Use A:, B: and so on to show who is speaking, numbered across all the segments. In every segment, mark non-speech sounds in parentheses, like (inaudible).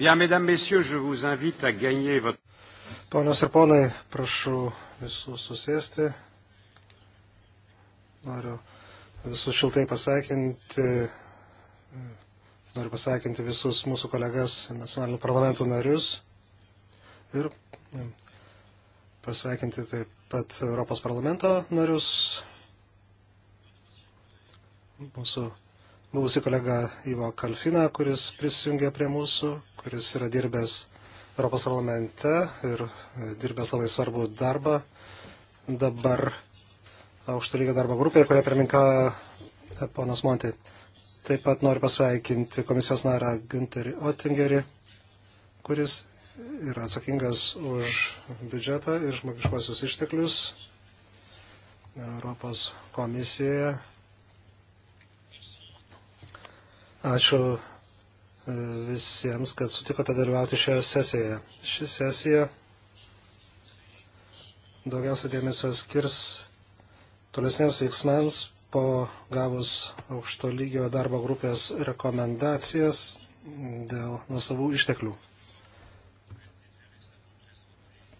A: Bien, mesdames, messieurs, je vous invite à gagner votre... Ponios ir ponai, prašau visų susėsti. Noriu visus šiltai pasveikinti. Noriu pasveikinti visus mūsų kolegas, nacionalinių parlamentų narius. Ir pasveikinti taip pat Europos parlamento narius. Mūsų buvusi kolega Ivo Kalfina, kuris prisijungė prie mūsų, kuris yra dirbęs Europos parlamente ir e, dirbęs labai svarbų darbą dabar aukšto lygio darbo grupėje, kurią pirminka e, ponas Monti. Taip pat noriu pasveikinti komisijos narą Günterį Otingerį, kuris yra atsakingas už biudžetą ir žmogiškuosius išteklius Europos komisijoje Ačiū e, visiems, kad sutikote dalyvauti šioje sesijoje. Ši sesija daugiausia dėmesio skirs tolesniems veiksmams po gavus aukšto lygio darbo grupės rekomendacijas dėl nusavų išteklių.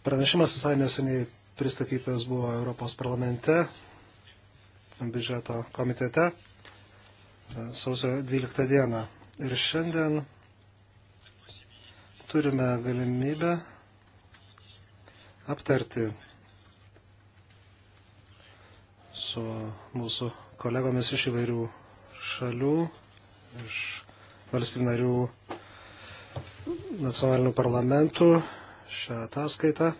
A: Pranešimas visai neseniai pristatytas buvo Europos parlamente, biudžeto komitete sausio 12 dieną. Ir šiandien turime galimybę aptarti su mūsų kolegomis iš įvairių šalių, iš valstybinarių nacionalinių parlamentų šią ataskaitą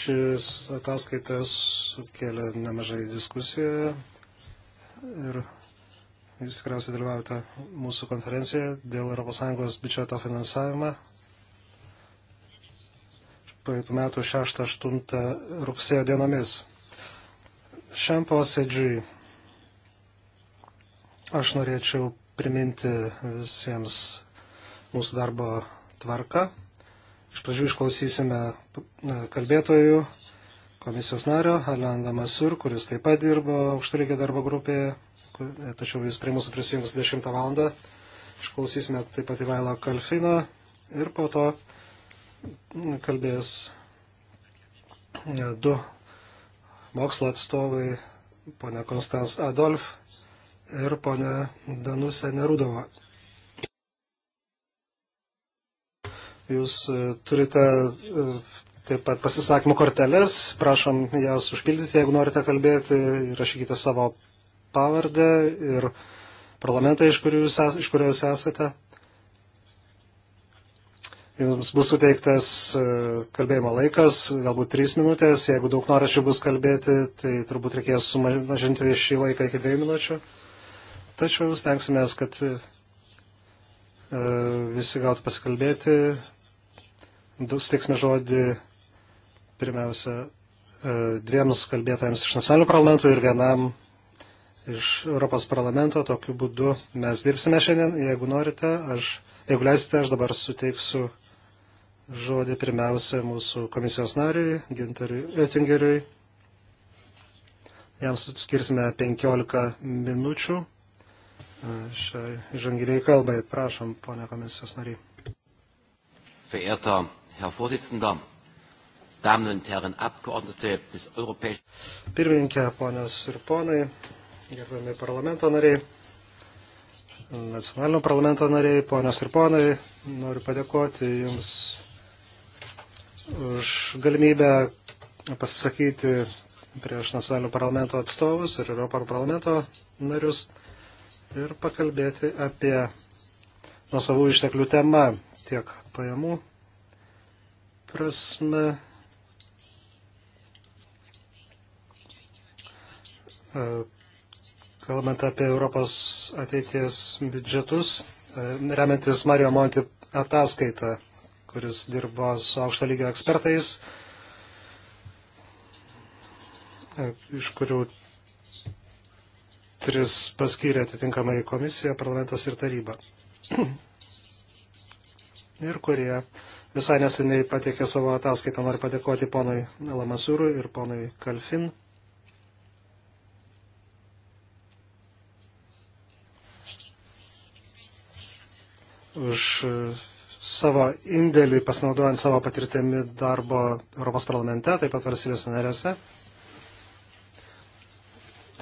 A: šis ataskaitas sukėlė nemažai diskusijoje ir jūs tikriausiai dalyvaujate mūsų konferencijoje dėl ES biudžeto finansavimą. Praeitų metų 6-8 rugsėjo dienomis. Šiam posėdžiui aš norėčiau priminti visiems mūsų darbo tvarką. Iš pradžių išklausysime kalbėtojų komisijos nario Alenda Masur, kuris taip pat dirbo aukštalygio darbo grupėje, tačiau jis prie mūsų prisijungs 10 val. Išklausysime taip pat Ivailo Kalfino ir po to kalbės du mokslo atstovai, ponia Konstans Adolf ir ponia Danusė Nerudova. Jūs e, turite e, taip pat pasisakymų korteles, prašom jas užpildyti, jeigu norite kalbėti, rašykite savo pavardę ir parlamentą, iš kurio jūs, es, iš kurio jūs esate. Jums bus suteiktas e, kalbėjimo laikas, galbūt 3 minutės, jeigu daug noračių bus kalbėti, tai turbūt reikės sumažinti šį laiką iki 2 minučių. Tačiau stengsime, kad visi gautų pasikalbėti, suteiksime žodį pirmiausia e, dviems kalbėtojams iš nacionalinių parlamentų ir vienam iš Europos parlamento. Tokiu būdu mes dirbsime šiandien. Jeigu norite, aš, jeigu leisite, aš dabar suteiksiu žodį pirmiausia mūsų komisijos nariui, Ginteriui Oettingeriui. Jam skirsime 15 minučių e, šiai žangiriai kalbai. Prašom, ponia komisijos nariai. Verehrter Herr Vorsitzender, Damen und Herren Abgeordnete des Europäischen. Pirmininkė, ponios ir ponai, gerbiami parlamento nariai, nacionalinio parlamento nariai, ponios ir ponai, noriu padėkoti Jums už galimybę pasisakyti prieš nacionalinio parlamento atstovus ir Europos parlamento narius ir pakalbėti apie nuo savų išteklių temą tiek pajamų prasme e, kalbant apie Europos ateities biudžetus, e, remiantis Mario Monti ataskaitą, kuris dirbo su aukšto lygio ekspertais, e, iš kurių tris paskyrė atitinkamai komisija, parlamentas ir taryba. (clears throat) ir kurie uh, visai neseniai patikė savo ataskaitą. Noriu padėkoti ponui Lamasūrui ir ponui Kalfin. už e, savo indėlį pasinaudojant savo patirtimi darbo Europos parlamente, taip pat valstybės narėse.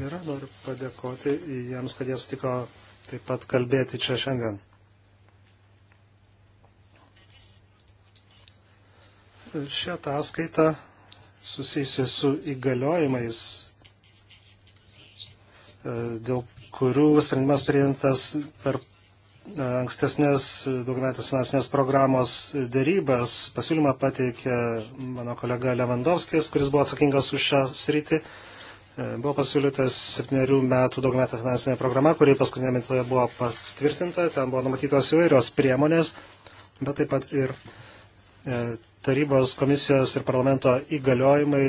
A: Ir noriu padėkoti jiems, kad jie sutiko taip pat kalbėti čia šiandien. Ši ataskaita susijusi su įgaliojimais, e, dėl kurių sprendimas priimtas per e, ankstesnės dokumentės finansinės programos dėrybas. Pasiūlymą pateikė mano kolega Levandovskis, kuris buvo atsakingas už šią sritį. E, buvo pasiūlytas septyniarių metų dokumentą finansinė programa, kuri paskutinė metoje buvo patvirtinta. Ten buvo numatytos įvairios priemonės, bet taip pat ir uh, E, tarybos komisijos ir parlamento įgaliojimai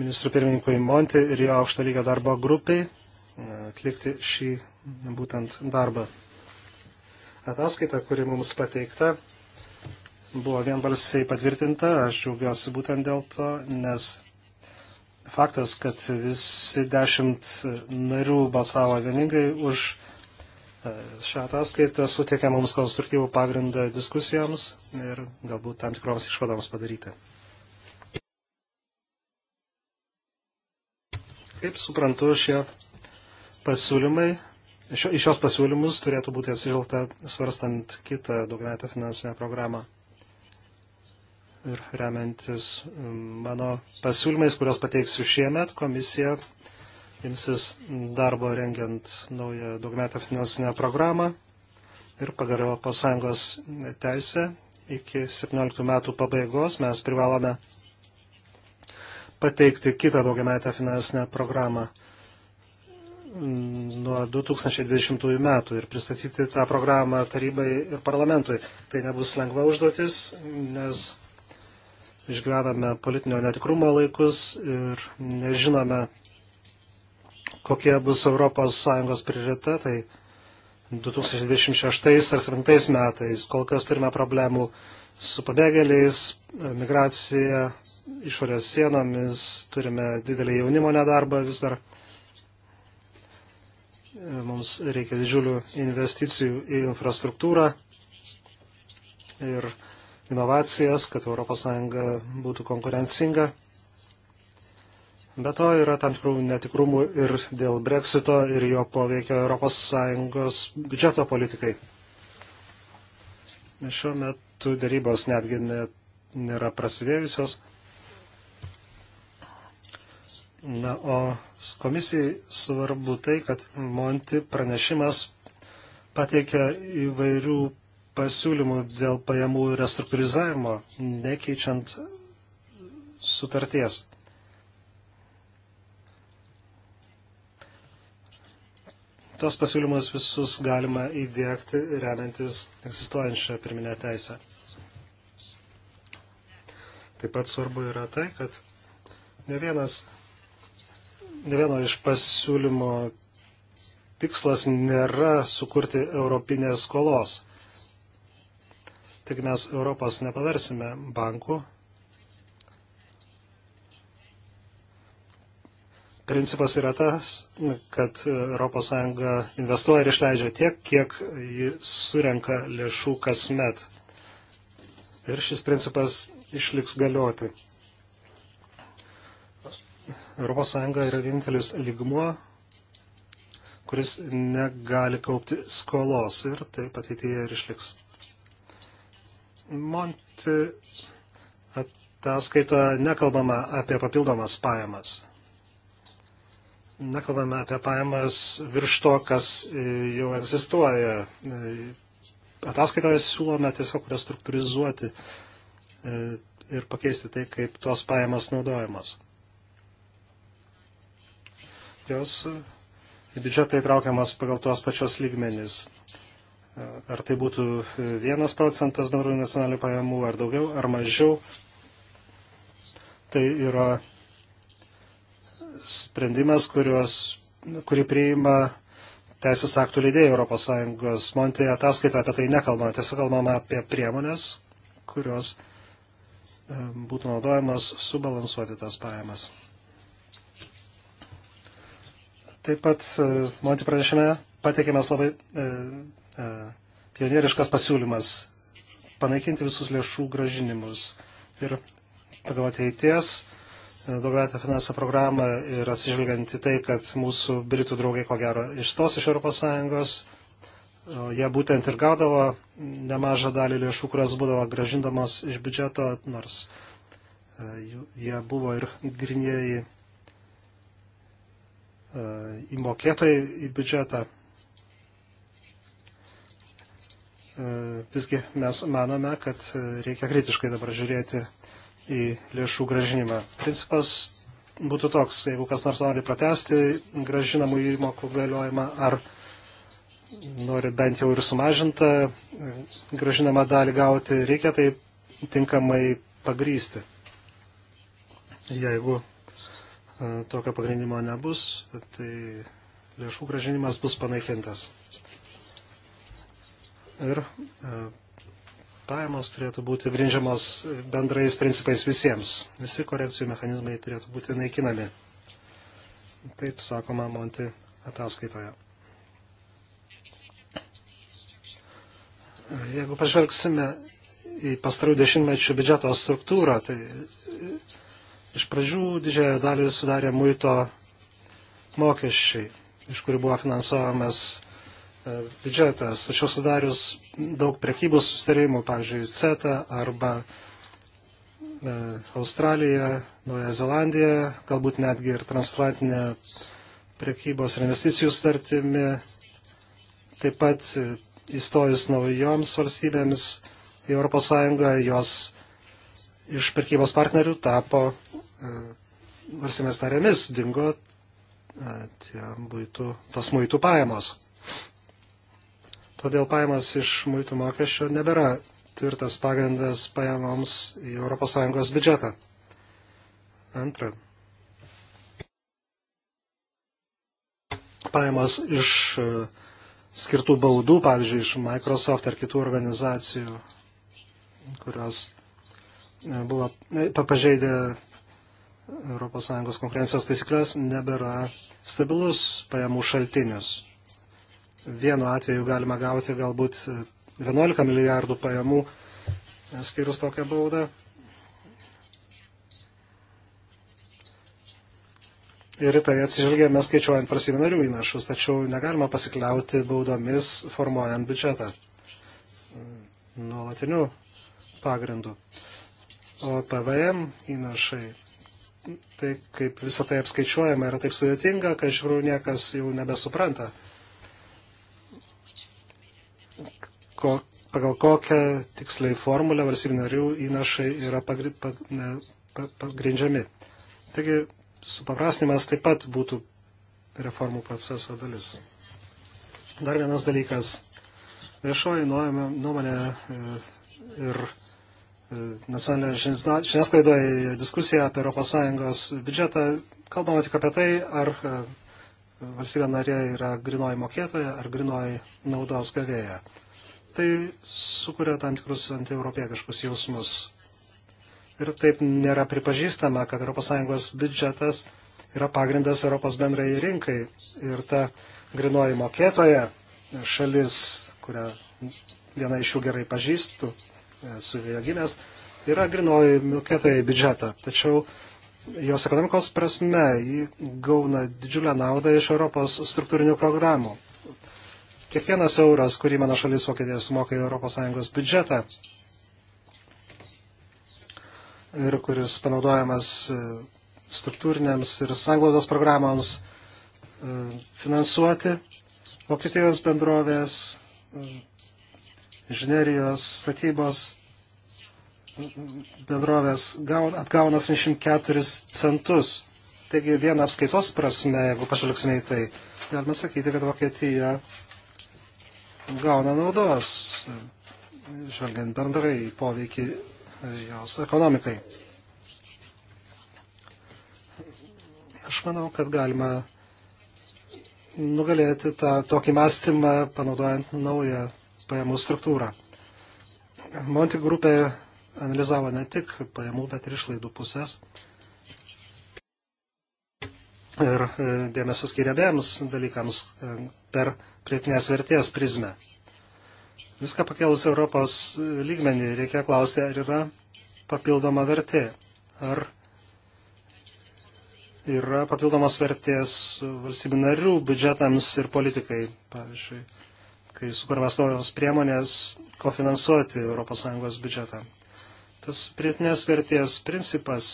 A: ministrų pirmininkui Monti ir jo aukšto lygio darbo grupiai e, atlikti šį būtent darbą. Ataskaita, kuri mums pateikta, buvo vienbalsiai patvirtinta, aš džiaugiuosi būtent dėl to, nes faktas, kad visi dešimt narių balsavo vieningai už Šią ataskaitą suteikia mums konstruktyvų pagrindą diskusijoms ir galbūt tam tikroms išvadoms padaryti. Kaip suprantu, šie pasiūlymai, šio, iš šios pasiūlymus turėtų būti atsižvelgta svarstant kitą daugiametę finansinę programą. Ir remiantis mm, mano pasiūlymais, kuriuos pateiksiu šiemet, komisija imsis darbo rengiant naują daugmetę finansinę programą ir pagaliau pasąjungos teisę iki 17 metų pabaigos mes privalome pateikti kitą daugiametę finansinę programą nuo 2020 metų ir pristatyti tą programą tarybai ir parlamentui. Tai nebus lengva užduotis, nes išgyvename politinio netikrumo laikus ir nežinome, kokie bus ES prioritetai 2026 ar 2027 metais. Kol kas turime problemų su pabėgėliais, migracija, išorės sienomis, turime didelį jaunimo nedarbą vis dar mums reikia didžiulių investicijų į infrastruktūrą ir inovacijas, kad ES būtų konkurencinga. Be to yra tam tikrų netikrumų ir dėl breksito ir jo poveikio ES biudžeto politikai. Šiuo metu darybos netgi nėra prasidėjusios. Na, o komisijai svarbu tai, kad Monti pranešimas pateikia įvairių pasiūlymų dėl pajamų restruktūrizavimo, nekeičiant sutarties. Tos pasiūlymus visus galima įdėkti remiantis egzistuojančią pirminę teisę. Taip pat svarbu yra tai, kad ne vienas, ne vieno iš pasiūlymo tikslas nėra sukurti europinės skolos. Tik mes Europos nepaversime bankų, principas yra tas, kad ES investuoja ir išleidžia tiek, kiek ji surenka lėšų kasmet. Ir šis principas išliks galioti. ES yra vienintelis lygmuo, kuris negali kaupti skolos ir taip ateityje ir išliks. Monti ataskaitoje nekalbama apie papildomas pajamas nekalbame apie pajamas virš to, kas e, jau egzistuoja. E, ataskaitoje siūlome tiesiog restruktūrizuoti e, ir pakeisti tai, kaip tos pajamos naudojamos. Jos į biudžetą įtraukiamas pagal tuos pačios lygmenys. Ar tai būtų 1 procentas bendrųjų nacionalinių pajamų, ar daugiau, ar mažiau. Tai yra sprendimas, kuriuos, kurį priima teisės aktų leidėjai Europos Sąjungos. Monti ataskaita apie tai nekalbama, tiesiog kalbama apie priemonės, kurios e, būtų naudojamas subalansuoti tas pajamas. Taip pat e, Monti pranešime pateikiamas labai e, e, pionieriškas pasiūlymas panaikinti visus lėšų gražinimus ir pagal ateities daugiametę finansą programą ir atsižvelgiant į tai, kad mūsų britų draugai ko gero išstos iš ES, jie būtent ir gaudavo nemažą dalį lėšų, kurios būdavo gražindamos iš biudžeto, nors e, jie buvo ir grinėjai e, įmokėtojai į biudžetą. E, visgi mes manome, kad reikia kritiškai dabar žiūrėti į lėšų gražinimą. Principas būtų toks, jeigu kas nors nori pratesti gražinamų įmokų galiojimą ar nori bent jau ir sumažintą gražinamą dalį gauti, reikia tai tinkamai pagrysti. Jeigu e, tokio pagrindimo nebus, tai lėšų gražinimas bus panaikintas. Ir e, pajamos turėtų būti grindžiamos bendrais principais visiems. Visi korekcijų mechanizmai turėtų būti naikinami. Taip sakoma Monti ataskaitoje. Jeigu pažvelgsime į pastarų dešimtmečių biudžeto struktūrą, tai iš pradžių didžiąją dalį sudarė muito mokesčiai, iš kurių buvo finansuojamas E, biudžetas. Tačiau sudarius daug prekybos sustarimų, pavyzdžiui, CETA arba e, Australija, Nauja Zelandija, galbūt netgi ir transatlantinė prekybos ir investicijų startimi, taip pat įstojus naujoms valstybėmis į ES, jos iš prekybos partnerių tapo e, valstybės narėmis, dingo tie būtų, tos muitų pajamos. Todėl pajamas iš muitų mokesčio nebėra tvirtas pagrindas pajamoms į ES biudžetą. Antra. Pajamas iš e, skirtų baudų, pavyzdžiui, iš Microsoft ar kitų organizacijų, kurios e, buvo e, papažeidę ES konkurencijos taisyklės, nebėra stabilus pajamų šaltinius vienu atveju galima gauti galbūt 11 milijardų pajamų, skirus tokią baudą. Ir į tai atsižvelgėme skaičiuojant prasiminarių įnašus, tačiau negalima pasikliauti baudomis formuojant biudžetą nuolatiniu pagrindu. O PVM įnašai, tai kaip visą tai apskaičiuojama yra taip sudėtinga, kad iš tikrųjų niekas jau nebesupranta. ko, pagal kokią tiksliai formulę valstybių narių įnašai yra pagri, pag, ne, pagrindžiami. Taigi, supaprasnimas taip pat būtų reformų proceso dalis. Dar vienas dalykas. Viešoji nuomonė e, ir e, nacionalinė žiniasklaidoje diskusija apie ES biudžetą kalbama tik apie tai, ar e, valstybė narė yra grinoji mokėtoja ar grinoji naudos gavėja tai sukuria tam tikrus antieuropietiškus jausmus. Ir taip nėra pripažįstama, kad ES biudžetas yra pagrindas Europos bendrai rinkai. Ir ta grinoji mokėtoja šalis, kurią viena iš jų gerai pažįstu, esu joje gimęs, yra grinoji mokėtoja į biudžetą. Tačiau jos ekonomikos prasme jį gauna didžiulę naudą iš Europos struktūrinių programų. Kiekvienas euras, kurį mano šalis Vokietija sumoka į ES biudžetą ir kuris panaudojamas e, struktūriniams ir sanglaudos programoms e, finansuoti, Vokietijos bendrovės, e, inžinerijos, statybos bendrovės atgauna 74 centus. Taigi vieną apskaitos prasme, jeigu pažvelgsime į tai, galima sakyti, kad Vokietija gauna naudos, žvelgiant bendrai poveikį jos ekonomikai. Aš manau, kad galima nugalėti tą tokį mąstymą, panaudojant naują pajamų struktūrą. Monti grupė analizavo ne tik pajamų, bet ir išlaidų pusės ir e, dėmesio skiria abiems dalykams e, per prietinės vertės prizmę. Viską pakėlus Europos lygmenį reikia klausti, ar yra papildoma vertė, ar yra papildomas vertės valstybių narių biudžetams ir politikai, pavyzdžiui, kai sukūrimas naujos priemonės kofinansuoti ES biudžetą. Tas prietinės vertės principas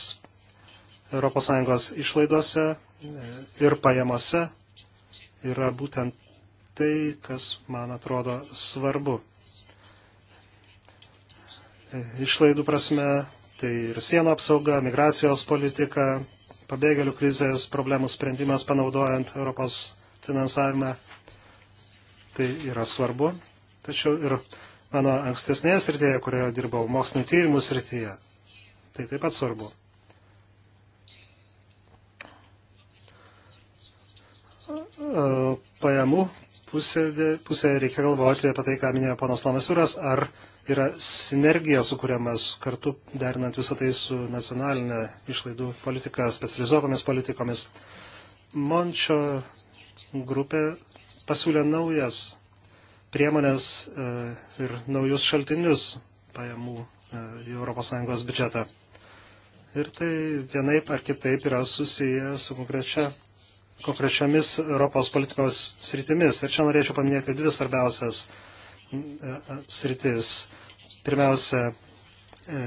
A: ES išlaidose ir pajamose yra būtent tai, kas man atrodo svarbu. Išlaidų prasme tai ir sienų apsauga, migracijos politika, pabėgėlių krizės problemų sprendimas panaudojant Europos finansavimą. Tai yra svarbu. Tačiau ir mano ankstesnėje srityje, kurioje dirbau, mokslinių tyrimų srityje, tai taip pat svarbu. E, pajamų pusėje, pusėje reikia galvoti apie tai, ką minėjo panas Lamasiūras, ar yra sinergija sukūriamas kartu derinant visą tai su nacionalinė išlaidų politika, specializuotomis politikomis. Mončio grupė pasiūlė naujas priemonės e, ir naujus šaltinius pajamų e, į ES biudžetą. Ir tai vienaip ar kitaip yra susiję su konkrečia konkrečiamis Europos politikos sritimis. Ir čia norėčiau paminėti dvi svarbiausias e, e, sritis. Pirmiausia, e,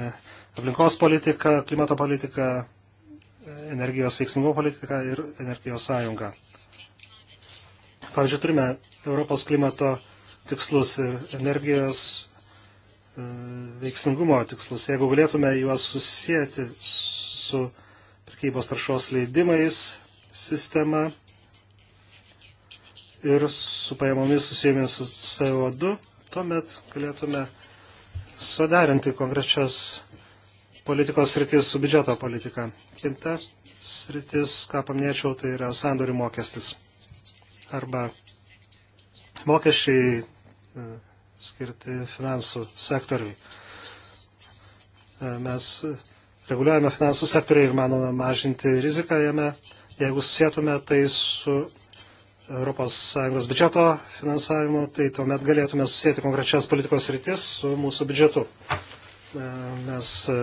A: aplinkos politika, klimato politika, energijos veiksmingumo politika ir energijos sąjunga. Pavyzdžiui, turime Europos klimato tikslus ir energijos veiksmingumo tikslus. Jeigu galėtume juos susijęti su prekybos taršos leidimais, sistema ir su pajamomis susijęmi su CO2, tuomet galėtume suderinti konkrečias politikos sritis su biudžeto politika. Kinta sritis, ką paminėčiau, tai yra sandorių mokestis arba mokesčiai e, skirti finansų sektoriui. E, mes reguliuojame finansų sektoriai ir manome mažinti riziką jame Jeigu susėtume tai su ES biudžeto finansavimu, tai tuomet galėtume susėti konkrečias politikos rytis su mūsų biudžetu. E, mes e,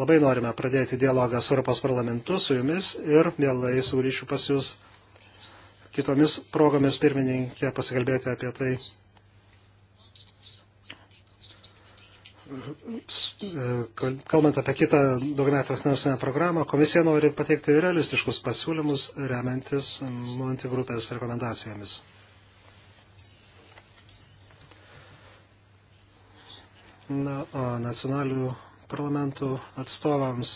A: labai norime pradėti dialogą su Europos parlamentu, su jumis ir mielai sugrįšiu pas jūs kitomis progomis pirmininkė pasikalbėti apie tai, E, kalbant apie kitą daugiametę finansinę programą, komisija nori pateikti realistiškus pasiūlymus remiantis Monti grupės rekomendacijomis. Na, o nacionalių parlamentų atstovams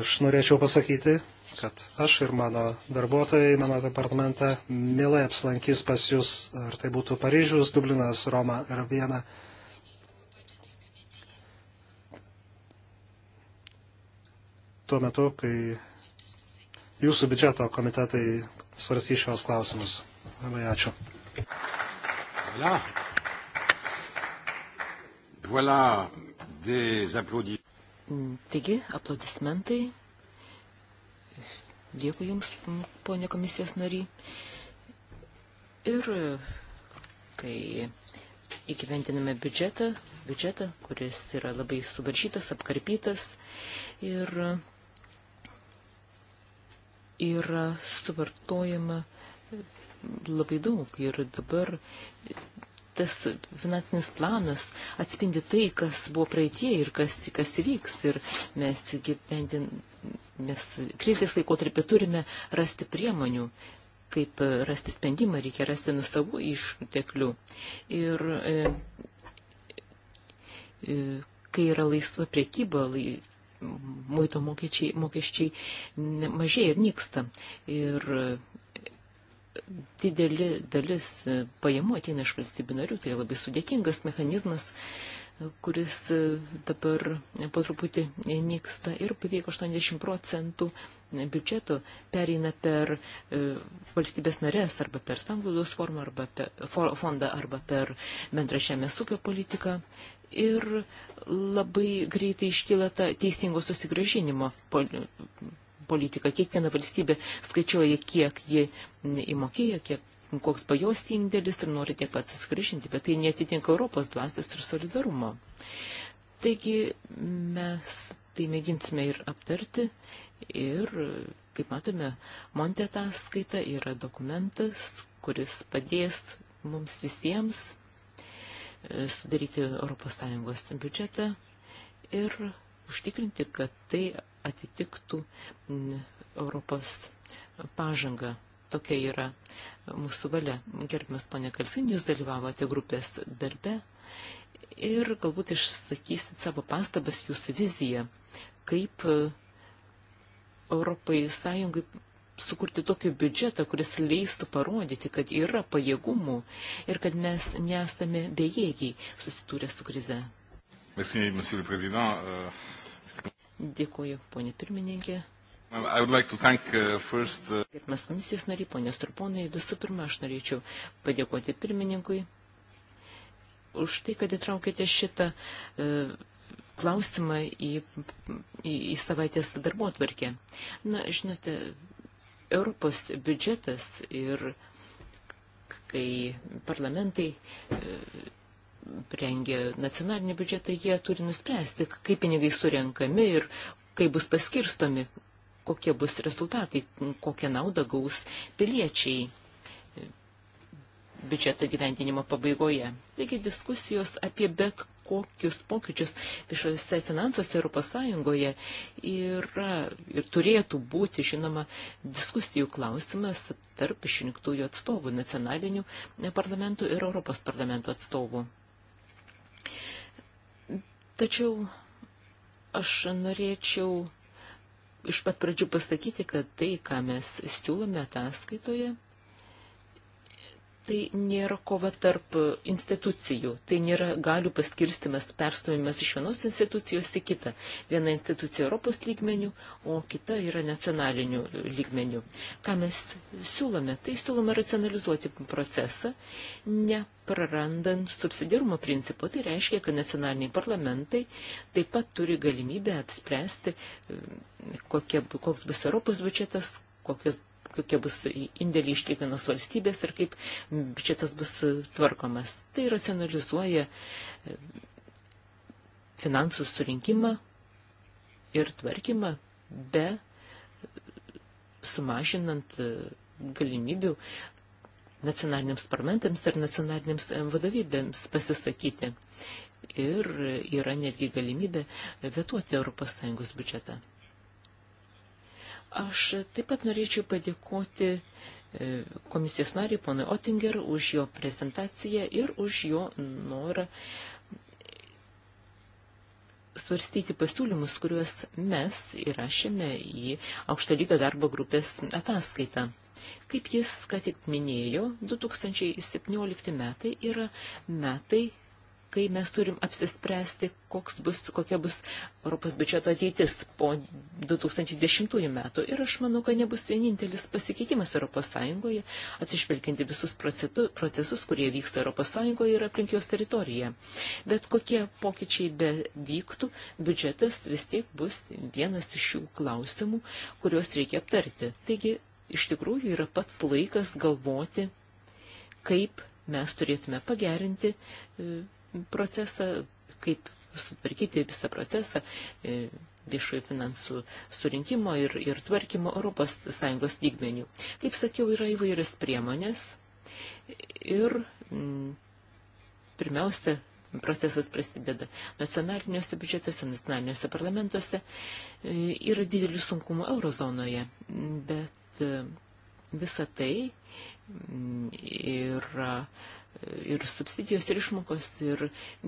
A: aš norėčiau pasakyti, kad aš ir mano darbuotojai, mano departamentą mielai apsilankys pas jūs, ar tai būtų Paryžius, Dublinas, Roma ir Viena tuo metu, kai jūsų biudžeto komitetai svarstys šios klausimus. Labai ačiū. Voilà.
B: Voilà des applaudissements.
C: Taigi, aplaudismentai. Dėkui Jums, ponė komisijos nary. Ir kai įgyventiname biudžetą, biudžetą, kuris yra labai suvaržytas, apkarpytas, ir yra suvartojama labai daug ir dabar tas finansinis planas atspindi tai, kas buvo praeitie ir kas, kas įvyks. Ir mes, gyvendin, mes krizės laikotarpį turime rasti priemonių, kaip rasti sprendimą, reikia rasti nuo savų išteklių. Ir e, e, kai yra laisva priekyba, lai, muito mokesčiai, mokesčiai mažiai ir nyksta. Ir didelė dalis pajamų ateina iš valstybių narių, tai labai sudėtingas mechanizmas, kuris dabar po truputį nyksta ir beveik 80 procentų biudžeto pereina per e, valstybės narės arba per sanglaudos formą, arba per fondą, arba per bendrą žemės ūkio politiką ir labai greitai iškyla ta teisingo susigražinimo politika. Kiekviena valstybė skaičiuoja, kiek ji įmokėjo, kiek koks pajos indėlis ir nori tiek pat susigražinti, bet tai netitinka Europos dvasės ir solidarumo. Taigi mes tai mėginsime ir aptarti ir, kaip matome, Monte ataskaita yra dokumentas, kuris padės mums visiems sudaryti ES biudžetą ir užtikrinti, kad tai atitiktų mm, Europos pažangą. Tokia yra mūsų valia. Gerbimas ponė Kalfin, jūs dalyvavote grupės darbe ir galbūt išsakysit savo pastabas, jūsų viziją, kaip Europai Sąjungai sukurti tokį biudžetą, kuris leistų parodyti, kad yra pajėgumų ir kad mes nesame bejėgiai susitūrę su krize. Euh, Dėkuoju, ponė pirmininkė.
A: Like uh, first... Uh,
C: Gerbiamas komisijos nariai, ponės ir ponai, visų pirma, aš norėčiau padėkoti pirmininkui už tai, kad įtraukėte šitą uh, klausimą į, į, į savaitės darbo atvarkę. Na, žinote, Europos biudžetas ir kai parlamentai e, rengia nacionalinį biudžetą, jie turi nuspręsti, kaip pinigai surenkami ir kaip bus paskirstomi, kokie bus rezultatai, kokią naudą gaus piliečiai biudžeto gyventinimo pabaigoje. Taigi diskusijos apie bet kokius pokyčius viešose finansuose Europos Sąjungoje yra ir turėtų būti, žinoma, diskusijų klausimas tarp išrinktųjų atstovų, nacionalinių parlamentų ir Europos parlamento atstovų. Tačiau aš norėčiau iš pat pradžių pasakyti, kad tai, ką mes siūlome ataskaitoje, Tai nėra kova tarp institucijų, tai nėra galių paskirstimas, perstumimas iš vienos institucijos į kitą. Viena institucija Europos lygmenių, o kita yra nacionalinių lygmenių. Ką mes siūlome? Tai siūlome racionalizuoti procesą, neprarandant subsidiarumo principo. Tai reiškia, kad nacionaliniai parlamentai taip pat turi galimybę apspręsti, kokie, koks bus Europos biudžetas, kokios kokie bus indėliai iš kiekvienos valstybės ir kaip biudžetas bus tvarkomas. Tai racionalizuoja e, finansų surinkimą ir tvarkymą be sumažinant e, galimybių nacionaliniams parlamentams ir nacionaliniams e, vadovybėms pasisakyti. Ir yra netgi galimybė vetuoti ES biudžetą. Aš taip pat norėčiau padėkoti e, komisijos nariai ponui Otinger už jo prezentaciją ir už jo norą svarstyti pasiūlymus, kuriuos mes įrašėme į aukšto lygio darbo grupės ataskaitą. Kaip jis ką tik minėjo, 2017 metai yra metai, kai mes turim apsispręsti, koks bus, kokia bus Europos biudžeto ateitis po 2010 metų. Ir aš manau, kad nebus vienintelis pasikeitimas Europos Sąjungoje, atsižvelginti visus procesus, kurie vyksta Europos Sąjungoje ir aplink jos teritoriją. Bet kokie pokyčiai bevyktų, biudžetas vis tiek bus vienas iš šių klausimų, kuriuos reikia aptarti. Taigi, iš tikrųjų yra pats laikas galvoti, kaip mes turėtume pagerinti e, procesą, kaip sutvarkyti visą procesą e, viešųjų finansų surinkimo ir, ir tvarkymo ES lygmenių. Kaip sakiau, yra įvairios priemonės ir m, mm, pirmiausia, procesas prasideda nacionaliniuose biudžetuose, nacionaliniuose parlamentuose. E, yra didelių sunkumų eurozonoje, bet e, visa tai mm, yra ir subsidijos, ir išmokos, ir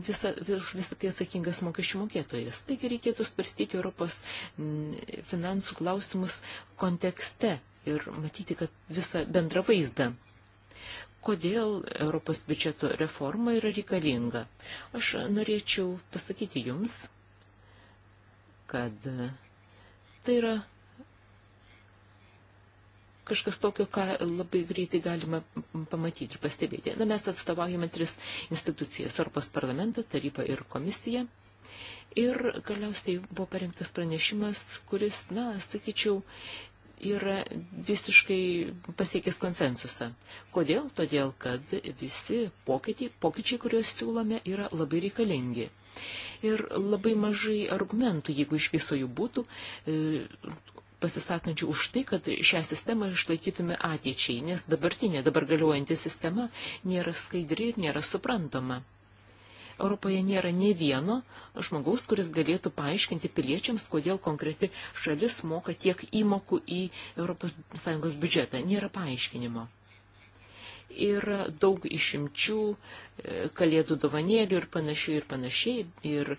C: visa, už visą tai atsakingas mokesčių mokėtojas. Taigi reikėtų svarstyti Europos mm, finansų klausimus kontekste ir matyti, kad visą bendrą vaizdą. Kodėl Europos biudžeto reforma yra reikalinga? Aš norėčiau pasakyti jums, kad tai yra kažkas tokio, ką labai greitai galima pamatyti ir pastebėti. Na, mes atstovaujame tris institucijas - Europos parlamentą, tarybą ir komisiją. Ir galiausiai buvo parengtas pranešimas, kuris, na, sakyčiau, yra visiškai pasiekęs konsensusą. Kodėl? Todėl, kad visi pokyčiai, pokyčiai kuriuos siūlome, yra labai reikalingi. Ir labai mažai argumentų, jeigu iš viso jų būtų, e, pasisakančių už tai, kad šią sistemą išlaikytume ateičiai, nes dabartinė, dabar galiojanti sistema nėra skaidri ir nėra suprantama. Europoje nėra ne vieno žmogaus, kuris galėtų paaiškinti piliečiams, kodėl konkreti šalis moka tiek įmokų į ES biudžetą. Nėra paaiškinimo. Yra daug išimčių, e, kalėdų dovanėlių ir panašiai ir panašiai. Ir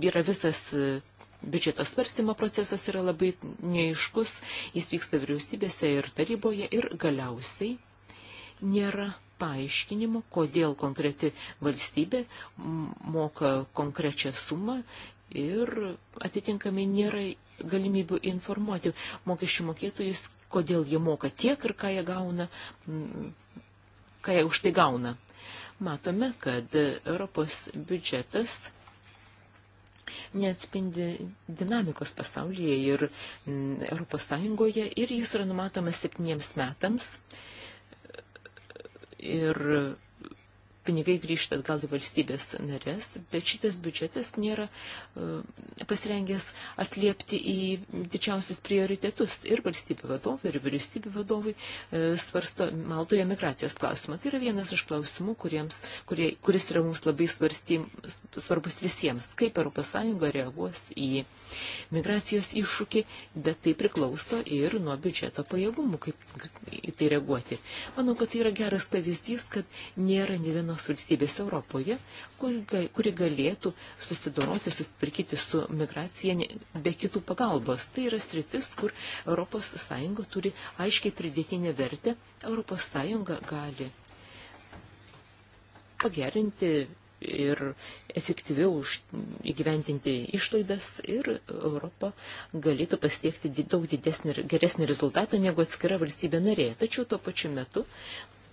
C: yra visas e, biudžeto svarstymo procesas yra labai neiškus, jis vyksta vyriausybėse ir taryboje ir galiausiai nėra paaiškinimo, kodėl konkreti valstybė moka konkrečią sumą ir atitinkamai nėra galimybių informuoti mokesčių mokėtojus, kodėl jie moka tiek ir ką jie gauna, ką jie už tai gauna. Matome, kad Europos biudžetas neatspindi dinamikos pasaulyje ir mm, Europos Sąjungoje ir jis yra numatomas septyniems metams ir pinigai grįžta atgal į valstybės narės, bet šitas biudžetas nėra e, pasirengęs atliepti į didžiausius prioritetus. Ir valstybių vadovai, ir vyriausybių vadovai e, svarsto Maltoje migracijos klausimą. Tai yra vienas iš klausimų, kuriems, kurie, kuris yra mums labai svarstym, svarbus visiems. Kaip ES reaguos į migracijos iššūkį, bet tai priklauso ir nuo biudžeto pajėgumų, kaip į tai reaguoti. Manau, kad tai yra geras pavyzdys, kad nėra ne vieno vienos valstybės Europoje, kuri, kuri galėtų susidoroti, susitvarkyti su migracija be kitų pagalbos. Tai yra sritis, kur ES turi aiškiai pridėtinę vertę. ES gali pagerinti ir efektyviau įgyventinti išlaidas ir Europa galėtų pasiekti daug didesnį ir geresnį rezultatą negu atskira valstybė narė. Tačiau tuo pačiu metu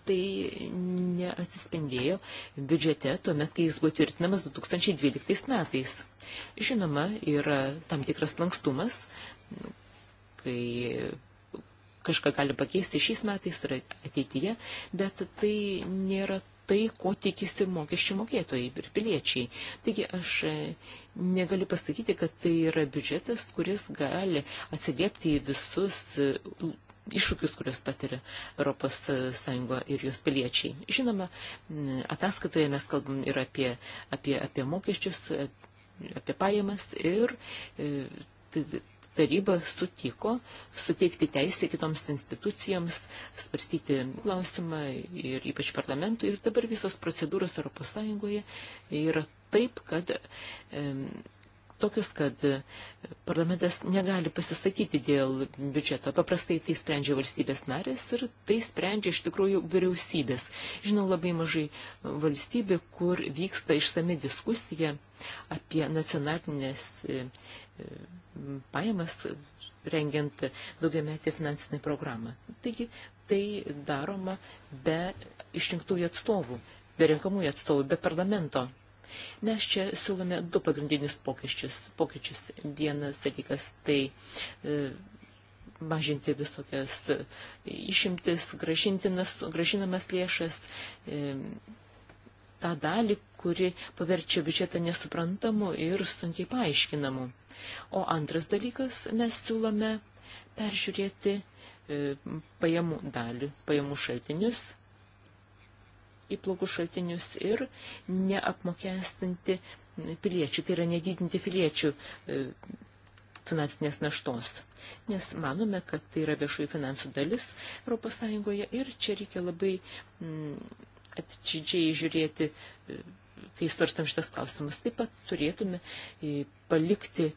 C: tai neatsispendėjo biudžete tuomet, kai jis buvo tvirtinamas 2012 metais. Žinoma, yra tam tikras lankstumas, kai kažką gali pakeisti šiais metais ir ateityje, bet tai nėra tai, ko tikisi mokesčių mokėtojai ir piliečiai. Taigi aš negaliu pasakyti, kad tai yra biudžetas, kuris gali atsiliepti į visus iššūkius, kuriuos patiria Europos Sąjunga ir jos piliečiai. Žinoma, ataskaitoje mes kalbam ir apie, apie, apie mokesčius, apie pajamas ir e, tai taryba sutiko suteikti teisę kitoms institucijoms svarstyti klausimą ir ypač parlamentui. Ir dabar visos procedūros Europos Sąjungoje yra taip, kad tokius, kad e, parlamentas negali pasisakyti dėl biudžeto. Paprastai tai sprendžia valstybės narės ir tai sprendžia iš tikrųjų vyriausybės. Žinau labai mažai e, valstybė, kur vyksta išsami diskusija apie nacionalinės e, pajamas rengiant daugiametį finansinį programą. Taigi tai daroma be išrinktųjų atstovų, be renkamųjų atstovų, be parlamento. Mes čia siūlome du pagrindinius pokyčius. pokyčius. Vienas dalykas tai e, mažinti visokias išimtis, gražinamas lėšas, e, tą dalį, kuri paverčia biudžetą nesuprantamu ir sunkiai paaiškinamu. O antras dalykas, mes siūlome peržiūrėti e, pajamų dalį, pajamų šaltinius įplaukų šaltinius ir neapmokestinti piliečių, tai yra nedidinti piliečių e, finansinės naštos. Nes manome, kad tai yra viešųjų finansų dalis ES ir čia reikia labai mm, atidžiai žiūrėti, e, kai svarstam šitas klausimas. Taip pat turėtume e, palikti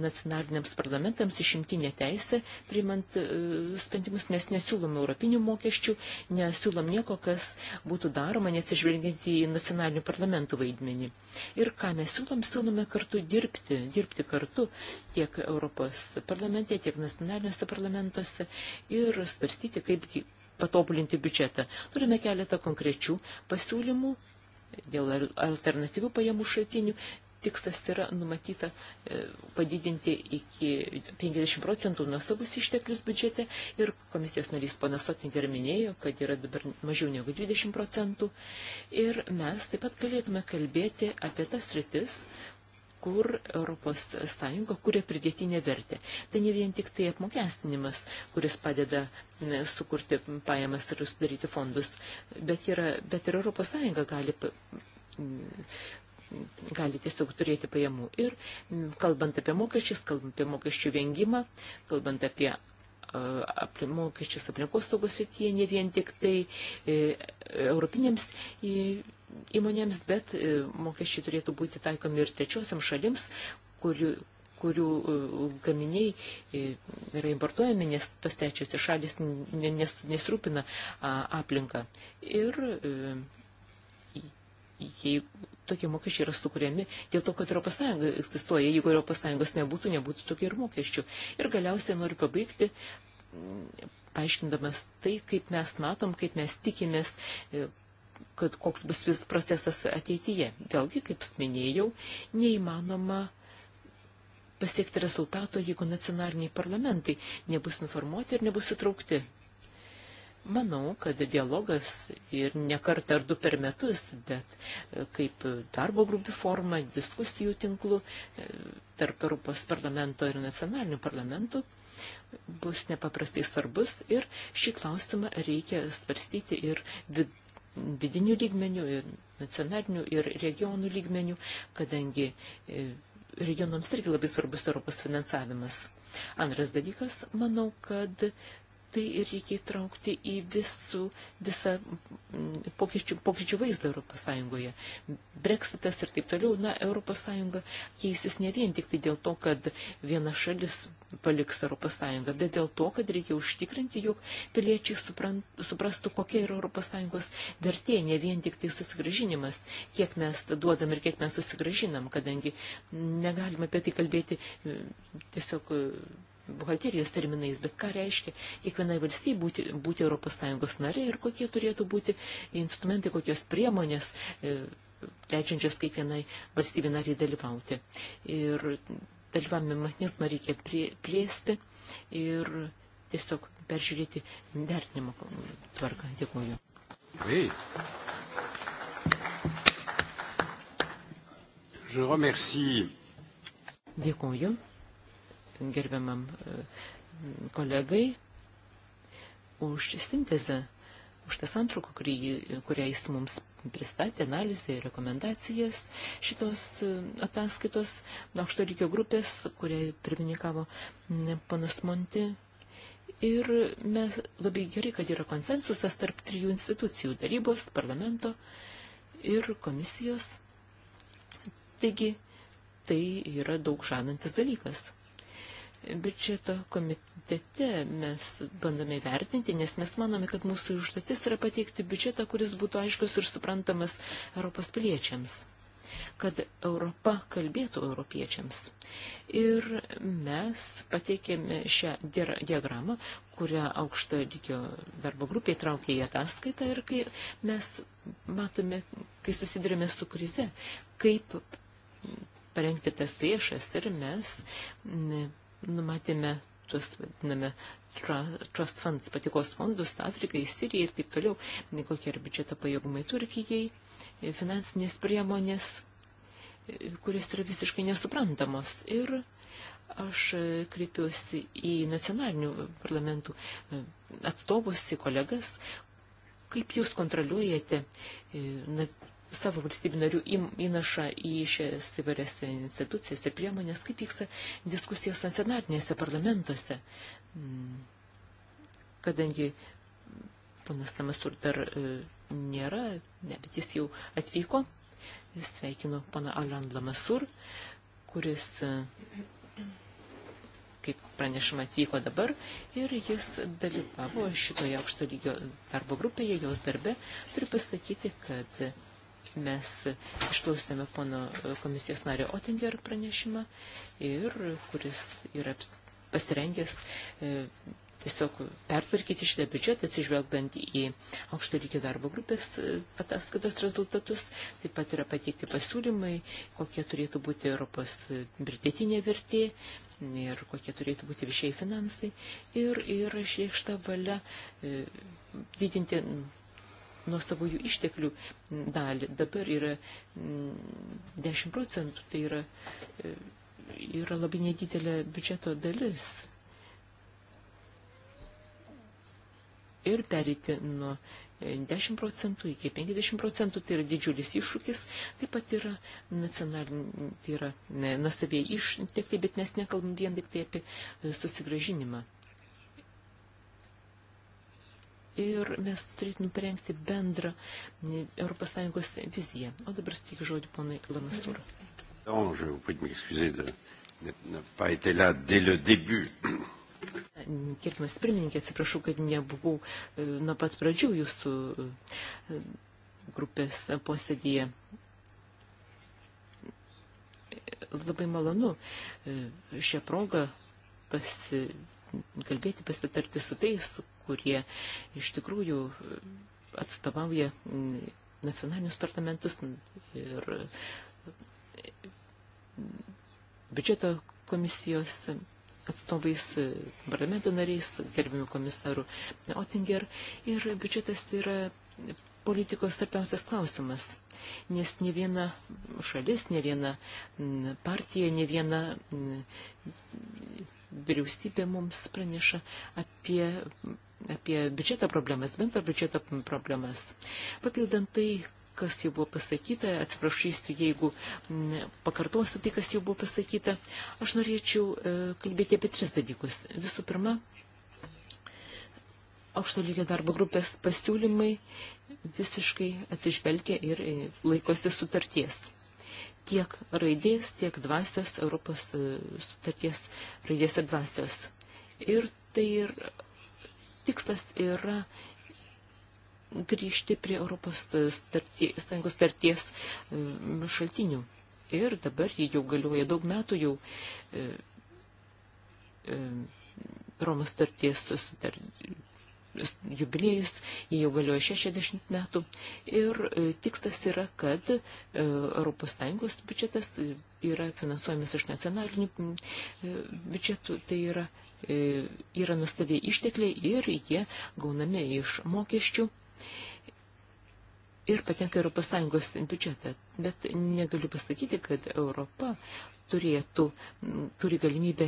C: nacionaliniams parlamentams išimtinė teisė, priimant e, sprendimus, mes nesiūlom europinių mokesčių, nesiūlom nieko, kas būtų daroma, nesižvelgiant į nacionalinių parlamentų vaidmenį. Ir ką mes siūlom, siūlome kartu dirbti, dirbti kartu tiek Europos parlamente, tiek nacionaliniuose parlamentuose ir svarstyti, kaip patobulinti biudžetą. Turime keletą konkrečių pasiūlymų, dėl alternatyvių pajamų šaltinių, tikslas yra numatyta e, padidinti iki 50 procentų nuostabus išteklius biudžete ir komisijos narys panas Sotinger minėjo, kad yra dabar mažiau negu 20 procentų ir mes taip pat galėtume kalbėti apie tas rytis, kur Europos Sąjunga kuria pridėtinę vertę. Tai ne vien tik tai apmokestinimas, kuris padeda e, sukurti pajamas ir sudaryti fondus, bet, yra, bet ir Europos Sąjunga gali gali tiesiog turėti pajamų. Ir mm, kalbant apie mokesčius, kalbant apie mokesčių vengimą, kalbant apie mokesčius aplinkos saugos srityje, ne vien tik tai e, europinėms įmonėms, bet e, mokesčiai turėtų būti taikomi ir trečiosiam šalims, kurių, kurių e, gaminiai yra importuojami, nes tos trečiosios šalis nes, nesrūpina aplinką. Ir jeigu tokie mokesčiai yra sukūrėmi dėl to, kad ES egzistuoja. Jeigu ES nebūtų, nebūtų tokių ir mokesčių. Ir galiausiai noriu pabaigti mm, paaiškindamas tai, kaip mes matom, kaip mes tikimės, e, kad koks bus vis procesas ateityje. Vėlgi, kaip minėjau, neįmanoma pasiekti rezultato, jeigu nacionaliniai parlamentai nebus informuoti ir nebus įtraukti Manau, kad dialogas ir ne kartą ar du per metus, bet e, kaip darbo grupių forma, diskusijų tinklų e, tarp Europos parlamento ir nacionalinių parlamentų bus nepaprastai svarbus ir šį klausimą reikia svarstyti ir vid vidinių lygmenių, ir nacionalinių, ir regionų lygmenių, kadangi e, regionams irgi labai svarbus Europos finansavimas. Antras dalykas, manau, kad tai reikia įtraukti į visų, visą pokyčių, pokyčių vaizdą Europos Sąjungoje. Brexitas ir taip toliau, na, Europos Sąjunga keisis ne vien tik tai dėl to, kad viena šalis paliks Europos Sąjungą, bet dėl to, kad reikia užtikrinti, jog piliečiai suprant, suprastų, kokia yra Europos Sąjungos vertė, ne vien tik tai susigražinimas, kiek mes duodam ir kiek mes susigražinam, kadangi negalime apie tai kalbėti tiesiog buhalterijos terminais, bet ką reiškia kiekvienai valstybei būti, būti ES nariai ir kokie turėtų būti instrumentai, kokios priemonės e, leidžiančias kiekvienai valstybei nariai dalyvauti. Ir dalyvavimo mechanizmą reikia plėsti ir tiesiog peržiūrėti vertinimo tvarką. Dėkuoju.
A: Oui. Je remercie.
C: Dėkuoju gerbiamam e, kolegai už sintezę, už tą santrauką, kurią jis mums pristatė, analizę ir rekomendacijas šitos e, ataskaitos aukšto lygio grupės, kuriai pirmininkavo panas Monti. Ir mes labai gerai, kad yra konsensusas tarp trijų institucijų – darybos, parlamento ir komisijos. Taigi, tai yra daug žadantis dalykas biudžeto komitete mes bandome vertinti, nes mes manome, kad mūsų užduotis yra pateikti biudžetą, kuris būtų aiškus ir suprantamas Europos piliečiams kad Europa kalbėtų europiečiams. Ir mes pateikėme šią diagramą, kurią aukšto lygio darbo grupė įtraukė į ataskaitą ir kai mes matome, kai susidurime su krize, kaip parengti tas lėšas ir mes numatėme tuos, vadiname, trust funds, patikos fondus Afrikai, Sirijai ir taip toliau, kokie yra biudžeto pajėgumai Turkijai, e, finansinės priemonės, e, kuris yra visiškai nesuprantamos. Ir aš e, kreipiuosi į nacionalinių parlamentų atstovus, į kolegas, kaip jūs kontroliuojate savo valstybių narių įnašą į šias įvairias institucijas ir priemonės, kaip vyksta diskusijos nacionalinėse parlamentuose. Mm. Kadangi ponas Tamasur dar e, nėra, ne, bet jis jau atvyko, sveikinu pana Alian Lamasur, kuris e, kaip pranešama atvyko dabar ir jis dalyvavo šitoje aukšto lygio darbo grupėje, jos darbe. Turiu pasakyti, kad mes išklausėme pono komisijos nario Otinger pranešimą, ir kuris yra pasirengęs e, tiesiog pertvarkyti šitą biudžetą, atsižvelgdant į aukšto lygio darbo grupės e, ataskaitos rezultatus, taip pat yra pateikti pasiūlymai, kokie turėtų būti Europos pridėtinė vertė ir kokie turėtų būti viešieji finansai ir, ir išreikšta valia e, didinti nuostabųjų išteklių dalį. Dabar yra 10 mm, procentų, tai yra, e, yra labai nedidelė biudžeto dalis. Ir perėti nuo 10 e, procentų iki 50 procentų, tai yra didžiulis iššūkis, taip pat yra nacionaliniai, tai yra nuostabiai ištekliai, bet mes nekalbam vien tik tai apie e, susigražinimą ir mes turėtume parengti bendrą ES viziją. O dabar sutikiu žodį ponui Lamastur. Kirkimas pirmininkė, atsiprašau, kad nebuvau e, nuo pat pradžių jūsų e, grupės posėdėje. Labai malonu e, šią progą pasi, kalbėti, pasitarti su tais, kurie iš tikrųjų atstovauja nacionalinius parlamentus ir biudžeto komisijos atstovais, parlamento nariais, gerbimių komisarų Otinger. Ir biudžetas yra politikos svarbiausias klausimas, nes ne viena šalis, ne viena partija, ne viena vyriausybė mums praneša apie apie biudžeto problemas, bendro biudžeto problemas. Papildant tai, kas jau buvo pasakyta, atsiprašysiu, jeigu pakartosiu tai, kas jau buvo pasakyta, aš norėčiau e, kalbėti apie tris dalykus. Visų pirma, aukšto lygio darbo grupės pasiūlymai visiškai atsižvelgia ir e, laikosi sutarties tiek raidės, tiek dvasios, Europos e, sutarties raidės ir dvasios. Ir tai ir tikslas yra grįžti prie Europos sutarties, Sąjungos sutarties e, šaltinių. Ir dabar jį jau galioja daug metų jau e, e, Romos sutarties sutarties jubiliejus, jie jau galioja 60 metų. Ir e, tikslas yra, kad ES biudžetas e, yra finansuojamas iš nacionalinių e, biudžetų, tai yra, yra nustavė ištekliai ir jie gaunami iš mokesčių ir patenka Europos Sąjungos biudžetą. Bet negaliu pasakyti, kad Europa turėtų, turi galimybę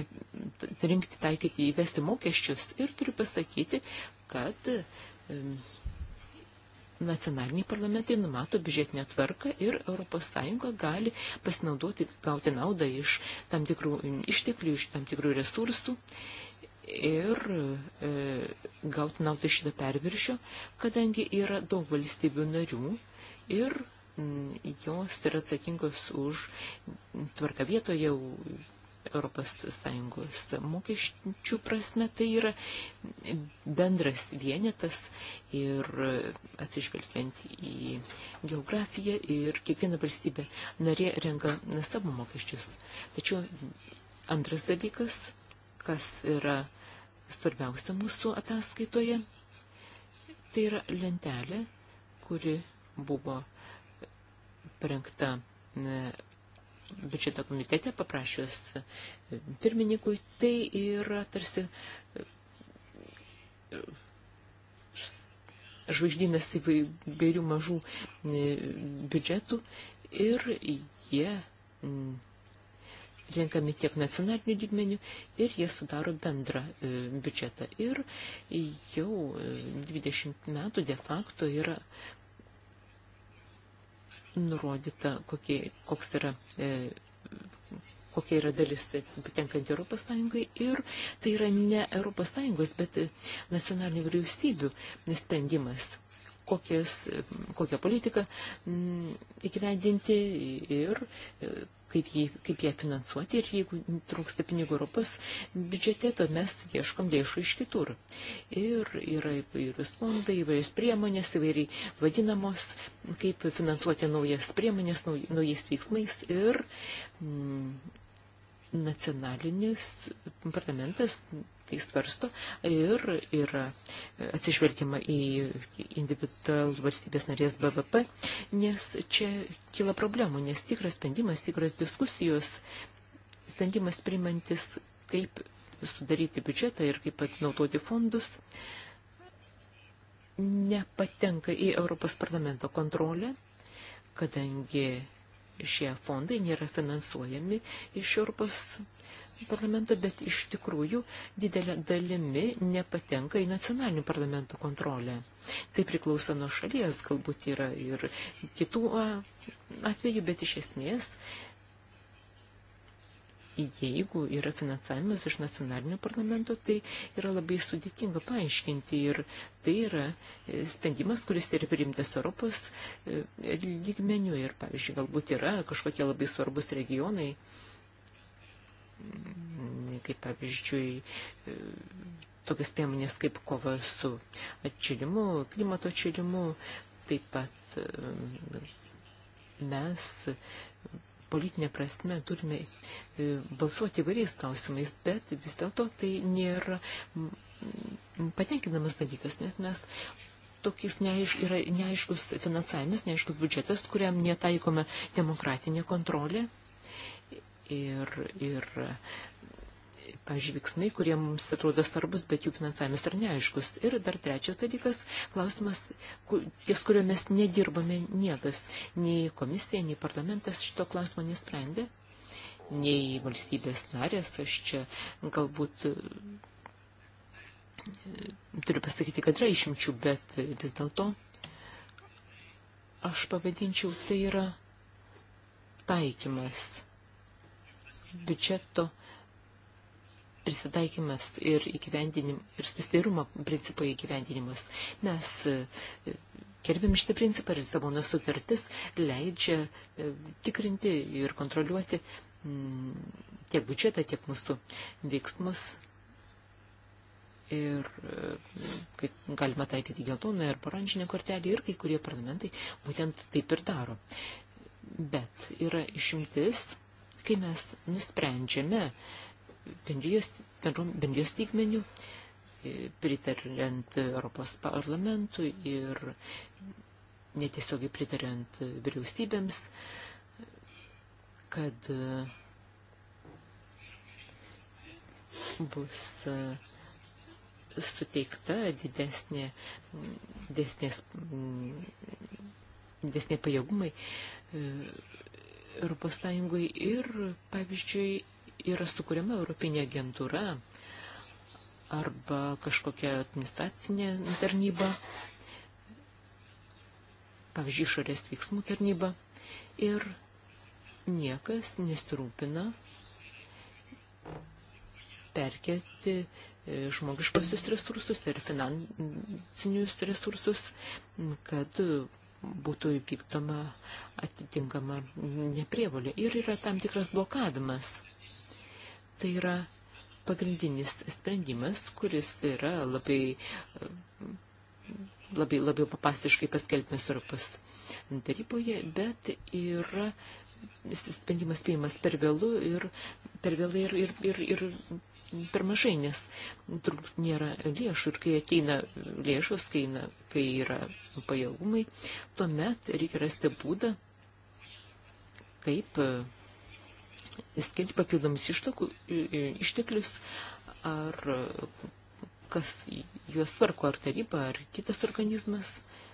C: rinkti, taikyti, įvesti mokesčius ir turiu pasakyti, kad nacionaliniai parlamentai numato biudžetinę tvarką ir ES gali pasinaudoti, gauti naudą iš tam tikrų išteklių, iš tam tikrų resursų. E, ir e, gauti naudą šitą perviršio, kadangi yra daug valstybių narių ir m, mm, jos yra atsakingos už tvarką vietoje Europos Sąjungos mokesčių prasme, tai yra bendras vienetas ir e, atsižvelgiant į geografiją ir kiekviena valstybė narė renka savo mokesčius. Tačiau antras dalykas – kas yra svarbiausia mūsų ataskaitoje. Tai yra lentelė, kuri buvo parengta e, biudžeto komitete paprašius e, pirmininkui. Tai yra tarsi e, žvaigždynas įvairių mažų biudžetų ir jie renkami tiek nacionalinių lygmenių ir jie sudaro bendrą e, biudžetą. Ir jau 20 e, metų de facto yra nurodyta, kokie, koks yra e, kokia yra dalis patenkant Europos Sąjungai ir tai yra ne Europos Sąjungos, bet e, nacionalinių vyriausybių sprendimas kokias, kokią politiką m, įgyvendinti ir e, kaip jie, kaip jie finansuoti ir jeigu trūksta pinigų Europos biudžete, to mes ieškom lėšų iš kitur. Ir yra įvairius fondai, įvairius priemonės, įvairiai vadinamos, kaip finansuoti naujas priemonės, nauj, naujais veiksmais ir mm, nacionalinis parlamentas tai svarsto ir yra atsižvelgiama į individualų valstybės narės BVP, nes čia kyla problemų, nes tikras sprendimas, tikras diskusijos, sprendimas primantis, kaip sudaryti biudžetą ir kaip atnaudoti fondus, nepatenka į Europos parlamento kontrolę, kadangi šie fondai nėra finansuojami iš Europos parlamento parlamentą, bet iš tikrųjų didelė dalimi nepatenka į nacionalinių parlamentų kontrolę. Tai priklauso nuo šalies, galbūt yra ir kitų atvejų, bet iš esmės, jeigu yra finansavimas iš nacionalinio parlamento, tai yra labai sudėtinga paaiškinti ir tai yra e, sprendimas, kuris yra priimtas Europos e, lygmenių ir, pavyzdžiui, galbūt yra kažkokie labai svarbus regionai kaip pavyzdžiui, tokias priemonės kaip kova su atšilimu, klimato atšilimu, taip pat mes politinė prasme turime e, balsuoti įvairiais klausimais, bet vis dėlto tai nėra patenkinamas dalykas, nes mes tokiais neaiš, yra neaiškus finansavimas, neaiškus biudžetas, kuriam netaikome demokratinė kontrolė ir, ir pavyzdžiui, veiksmai, kurie mums atrodo svarbus, bet jų finansavimas yra neaiškus. Ir dar trečias dalykas, klausimas, ties kurio mes nedirbame niekas, nei komisija, nei parlamentas šito klausimo nesprendė, nei valstybės narės, aš čia galbūt e, turiu pasakyti, kad yra išimčių, bet vis dėlto aš pavadinčiau, tai yra taikymas biudžeto prisitaikymas ir įgyvendinim, ir susitarumo principo įgyvendinimas. Mes e, gerbėm šitą principą ir Lisabono sutartis leidžia e, tikrinti ir kontroliuoti mm, tiek biudžetą, tiek mūsų veiksmus. Ir e, kai galima taikyti geltoną ir oranžinę kortelį ir kai kurie parlamentai būtent taip ir daro. Bet yra išimtis kai mes nusprendžiame bendrijos, bendrijos lygmenių, e, pritariant Europos parlamentui ir netiesiogiai pritariant vyriausybėms, kad e, bus e, suteikta didesnė, didesnės, didesnė pajėgumai Europos Sąjungoje ir, pavyzdžiui, yra sukūriama Europinė agentūra arba kažkokia administracinė tarnyba, pavyzdžiui, išorės veiksmų tarnyba ir niekas nesirūpina perkelti e, žmogiškosius resursus ir finansinius resursus, kad būtų įvykdoma atitinkama neprievolė. Ir yra tam tikras blokavimas. Tai yra pagrindinis sprendimas, kuris yra labai, labai, labai papastiškai paskelbęs Europos taryboje, bet yra sprendimas priimas per vėlų ir per vėlai ir, ir, ir, ir per mažai, nes turbūt nėra lėšų ir kai ateina lėšos, kai, na, kai yra pajėgumai, tuomet reikia rasti būdą, kaip e, skirti papildomus išteklius ar kas juos tvarko, ar taryba, ar kitas organizmas,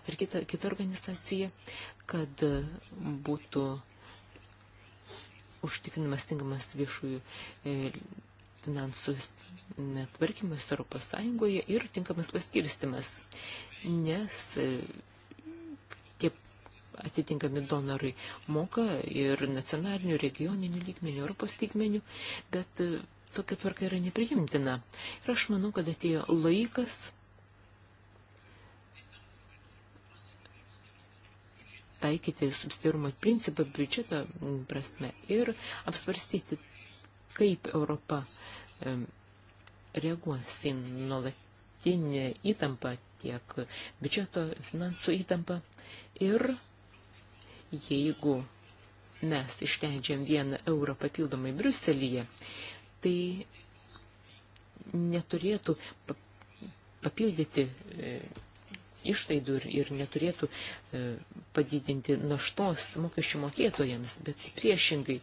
C: ar kita, kita organizacija, kad e, būtų užtikrinamas tinkamas viešųjų e, finansų tvarkymas Europos Sąjungoje ir tinkamas paskirstimas, nes e, tie atitinkami donorai moka ir nacionalinių, regioninių lygmenių, Europos lygmenių, bet e, tokia tvarka yra nepriimtina. Ir aš manau, kad atėjo laikas taikyti subsidiarumo principą biudžeto prasme ir apsvarstyti kaip Europa reaguos į nuolatinę įtampą, tiek biudžeto finansų įtampą. Ir jeigu mes išleidžiam vieną eurą papildomai Briuselyje, tai neturėtų papildyti e, išlaidų ir, ir neturėtų e, padidinti naštos mokesčių mokėtojams, bet priešingai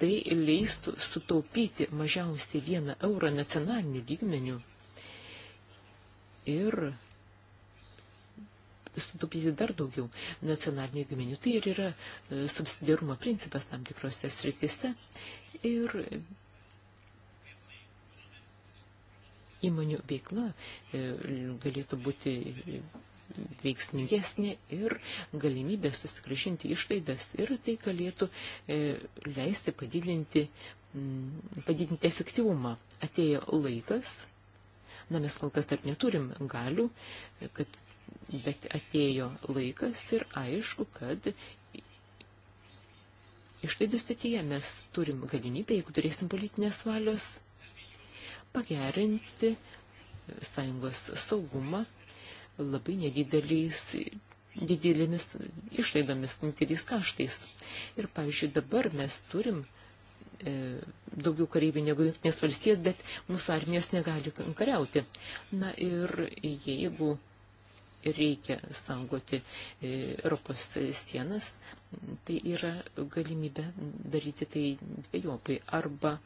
C: tai leistų sutaupyti mažiausiai vieną eurą nacionalinių lygmenių ir sutaupyti dar daugiau nacionalinių lygmenių. Tai ir yra e, subsidiarumo principas tam tikrose sritise ir įmonių veikla e, galėtų būti veiksmingesnė ir galimybė susigražinti išlaidas ir tai galėtų e, leisti padidinti, padidinti efektyvumą. Atėjo laikas, na mes kol kas dar neturim galių, e, kad, bet atėjo laikas ir aišku, kad išlaidų statyje mes turim galimybę, jeigu turėsim politinės valios, pagerinti sąjungos saugumą labai nedideliais didelėmis išlaidomis, nedideliais kaštais. Ir, pavyzdžiui, dabar mes turim e, daugiau kareivių negu jungtinės valstijos, bet mūsų armijos negali kariauti. Na ir jeigu reikia saugoti e, Europos sienas, tai yra galimybė daryti tai dviejopai. Arba,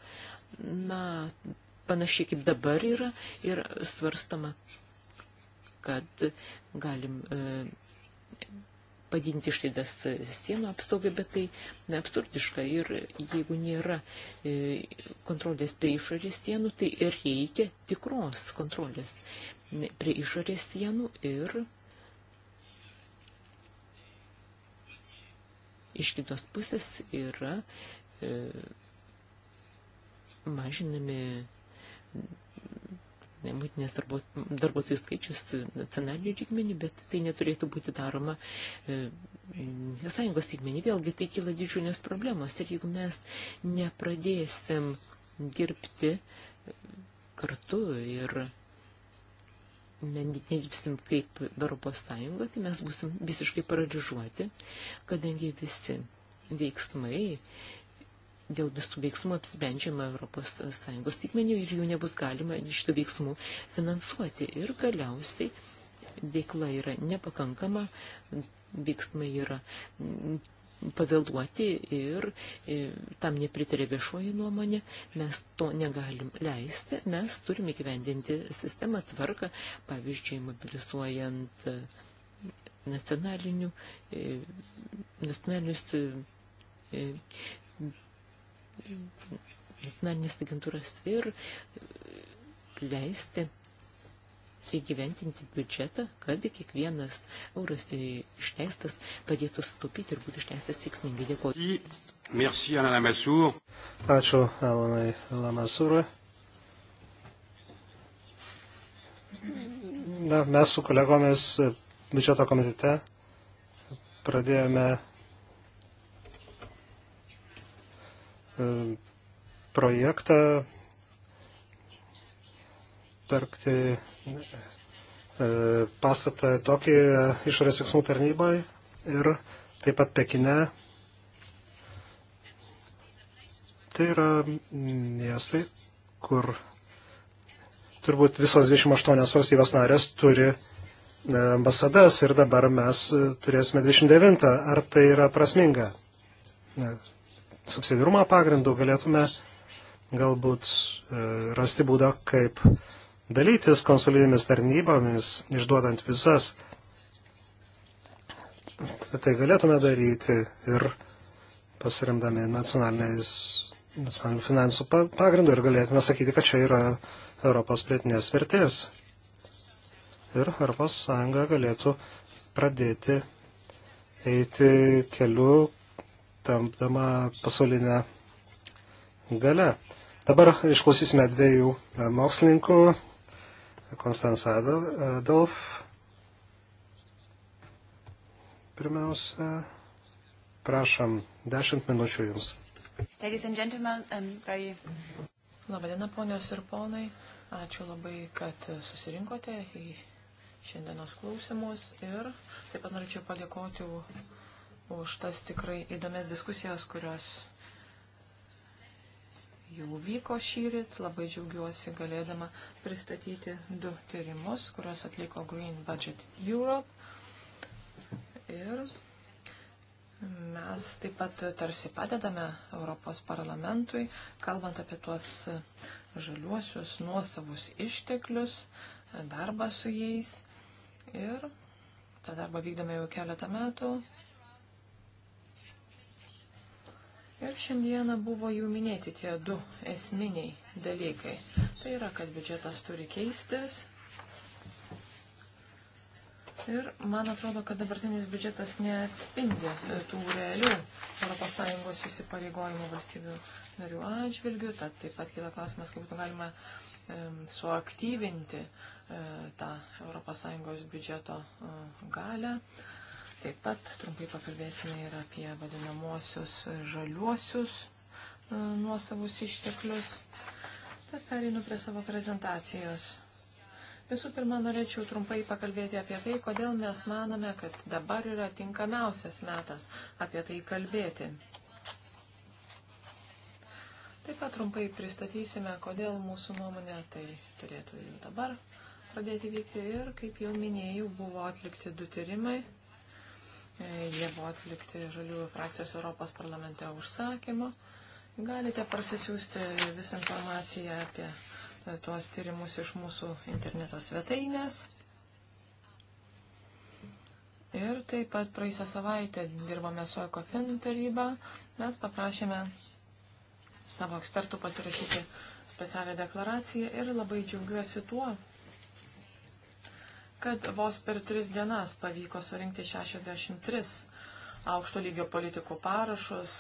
C: na, panašiai kaip dabar yra ir svarstama, kad galim e, padinti išlaidas sienų apsaugą, bet tai na, absurdiška. Ir jeigu nėra e, kontrolės prie išorės sienų, tai ir reikia tikros kontrolės prie išorės sienų ir iš kitos pusės yra e, mažinami būtinės darbuotojų skaičius nacionalinių lygmenių, bet tai neturėtų būti daroma e, sąjungos lygmenį. Vėlgi tai kyla didžiulės problemos ir jeigu mes nepradėsim dirbti kartu ir nedirbsim kaip Europos Sąjunga, tai mes būsim visiškai paralyžuoti, kadangi visi veiksmai, dėl visų veiksmų apsprendžiama Europos Sąjungos tikmenių ir jų nebus galima šitų veiksmų finansuoti. Ir galiausiai veikla yra nepakankama, veiksmai yra pavėluoti ir e, tam nepritarė viešoji nuomonė, mes to negalim leisti, mes turime gyvendinti sistemą tvarką, pavyzdžiui, mobilizuojant e, e, nacionalinius nacionalinės agentūras ir leisti įgyventinti biudžetą, kad kiekvienas euras tai išleistas padėtų sutaupyti ir būtų išleistas tikslingai. Dėkuoju.
A: Merci, Alana Masur. Ačiū, Alanai Lamasūrui. Na, mes su kolegomis biudžeto komitete pradėjome E, projektą pirkti e, pastatą tokį išorės veiksmų tarnybai ir taip pat Pekine. Tai yra miestai, kur turbūt visos 28 valstybės narės turi e, ambasadas ir dabar mes turėsime 29. Ar tai yra prasminga? Ne subsidirumo pagrindu galėtume galbūt e, rasti būdą, kaip dalytis konsulinėmis tarnybomis, išduodant visas. Tai galėtume daryti ir pasiremdami nacionalinių finansų pagrindų ir galėtume sakyti, kad čia yra Europos prietinės vertės. Ir Europos Sąjunga galėtų pradėti eiti keliu, tampdama pasaulinę galę. Dabar išklausysime dviejų e, mokslininkų, Konstanza Adolf pirmiausia. Prašom, dešimt minučių jums.
B: Ladies and gentlemen, um, prai. Labadiena, ponios ir ponai. Ačiū labai, kad susirinkote į šiandienos klausimus ir taip pat norėčiau padėkoti už tas tikrai įdomias diskusijas, kurios jau vyko šyrit. Labai džiaugiuosi galėdama pristatyti du tyrimus, kuriuos atliko Green Budget Europe. Ir mes taip pat tarsi padedame Europos parlamentui, kalbant apie tuos žaliuosius nuosavus išteklius, darbą su jais. Ir tą darbą vykdome jau keletą metų. Ir šiandieną buvo jų minėti tie du esminiai dalykai. Tai yra, kad biudžetas turi keistis. Ir man atrodo, kad dabartinis biudžetas neatspindi tų realių ES įsipareigojimų valstybių narių atžvilgių. Tad taip pat kila klausimas, kaip būtų galima e, suaktyvinti e, tą ES biudžeto e, galę. E, Taip pat trumpai pakalbėsime ir apie vadinamosius žaliuosius e, nuosavus išteklius. Tad perinu prie savo prezentacijos. Visų pirma, norėčiau trumpai pakalbėti apie tai, kodėl mes manome, kad dabar yra tinkamiausias metas apie tai kalbėti. Taip pat trumpai pristatysime, kodėl mūsų nuomonė tai turėtų jau dabar pradėti vykti ir, kaip jau minėjau, buvo atlikti du tyrimai. Jie buvo atlikti Žaliųjų frakcijos Europos parlamente užsakymu. Galite prasisiųsti visą informaciją apie e, tuos tyrimus iš mūsų interneto svetainės. Ir taip pat praeisą savaitę dirbome su ECOFIN taryba. Mes paprašėme savo ekspertų pasirašyti specialią deklaraciją ir labai džiaugiuosi tuo, kad vos per tris dienas pavyko surinkti 63 aukšto lygio politikų parašus,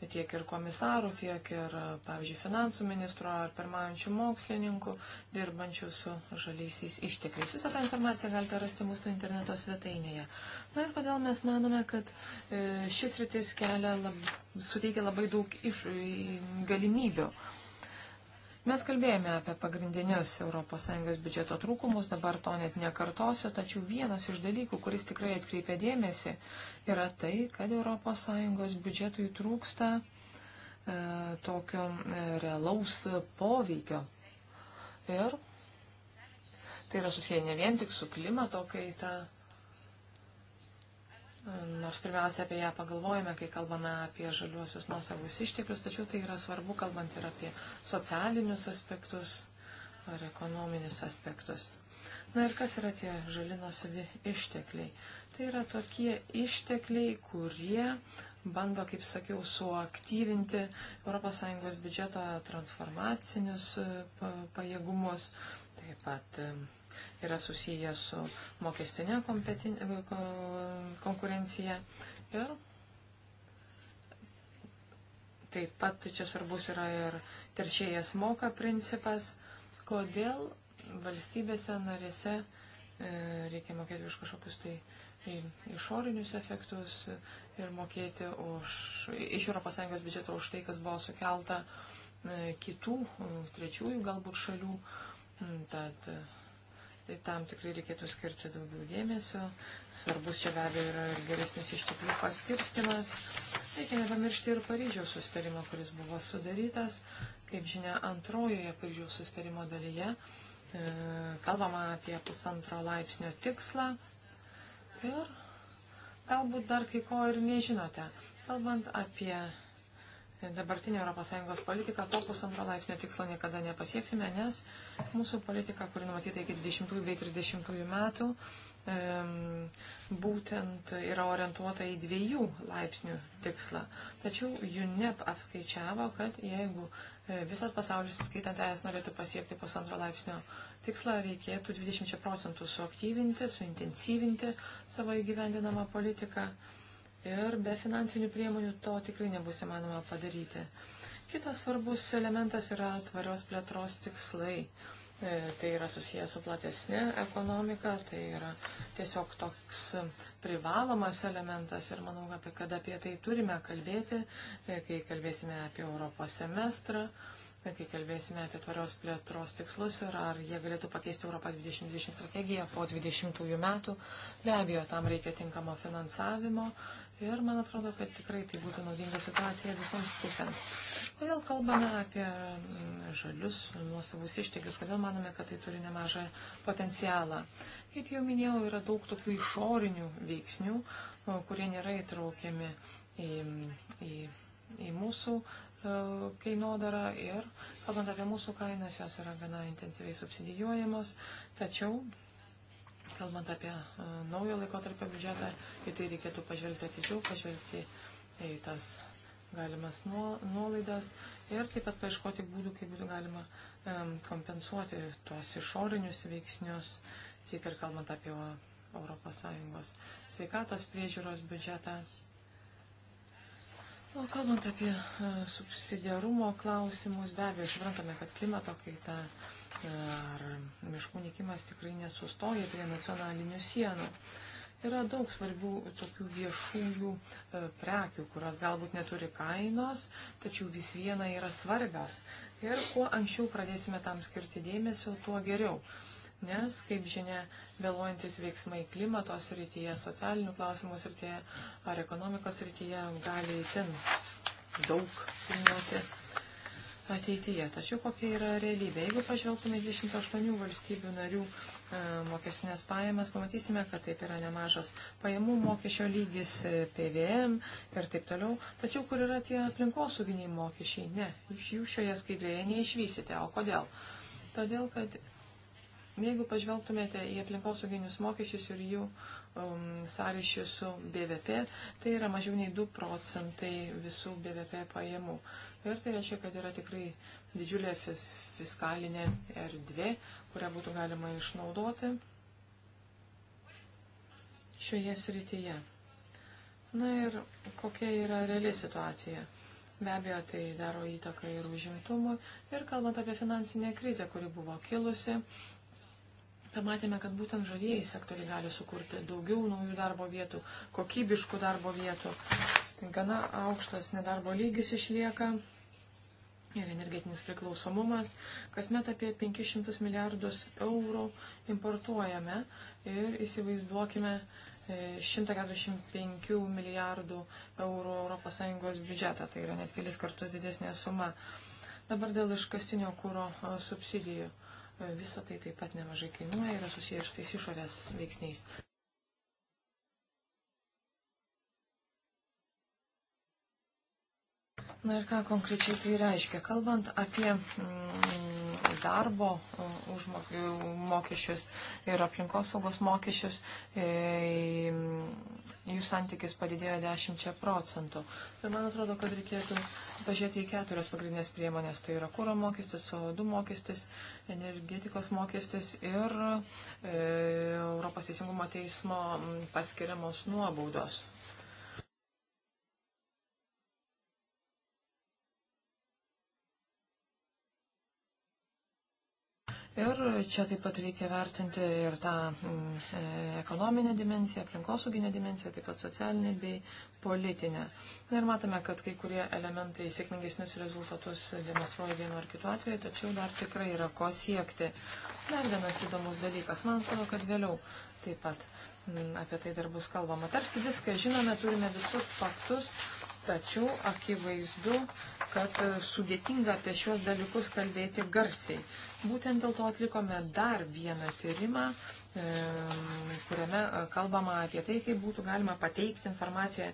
B: e, tiek ir komisarų, tiek ir, e, pavyzdžiui, finansų ministro ar pirmaujančių mokslininkų, dirbančių su žaliaisiais ištekliais. Visą tą informaciją galite rasti mūsų interneto svetainėje. Na ir kodėl mes manome, kad e, šis rytis kelia, lab, suteikia labai daug iš, galimybių. Mes kalbėjome apie pagrindinius ES biudžeto trūkumus, dabar to net nekartosiu, tačiau vienas iš dalykų, kuris tikrai atkreipia dėmesį, yra tai, kad ES biudžetui trūksta e, tokio e, realaus poveikio. Ir tai yra susiję ne vien tik su klimato kaita, Nors pirmiausia apie ją pagalvojame, kai kalbame apie žaliuosius nuosavus išteklius, tačiau tai yra svarbu, kalbant ir apie socialinius aspektus ar ekonominius aspektus. Na ir kas yra tie žali nuosavi ištekliai? Tai yra tokie ištekliai, kurie bando, kaip sakiau, suaktyvinti ES biudžeto transformacinius e, pajėgumus, taip pat e, yra susiję su mokestinė konkurencija. Ir taip pat čia svarbus yra ir teršėjas moka principas, kodėl valstybėse narėse e, reikia mokėti už kažkokius tai išorinius efektus ir mokėti už, iš ES biudžeto už tai, kas buvo sukelta e, kitų, e, trečiųjų galbūt šalių. Mm, tad Tai tam tikrai reikėtų skirti daugiau dėmesio. Svarbus čia be abejo yra ir geresnis išteklių paskirstimas. Reikia nepamiršti ir Paryžiaus sustarimo, kuris buvo sudarytas. Kaip žinia, antrojoje Paryžiaus sustarimo dalyje e, kalbama apie pusantro laipsnio tikslą. Ir galbūt dar kai ko ir nežinote. Kalbant apie dabartinė ES politika to pusantro laipsnio tikslo niekada nepasieksime, nes mūsų politika, kuri numatyta iki 20 bei 30 metų, e, būtent yra orientuota į dviejų laipsnių tikslą. Tačiau UNEP apskaičiavo, kad jeigu e, visas pasaulis, skaitant ES, norėtų pasiekti pusantro laipsnio tikslą, reikėtų 20 procentų suaktyvinti, suintensyvinti savo įgyvendinamą politiką. E, ir be finansinių priemonių to tikrai nebus įmanoma padaryti. Kitas svarbus elementas yra tvarios plėtros tikslai. E, tai yra susijęs su platesnė ekonomika, tai yra tiesiog toks privalomas elementas ir manau, apie kad apie tai turime kalbėti, e, kai kalbėsime apie Europos semestrą, e, kai kalbėsime apie tvarios plėtros tikslus ir ar jie galėtų pakeisti Europą 2020 strategiją po 20 metų. Be abejo, tam reikia tinkamo finansavimo Ir man atrodo, kad tikrai tai būtų naudinga situacija visoms pusėms. Kodėl kalbame apie mm, žalius nuosavus išteklius, kodėl manome, kad tai turi nemažą potencialą. Kaip jau minėjau, yra daug tokių išorinių veiksnių, kurie nėra įtraukiami į, į, į mūsų e, kainodara ir, kalbant apie mūsų kainas, jos yra gana intensyviai subsidijuojamos, tačiau Kalbant apie e, naujo laikotarpio biudžetą, į tai reikėtų pažvelgti atidžiau, pažvelgti į tas galimas nuolaidas ir taip pat paieškoti būdų, kaip būtų galima kompensuoti tuos išorinius veiksnius, tiek ir kalbant apie ES sveikatos priežiūros biudžetą. O kalbant apie e, subsidiarumo klausimus, be abejo, suprantame, kad klimato kaita. Tai Ir miškų nikimas tikrai nesustoja prie nacionalinių sienų. Yra daug svarbių tokių viešųjų e, prekių, kurios galbūt neturi kainos, tačiau vis viena yra svarbios. Ir kuo anksčiau pradėsime tam skirti dėmesio, tuo geriau. Nes, kaip žinia, vėluojantis veiksmai klimatos rytyje, socialinių klausimų rytyje ar ekonomikos rytyje gali ten daug kainuoti ateityje. Tačiau kokia yra realybė? Jeigu pažvelgtume 28 valstybių narių e, mokestinės pajamas, pamatysime, kad taip yra nemažas pajamų mokesčio lygis, e, PVM ir taip toliau. Tačiau kur yra tie aplinkosauginiai mokesčiai? Ne, iš jų šioje skaidrėje neišvysite. O kodėl? Todėl, kad jeigu pažvelgtumėte į aplinkosauginius mokesčius ir jų um, sąryšį su BVP, tai yra mažiau nei 2 procentai visų BVP pajamų. Uh, Ir tai reiškia, kad yra tikrai didžiulė fis, fiskalinė erdvė, kurią būtų galima išnaudoti šioje srityje. Na ir kokia yra reali situacija? Be abejo, tai daro įtaką ir užimtumui. Ir kalbant apie finansinę krizę, kuri buvo kilusi, pamatėme, kad būtent žalieji sektoriai gali sukurti daugiau naujų darbo vietų, kokybiškų darbo vietų. Gana aukštas nedarbo lygis išlieka ir energetinis priklausomumas. Kasmet apie 500 milijardus eurų importuojame ir įsivaizduokime 145 e, milijardų eurų ES biudžetą. Tai yra net kelis kartus didesnė suma. Dabar dėl iškastinio kūro e, subsidijų. E, Visą tai taip pat nemažai kainuoja ir yra susijęs su tais išorės veiksniais. Na ir ką konkrečiai tai reiškia? Kalbant apie mm, darbo užmok... mokesčius ir aplinkosaugos mokesčius, e, jų santykis padidėjo 10 procentų. Ir man atrodo, kad reikėtų pažiūrėti į keturias pagrindinės priemonės. Tai yra kūro mokestis, CO2 mokestis, energetikos mokestis ir e, Europos teisingumo teismo paskiriamos nuobaudos. Ir čia taip pat reikia vertinti ir tą mm, e, ekonominę dimensiją, aplinkosauginę dimensiją, taip pat socialinę bei politinę. Na ir matome, kad kai kurie elementai sėkmingesnius rezultatus demonstruoja vienu ar kitu atveju, tačiau dar tikrai yra ko siekti. Dar vienas įdomus dalykas, man atrodo, kad vėliau taip pat mm, apie tai dar bus kalbama. Tarsi viską žinome, turime visus faktus, tačiau akivaizdu, kad sudėtinga apie šios dalykus kalbėti garsiai. Būtent dėl to atlikome dar vieną tyrimą, e, kuriame e, kalbama apie tai, kaip būtų galima pateikti informaciją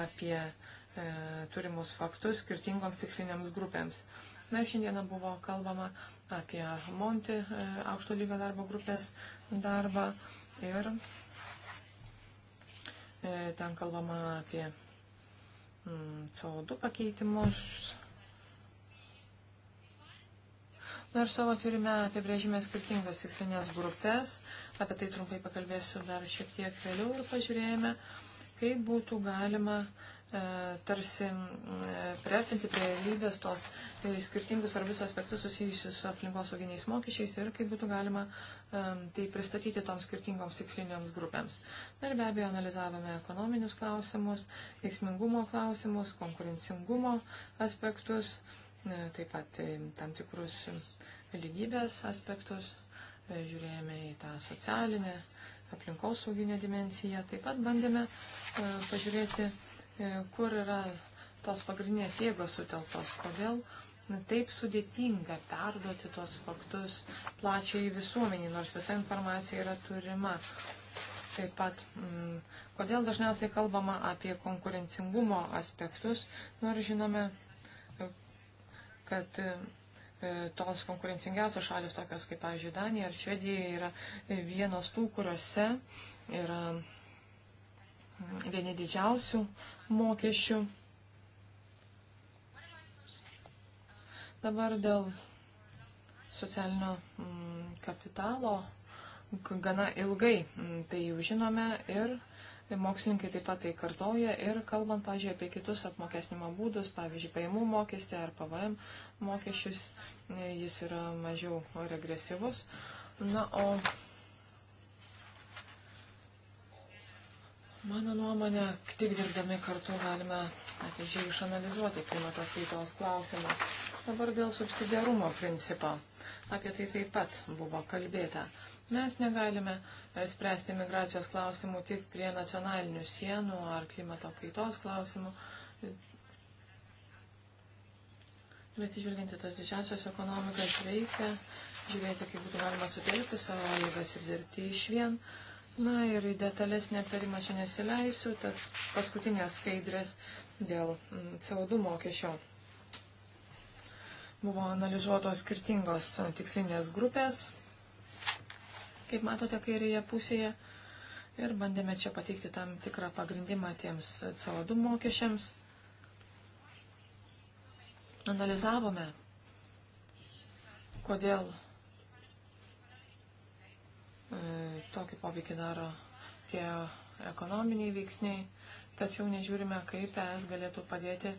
B: apie e, turimus faktus skirtingoms tikslinėms grupėms. Na ir šiandieną buvo kalbama apie Monti aukšto lygio darbo grupės darbą ir ten kalbama apie mm, CO2 pakeitimus Na ir savo turime apibrėžimę skirtingas tikslinės grupės, apie tai trumpai pakalbėsiu dar šiek tiek vėliau ir pažiūrėjome, kaip būtų galima e, tarsi e, priartinti prie realybės tos e, skirtingus svarbius aspektus susijusius su aplinkosauginiais mokesčiais ir kaip būtų galima e, tai pristatyti toms skirtingoms tikslinėms grupėms. Na ir be abejo analizavome ekonominius klausimus, veiksmingumo klausimus, konkurencingumo aspektus, e, taip pat e, tam tikrus. E, lygybės aspektus, e, žiūrėjome į tą socialinę, aplinkosauginę dimenciją, taip pat bandėme e, pažiūrėti, e, kur yra tos pagrindinės jėgos sutelktos, kodėl taip sudėtinga perduoti tos faktus plačiai visuomeniai, nors visa informacija yra turima. Taip pat, m, mm, kodėl dažniausiai kalbama apie konkurencingumo aspektus, nors žinome, kad E, tos konkurencingiausios šalis, tokios kaip, pavyzdžiui, Danija ar Švedija, yra vienos tų, kuriuose yra vieni didžiausių mokesčių. Dabar dėl socialinio mm, kapitalo gana ilgai mm, tai jau žinome ir Mokslininkai taip pat tai kartoja ir kalbant, pažiūrėjau, apie kitus apmokesnimo būdus, pavyzdžiui, pajamų mokestį ar PVM mokesčius, jis yra mažiau regresyvus. Na, o mano nuomonė, tik dirbdami kartu galime atidžiai išanalizuoti klimato kaitos klausimus. Dabar dėl subsidiarumo principo. Apie tai taip pat buvo kalbėta. Mes negalime e, spręsti migracijos klausimų tik prie nacionalinių sienų ar klimato kaitos klausimų. Bet išvelginti tas didžiasios ekonomikas reikia žiūrėti, kaip būtų galima sutelkti savo jėgas ir dirbti iš vien. Na ir į detalesnį aptarimą čia nesileisiu, tad paskutinės skaidrės dėl mm, CO2 mokesčio buvo analizuotos skirtingos e, tikslinės grupės kaip matote, kairėje pusėje. Ir bandėme čia pateikti tam tikrą pagrindimą tiems CO2 mokesčiams. Analizavome, kodėl e, tokį poveikį daro tie ekonominiai veiksniai, tačiau nežiūrime, kaip ES galėtų padėti e,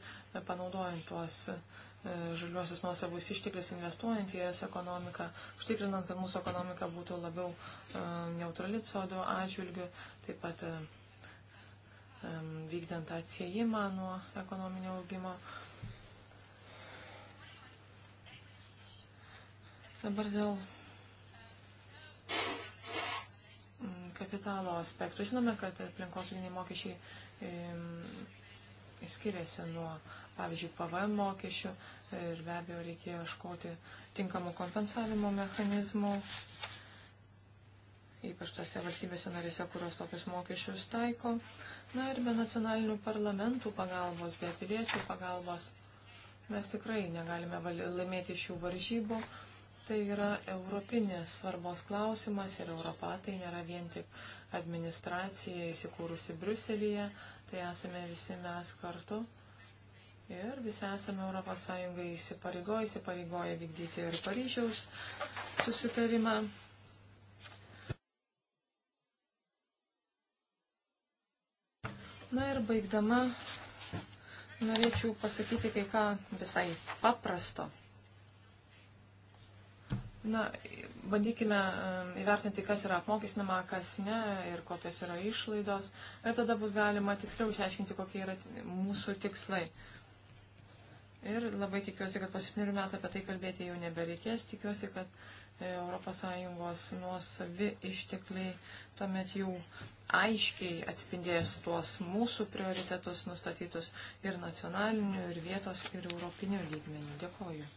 B: panaudojant tuos E, žaliuosius nuosavus išteklius investuojant į es ekonomiką, užtikrinant, kad mūsų ekonomika būtų labiau e, neutrali CO2 atžvilgių, taip pat e, vykdant atsiejimą nuo ekonominio augimo. Dabar dėl mm, kapitalo aspektų. Žinome, kad aplinkosauginiai mokesčiai skiriasi nuo pavyzdžiui, PVM mokesčių ir be abejo reikėjo iškoti tinkamų kompensavimo mechanizmų, ypač tose valstybėse narėse, kurios tokius mokesčius taiko. Na ir be nacionalinių parlamentų pagalbos, be piliečių pagalbos mes tikrai negalime laimėti šių varžybų. Tai yra europinės svarbos klausimas ir Europa tai nėra vien tik administracija įsikūrusi Bruselėje, tai esame visi mes kartu. Ir visi esame ES įsipareigoję, įsipareigoję vykdyti ir Paryžiaus susitarimą. Na ir baigdama, norėčiau pasakyti kai ką visai paprasto. Na, bandykime įvertinti, kas yra apmokestinama, kas ne ir kokios yra išlaidos. Ir tada bus galima tiksliau išsiaiškinti, kokie yra mūsų tikslai. Uh, Ir labai tikiuosi, kad po septynių metų apie tai kalbėti jau nebereikės. Tikiuosi, kad ES nuosavi ištekliai tuomet jau aiškiai atspindės tuos mūsų prioritetus nustatytus ir nacionaliniu, ir vietos, ir europiniu lygmeniu. Dėkoju.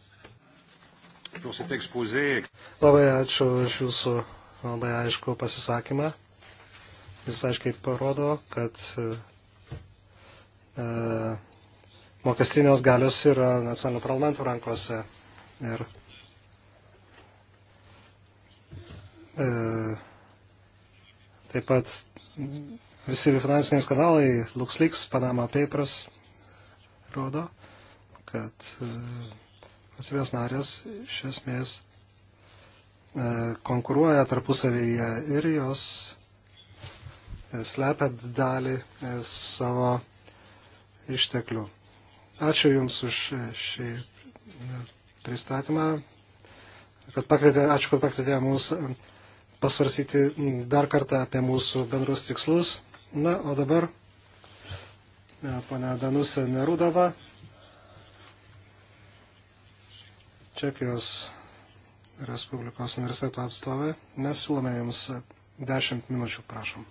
A: Labai ačiū iš jūsų labai aišku pasisakymą. Jis aiškiai parodo, kad e, e mokestinės galios yra nacionalinių parlamentų rankose. Ir e, taip pat visi finansiniai skandalai, LuxLeaks, Panama Papers, rodo, kad e, valstybės narės iš esmės e, konkuruoja tarpusavyje ir jos e, slepia dalį e, savo išteklių. Ačiū Jums už šį pristatymą, kad pakvietė, ačiū, kad pakvietė mus pasvarsyti dar kartą apie mūsų bendrus tikslus. Na, o dabar ponia Danusė Nerudova, Čekijos Respublikos universiteto atstovė. Mes siūlome Jums 10 minučių, prašom.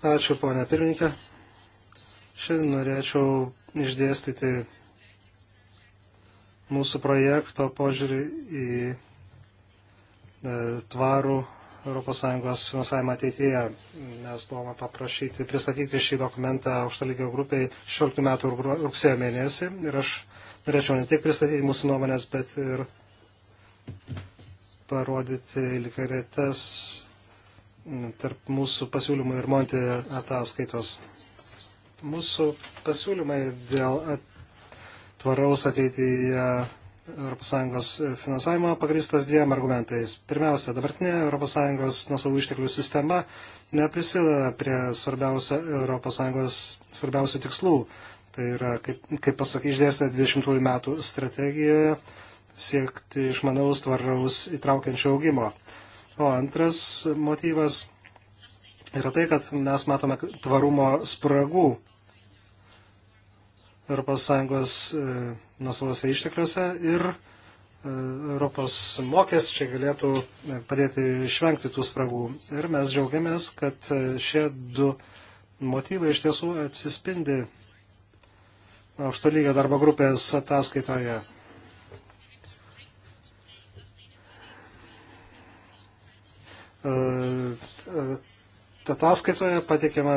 A: Ačiū, ponė pirmininkė. Šiandien norėčiau išdėstyti mūsų projekto požiūrį į e, tvarų ES finansavimą ateityje. Mes buvome paprašyti pristatyti šį dokumentą aukštalygio grupiai 16 metų rugsėjo mėnesį. Ir aš norėčiau ne tik pristatyti mūsų nuomonės, bet ir parodyti lygaretes tarp mūsų pasiūlymų ir Monti ataskaitos. Mūsų pasiūlymai dėl at... tvaraus ateityje ES finansavimo pagristas dviem argumentais. Pirmiausia, dabartinė ES nusavų išteklių sistema neprisideda prie svarbiausio ES svarbiausių tikslų. Tai yra, kaip, kaip pasakė, išdėstė 20 metų strategijoje siekti išmanaus, tvaraus, įtraukiančio augimo. O antras motyvas yra tai, kad mes matome tvarumo spragų ES e, nusavose ištekliuose ir e, Europos mokesčiai galėtų e, padėti išvengti tų spragų. Ir mes džiaugiamės, kad šie du motyvai iš tiesų atsispindi aukšto lygio darbo grupės ataskaitoje. E, e, ataskaitoje pateikiama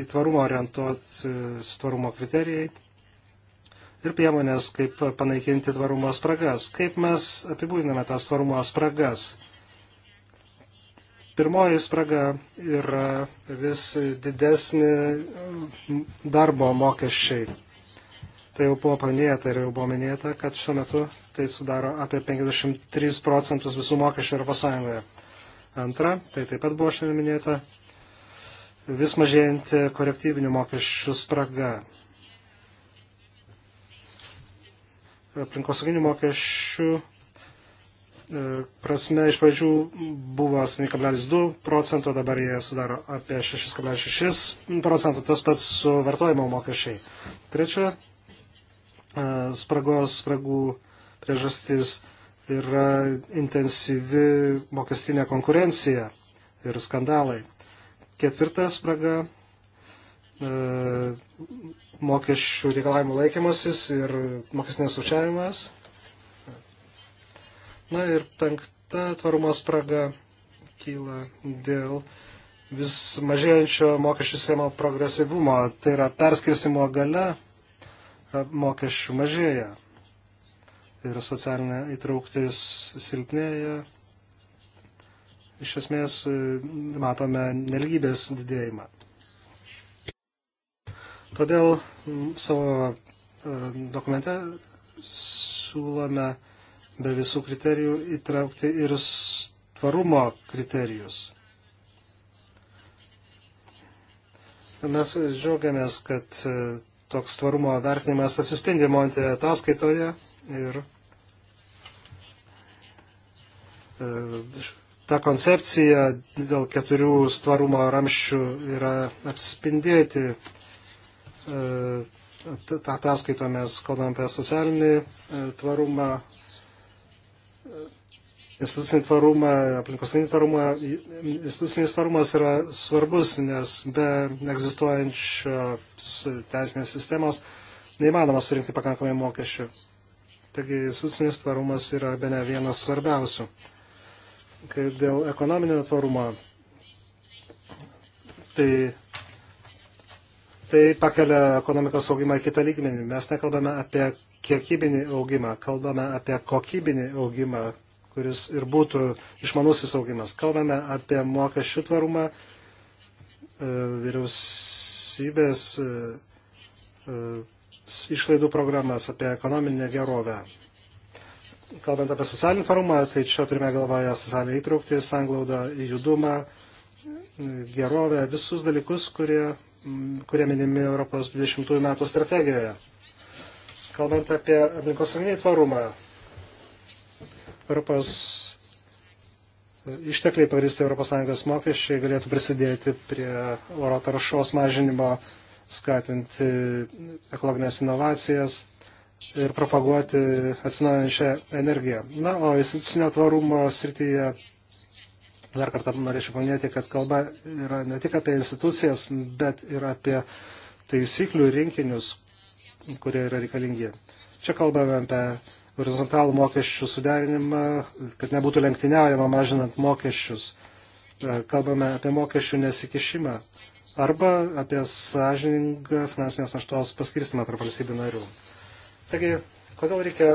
A: į tvarumą orientuotis tvarumo kriterijai ir priemonės, kaip panaikinti tvarumo spragas. Kaip mes apibūdiname tas tvarumo spragas? Pirmoji spraga yra vis didesni darbo mokesčiai. Tai jau buvo paminėta ir jau buvo minėta, kad šiuo metu tai sudaro apie 53 procentus visų mokesčių Europos Sąjungoje. Antra, tai taip pat buvo šiandien minėta, vis mažėjanti korektyvinių mokesčių spraga. Aplinkosauginių mokesčių e, prasme iš pradžių buvo 7,2 procento, dabar jie sudaro apie 6,6 procentų, tas pats su vartojimo mokesčiai. Trečia, e, spragos spragų priežastis yra intensyvi mokestinė konkurencija ir skandalai. Ketvirtas spraga e, - mokesčių reikalavimų laikymasis ir mokestinės sučiavimas. Na ir penkta tvarumo spraga kyla dėl vis mažėjančio mokesčių sistemo progresyvumo, tai yra perskirstimo gale mokesčių mažėja ir socialinė įtrauktis silpnėja. Iš esmės e, matome nelgybės didėjimą. Todėl savo e, dokumente siūlome be visų kriterijų įtraukti ir tvarumo kriterijus. Mes džiaugiamės, kad e, toks tvarumo vertinimas atsispindi Monti ataskaitoje ir E, ta koncepcija dėl keturių tvarumo ramščių yra atspindėti e, ataskaito mes kalbam apie socialinį e, tvarumą, institucinį tvarumą, aplinkosinį tvarumą. Institucinis tvarumas yra svarbus, nes be egzistuojančios teisinės sistemos neįmanoma surinkti pakankamai mokesčių. Taigi institucinis tvarumas yra be ne vienas svarbiausių. Kaip dėl ekonominio tvarumo, tai, tai pakelia ekonomikos augimą į kitą lygmenį. Mes nekalbame apie kiekybinį augimą, kalbame apie kokybinį augimą, kuris ir būtų išmanusis augimas. Kalbame apie mokesčių tvarumą, e, vyriausybės e, e, išlaidų programas, apie ekonominę gerovę kalbant apie socialinį tvarumą, tai čia turime galvoje socialinį įtraukti, sanglaudą, judumą, gerovę, visus dalykus, kurie, kurie minimi Europos 20 metų strategijoje. Kalbant apie aplinkosauginį tvarumą, Europos ištekliai pagristi ES mokesčiai galėtų prisidėti prie oro taršos mažinimo, skatinti ekologinės inovacijas ir propaguoti atsinaujančią energiją. Na, o institucinio tvarumo srityje dar kartą norėčiau paminėti, kad kalba yra ne tik apie institucijas, bet ir apie taisyklių rinkinius, kurie yra reikalingi. Čia kalbame apie horizontalų mokesčių suderinimą, kad nebūtų lenktyniaujama mažinant mokesčius. E, kalbame apie mokesčių nesikišimą arba apie sąžiningą finansinės naštos paskirstimą tarp valstybių narių. Taigi, kodėl reikia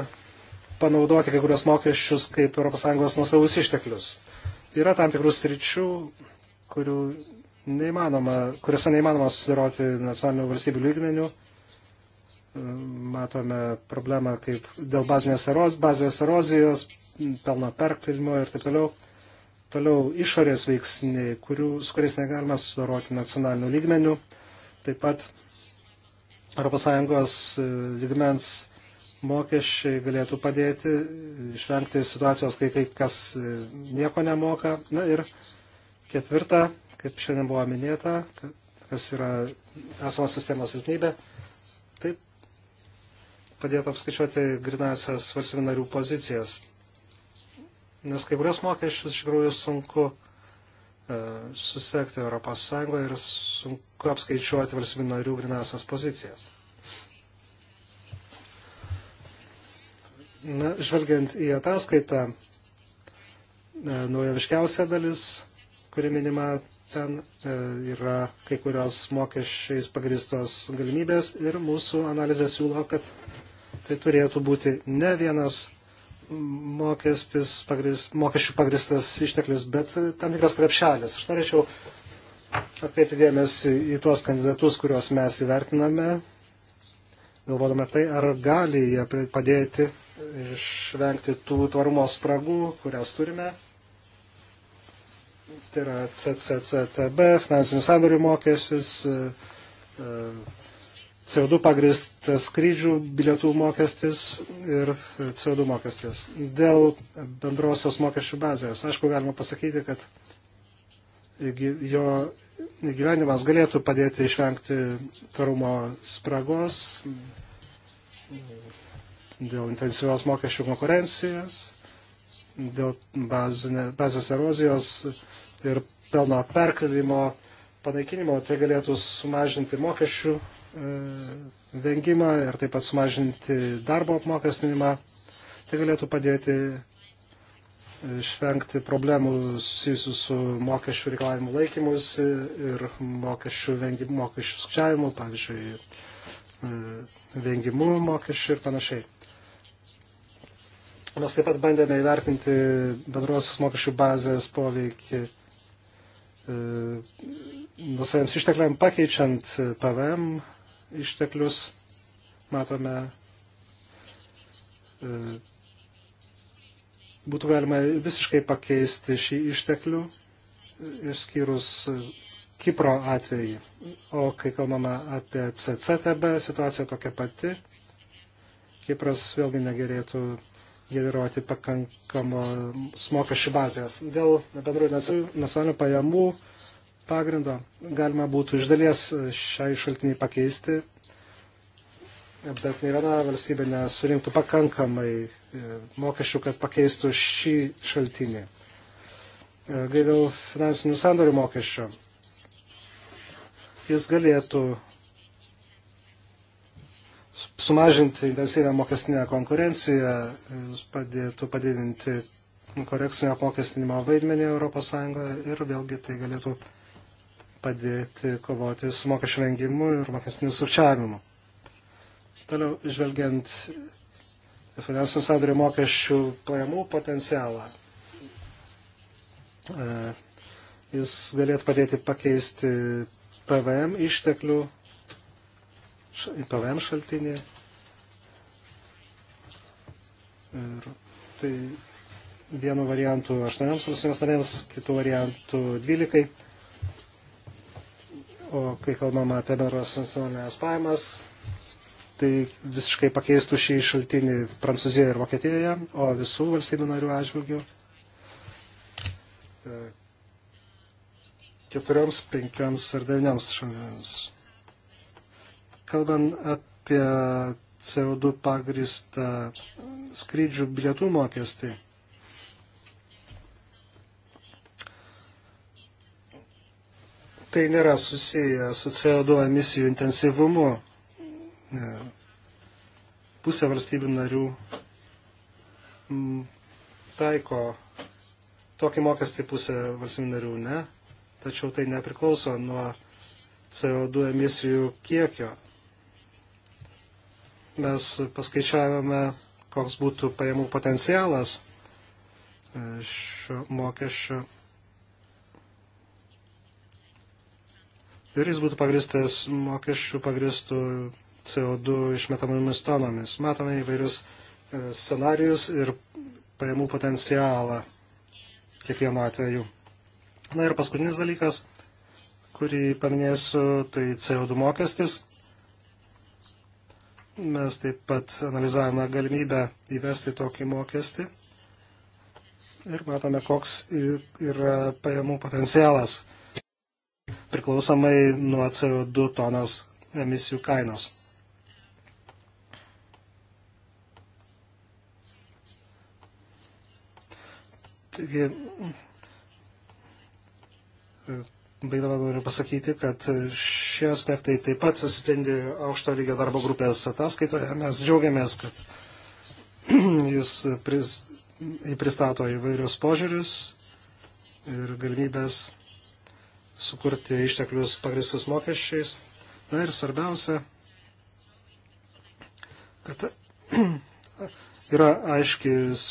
A: panaudoti kai kurios mokesčius kaip ES nusavus išteklius? Yra tam tikrų sričių, kurių neįmanoma, kuriuose neįmanoma susidaroti nacionalinių valstybių lygmenių. Matome problemą kaip dėl bazinės eroz, bazės erozijos, pelno perkvilimo ir taip toliau. Toliau išorės veiksniai, kurių, su kuriais negalima susidaroti nacionalinių lygmenių. Taip pat ES lygmens e, mokesčiai galėtų padėti išvengti situacijos, kai kai kas e, nieko nemoka. Na ir ketvirta, kaip šiandien buvo minėta, kas yra esamos sistemos silpnybė, taip padėtų apskaičiuoti grinasias valstybių narių pozicijas. Nes kai kurios mokesčius iš tikrųjų sunku E, susekti Europos Sąjungoje ir sunku apskaičiuoti valstybių narių grinasias pozicijas. Na, žvelgiant į ataskaitą, e, naujaviškiausia dalis, kuri minima ten, e, yra kai kurios mokesčiais pagristos galimybės ir mūsų analizė siūlo, kad tai turėtų būti ne vienas mokestis, pagris, mokesčių pagristas išteklis, bet tam tikras krepšelis. Aš norėčiau atkreipti dėmesį į tuos kandidatus, kuriuos mes įvertiname, galvodame tai, ar gali jie padėti išvengti tų tvarumo spragų, kurias turime. Tai yra CCCTB, finansinių sandorių mokestis, e, CO2 pagristas skrydžių bilietų mokestis ir CO2 mokestis. Dėl bendrosios mokesčių bazės, aišku, galima pasakyti, kad jo gyvenimas galėtų padėti išvengti tvarumo spragos dėl intensyvios mokesčių konkurencijos, dėl bazinė, bazės erozijos ir pelno perkelimo panaikinimo, tai galėtų sumažinti mokesčių E, vengimą ir taip pat sumažinti darbo apmokestinimą. Tai galėtų padėti e, išvengti problemų susijusių su mokesčių reikalavimų laikymus ir mokesčių vengimu, mokesčių skčiavimu, pavyzdžiui, e, vengimu mokesčių ir panašiai. Mes taip pat bandėme įvertinti bendrosios mokesčių bazės poveikį e, nusavėms ištekliam pakeičiant PVM išteklius. Matome, e, būtų galima visiškai pakeisti šį išteklių, išskyrus Kipro atvejį. O kai kalbame apie CCTB, situacija tokia pati. Kipras vėlgi negerėtų generuoti pakankamos mokesčių bazės. Dėl bendrų nacionalinių pajamų pagrindo galima būtų iš dalies šiai šaltiniai pakeisti, bet nei viena valstybė nesurinktų pakankamai e, mokesčių, kad pakeistų šį šaltinį. Gaidėl e, finansinių sandorių mokesčio. Jis galėtų sumažinti intensyvę mokestinę konkurenciją, e, jis padėtų padidinti korekcinio apmokestinimo vaidmenį ES ir vėlgi tai galėtų padėti kovoti su mokesčių vengimu ir mokesnių sukčiavimu. Toliau žvelgiant finansinių sandorių mokesčių pajamų potencialą, e, jis galėtų padėti pakeisti PVM išteklių, PVM šaltinį. Ir tai vienu variantu 8 valstybės narėms, kitų variantų 12 o kai kalbama apie bendros nacionalinės pajamas, tai visiškai pakeistų šį šaltinį Prancūzijoje ir Vokietijoje, o visų valstybių narių atžvilgių e, keturioms, penkiams ar devynioms šalims. Kalbant apie CO2 pagristą skrydžių bilietų mokestį, tai nėra susiję su CO2 emisijų intensyvumu. Pusė valstybių narių mm, taiko tokį mokestį, pusė valstybių narių ne, tačiau tai nepriklauso nuo CO2 emisijų kiekio. Mes paskaičiavome, koks būtų pajamų potencialas e, šio mokesčio ir jis būtų pagristas mokesčių pagristų CO2 išmetamomis tonomis. Matome įvairius e, scenarius ir pajamų potencialą kiekvienu atveju. Na ir paskutinis dalykas, kurį paminėsiu, tai CO2 mokestis. Mes taip pat analizavome galimybę įvesti tokį mokestį ir matome, koks yra pajamų potencialas priklausomai nuo CO2 tonas emisijų kainos. Taigi, baigdama noriu pasakyti, kad šie aspektai taip pat atsispindi aukšto lygio darbo grupės ataskaitoje. Mes džiaugiamės, kad (clears throat) jis pris, pristato įvairius požiūrius ir galimybės sukurti išteklius pagristus mokesčiais. Na ir svarbiausia, kad (clears throat) yra aiškis,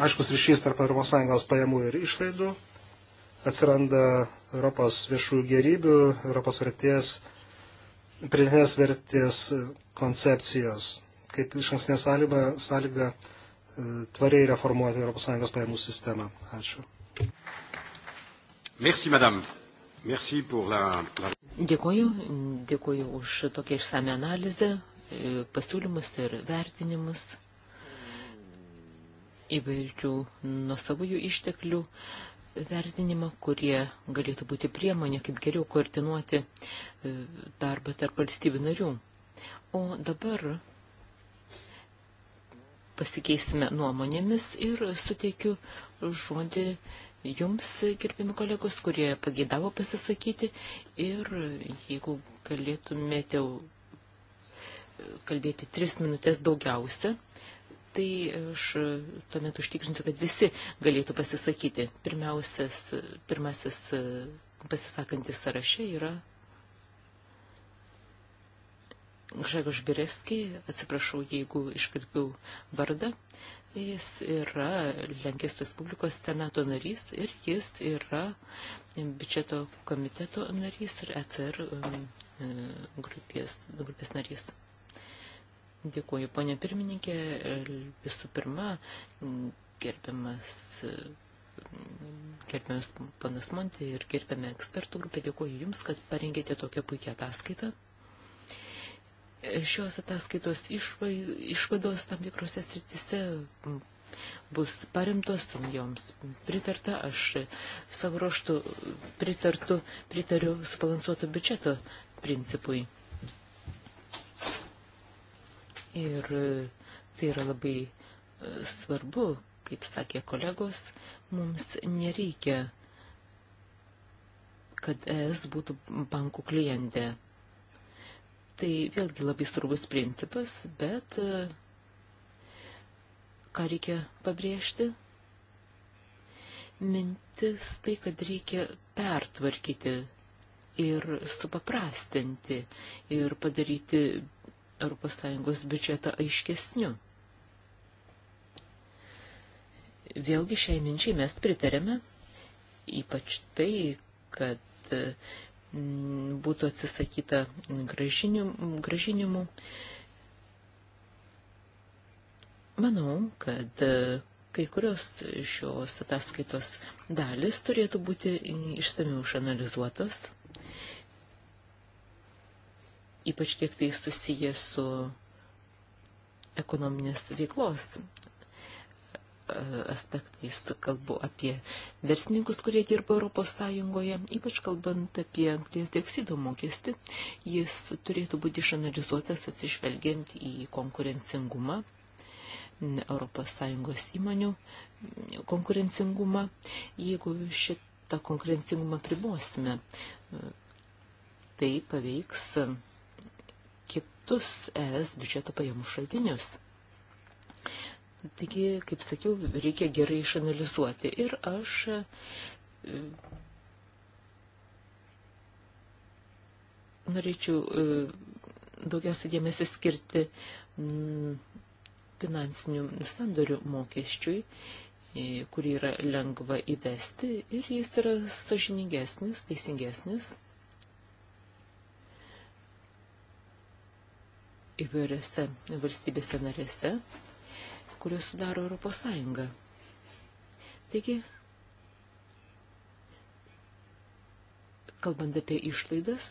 A: aiškus ryšys tarp ES pajamų ir išlaidų, atsiranda Europos viešų gerybių, Europos vertės, pridėtinės vertės koncepcijos, kaip iš anksnė sąlyga, sąlyga e, tvariai reformuoti ES pajamų sistemą. Ačiū. Merci, madame. Merci pour la, la... Dėkuoju,
C: dėkuoju už tokią išsame analizę, e, pasiūlymus ir vertinimus įvairių nuosavųjų išteklių vertinimą, kurie galėtų būti priemonė, kaip geriau koordinuoti e, darbą tarp valstybių narių. O dabar pasikeisime nuomonėmis ir suteikiu žodį jums, gerbimi kolegos, kurie pageidavo pasisakyti ir jeigu galėtumėte e, kalbėti tris minutės daugiausia, tai aš tuomet užtikrinsiu, kad visi galėtų pasisakyti. Pirmiausias, pirmasis e, pasisakantis sąraše yra Gžegož Bireski, atsiprašau, jeigu iškarpiau vardą, Jis yra Lenkijos Respublikos senato narys ir jis yra biudžeto komiteto narys ir ECR um, e, grupės, grupės narys. Dėkuoju, ponė pirmininkė. Visų pirma, gerbiamas, gerbiamas panas Monti ir gerbiamė ekspertų grupė, dėkuoju Jums, kad parengėte tokią puikią ataskaitą šios ataskaitos išvados tam tikrose sritise bus paremtos, joms pritarta, aš savo ruoštų pritartu, pritariu subalansuoto biudžeto principui. Ir e, tai yra labai e, svarbu, kaip sakė kolegos, mums nereikia, kad ES būtų bankų klientė. Tai vėlgi labai svarbus principas, bet e, ką reikia pabrėžti? Mintis tai, kad reikia pertvarkyti ir supaprastinti ir padaryti ES biudžetą aiškesniu. Vėlgi šiai minčiai mes pritarėme, ypač tai, kad e, būtų atsisakyta gražinimų. Manau, kad e, kai kurios šios ataskaitos dalis turėtų būti išsamiau išanalizuotos, ypač kiek tai susiję su ekonominės veiklos aspektais. Kalbu apie verslininkus, kurie dirba Europos Sąjungoje, ypač kalbant apie anglės dioksido mokestį. Jis turėtų būti išanalizuotas atsižvelgiant į konkurencingumą Europos Sąjungos įmonių konkurencingumą. Jeigu šitą konkurencingumą pribosime, tai paveiks kitus ES biudžeto pajamų šaltinius. Taigi, kaip sakiau, reikia gerai išanalizuoti. Ir aš e, norėčiau e, daugiausia dėmesio skirti finansinių sandorių mokesčiui, e, kurį yra lengva įvesti ir jis yra sažiningesnis, teisingesnis. įvairiose valstybėse narėse kurios sudaro Europos Sąjunga. Taigi, kalbant apie išlaidas,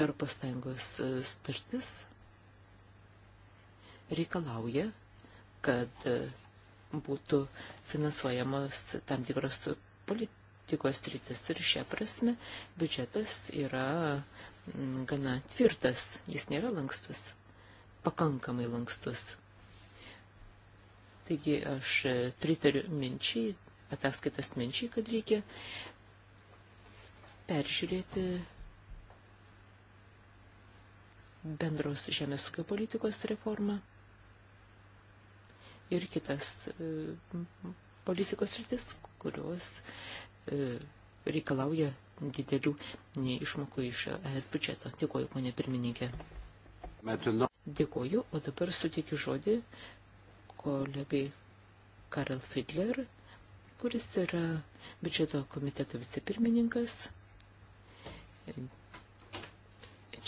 C: Europos Sąjungos e, sutartis reikalauja, kad e, būtų finansuojamos tam tikros politikos rytis ir šią prasme biudžetas yra gana tvirtas, jis nėra lankstus pakankamai lankstus. Taigi aš pritariu minčiai, ataskaitos minčiai, kad reikia peržiūrėti bendros žemės ūkio politikos reformą ir kitas e, politikos rytis, kurios e, reikalauja didelių išmokų iš ES biudžeto. Dėkuoju, ponė pirmininkė. Dėkoju, o dabar sutikiu žodį kolegai Karl Fidler, kuris yra biudžeto komiteto vicepirmininkas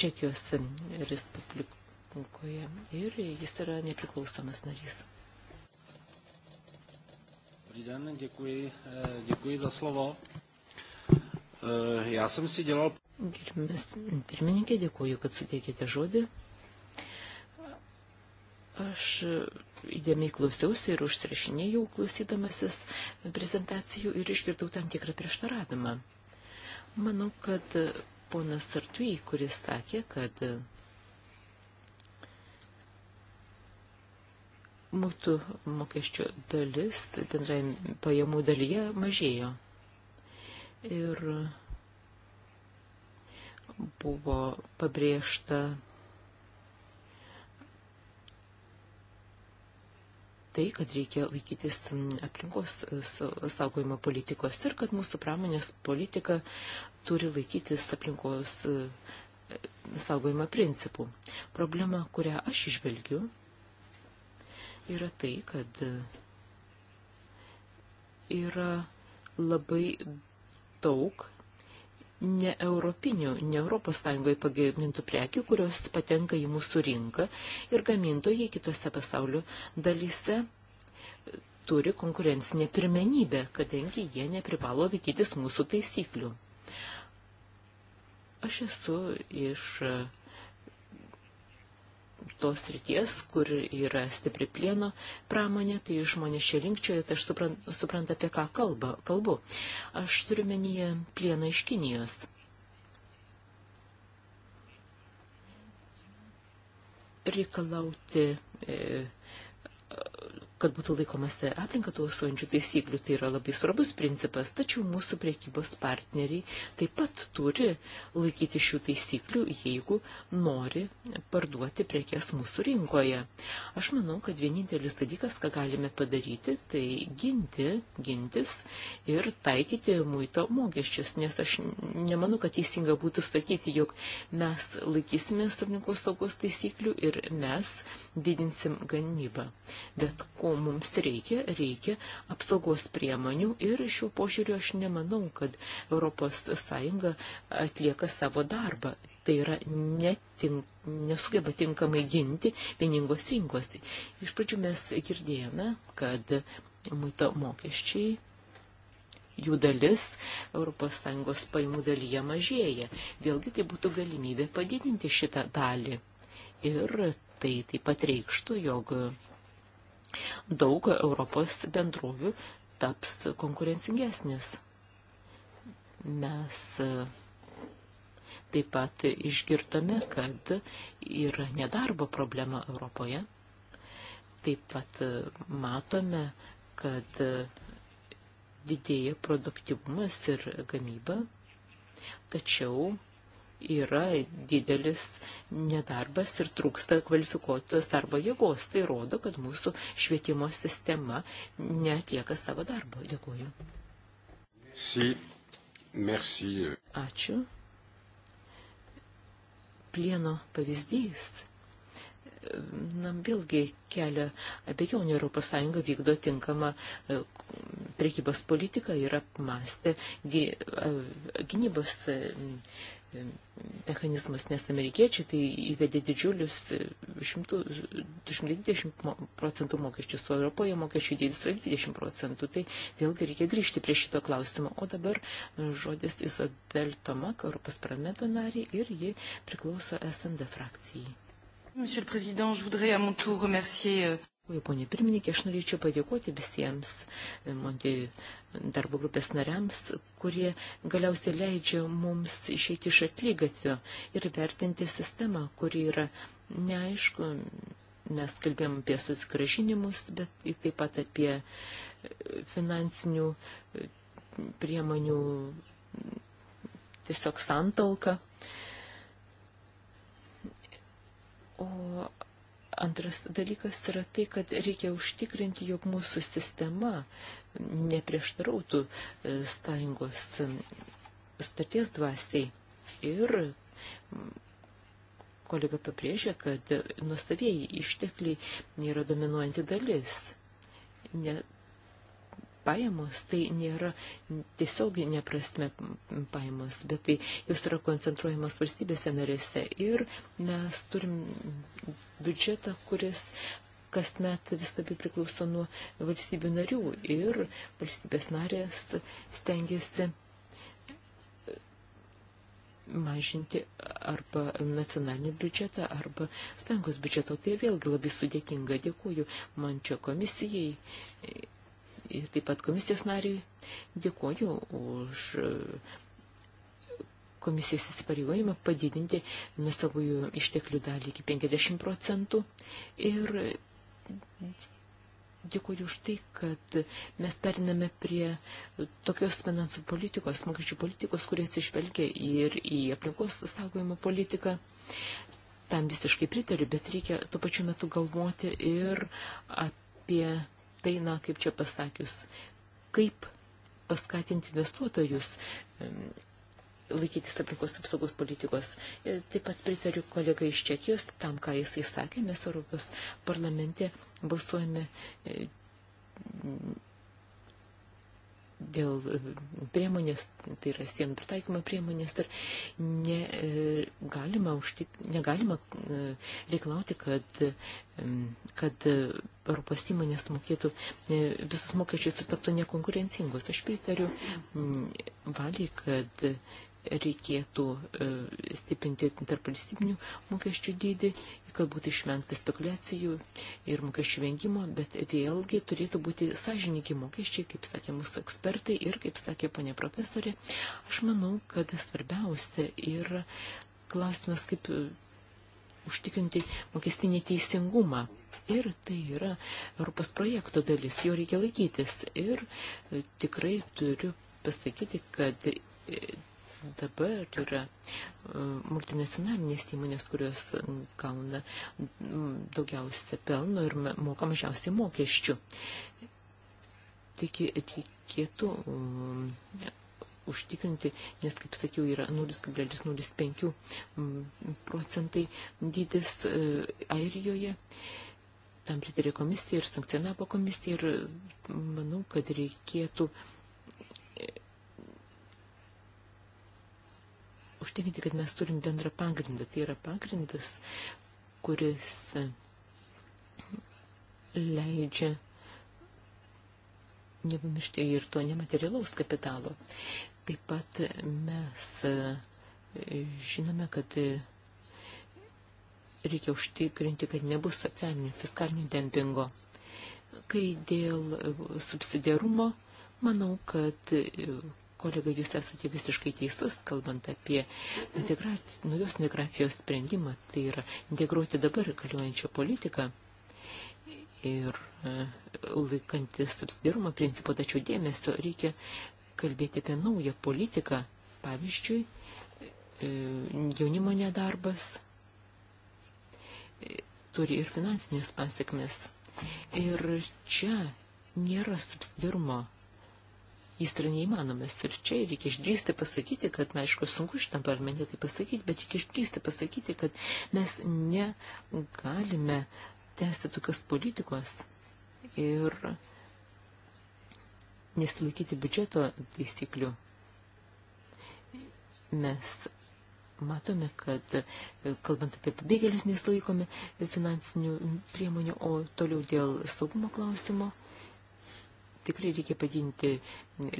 C: Čekijos Respublikoje ir jis yra nepriklausomas narys.
A: Dobrý den, děkuji, eh, děkuji za slovo. Eh, já jsem si dělal...
C: Gerbimas pirmininkė, dėkuoju, kad suteikėte žodį. Aš įdėmiai klausiausi ir užsirašinėjau klausydamasis prezentacijų ir išgirdau tam tikrą prieštaravimą. Manau, kad ponas Sartui, kuris sakė, kad mūtų mokesčio dalis bendrai pajamų dalyje mažėjo. Ir buvo pabrėžta tai, kad reikia laikytis aplinkos e, saugojimo politikos ir kad mūsų pramonės politika turi laikytis aplinkos e, saugojimo principų. Problema, kurią aš išvelgiu, yra tai, kad e, yra labai daug ne europinių, ne Europos Sąjungoje pagamintų prekių, kurios patenka į mūsų rinką ir gamintojai kitose pasaulio dalyse turi konkurencinę pirmenybę, kadangi jie neprivalo laikytis mūsų taisyklių. Aš esu iš tos ryties, kur yra stipri plieno pramonė, tai žmonės čia linkčioja, tai aš suprantu, suprant apie ką kalba, kalbu. Aš turiu menyje plieną iš Kinijos. Reikalauti e, kad būtų laikomasi aplinką tausojančių taisyklių, tai yra labai svarbus principas, tačiau mūsų priekybos partneriai taip pat turi laikyti šių taisyklių, jeigu nori parduoti prekes mūsų rinkoje. Aš manau, kad vienintelis dalykas, ką galime padaryti, tai ginti, gintis ir taikyti muito mokesčius, nes aš nemanau, kad teisinga būtų sakyti, jog mes laikysimės aplinkos saugos taisyklių ir mes didinsim gamybą. Bet ko ko mums reikia, reikia apsaugos priemonių ir šiuo požiūriu aš nemanau, kad ES atlieka savo darbą. Tai yra netink, nesugeba tinkamai ginti vieningos rinkos. Iš pradžių mes girdėjome, kad muito mokesčiai jų dalis ES paimų dalyje mažėja. Vėlgi tai būtų galimybė padidinti šitą dalį. Ir tai taip pat reikštų, jog daug Europos bendrovių taps konkurencingesnis. Mes e, taip pat išgirtame, kad yra nedarbo problema Europoje. Taip pat e, matome, kad e, didėja produktivumas ir gamyba, tačiau yra didelis nedarbas ir trūksta kvalifikuotos darbo jėgos. Tai rodo, kad mūsų švietimo sistema netieka savo darbo. Dėkuoju. Si. Merci. Ačiū. Plieno pavyzdys na, vėlgi kelia abejonių Europos Sąjunga vykdo tinkamą e, prekybos politiką ir apmastė e, gynybos e, mechanizmas, nes amerikiečiai tai įvedė didžiulius 120 e, procentų mokesčius, o Europoje mokesčių dydis yra 20 procentų. Tai vėlgi reikia grįžti prie šito klausimo. O dabar e, žodis Isabel Tomak, Europos parlamento nariai, ir ji priklauso SND frakcijai. Monsieur le Président, je voudrais à mon tour remercier euh, Pone pirmininkė, aš norėčiau padėkoti visiems e, Monti darbo grupės nariams, kurie galiausiai leidžia mums išeiti iš atlygatvio ir vertinti sistemą, kuri yra neaišku. Mes kalbėjom apie susigražinimus, bet taip pat apie e, finansinių e, priemonių tiesiog santalką. O Antras dalykas yra tai, kad reikia užtikrinti, jog mūsų sistema neprieštarautų e, sąjungos sutarties dvasiai. Ir kolega pabrėžia, kad nustavėjai ištekliai yra dominuojanti dalis. Ne pajamos tai nėra tiesioginė prasme pajamos, bet tai jos yra koncentruojamos valstybėse narėse. Ir mes turim biudžetą, kuris kasmet vis labiau priklauso nuo valstybių narių ir valstybės narės stengiasi mažinti arba nacionalinį biudžetą, arba sąjungos biudžeto. Tai vėlgi labai sudėtinga. Dėkuoju man čia komisijai taip pat komisijos nariui. Dėkuoju už e, komisijos įsipareigojimą padidinti nuosavųjų išteklių dalį iki 50 procentų ir dėkuoju už tai, kad mes periname prie tokios finansų politikos, mokesčių politikos, kurias išvelgia ir į aplinkos saugojimo politiką. Tam visiškai pritariu, bet reikia tuo pačiu metu galvoti ir apie tai, na, kaip čia pasakius, kaip paskatinti investuotojus laikytis aplinkos apsaugos politikos. Ir taip pat pritariu kolegai iš Čekijos tam, ką jisai sakė, mes Europos parlamente balsuojame e, dėl e, priemonės, tai yra sienų pritaikymo priemonės, ir negalima, e, užtik, negalima e, reiklauti, kad, kad Europos įmonės mokėtų visus mokesčius ir taptų nekonkurencingos. Aš pritariu valiai, kad reikėtų e, stiprinti tarp valstybinių mokesčių dydį, kad būtų išvengta spekulacijų ir mokesčių vengimo, bet vėlgi turėtų būti sąžininkai mokesčiai, kaip sakė mūsų ekspertai ir kaip sakė ponė profesorė. Aš manau, kad svarbiausia yra klausimas, kaip e, užtikrinti mokestinį teisingumą. Ir tai yra Europos projekto dalis, jo reikia laikytis. Ir e, tikrai turiu pasakyti, kad dabar yra e, multinacionalinės įmonės, kurios gauna daugiausia pelno ir moka mažiausiai mokesčių. Taigi reikėtų um, užtikrinti, nes, kaip sakiau, yra 0,05 procentai dydis e, Airijoje. Tam pritarė komisija ir sankcionavo komisija ir manau, kad reikėtų um, užtikrinti, kad mes turim bendrą pagrindą. Tai yra pagrindas, kuris leidžia nepamiršti ir to nematerialaus kapitalo. Taip pat mes e, žinome, kad e, reikia užtikrinti, kad nebus socialinio fiskalinio dempingo. Kai dėl e, subsidiarumo, manau, kad Kolega, jūs esate visiškai teisus, kalbant apie integraci naujos migracijos sprendimą, tai yra integruoti dabar galiuojančią politiką ir e, laikantis subsidirumo principo, tačiau dėmesio reikia kalbėti apie naują politiką, pavyzdžiui, e, jaunimo nedarbas e, turi ir finansinės pasiekmes. Ir čia nėra subsidirumo jis yra neįmanomas. Ir čia reikia išdrįsti pasakyti, kad, na, aišku, sunku šitam parlamente tai pasakyti, bet reikia išdrįsti pasakyti, kad mes negalime tęsti tokios politikos ir nesilaikyti biudžeto taisyklių. Mes matome, kad, kalbant apie pabėgėlius, nesilaikome finansinių priemonių, o toliau dėl saugumo klausimo – tikrai reikia padinti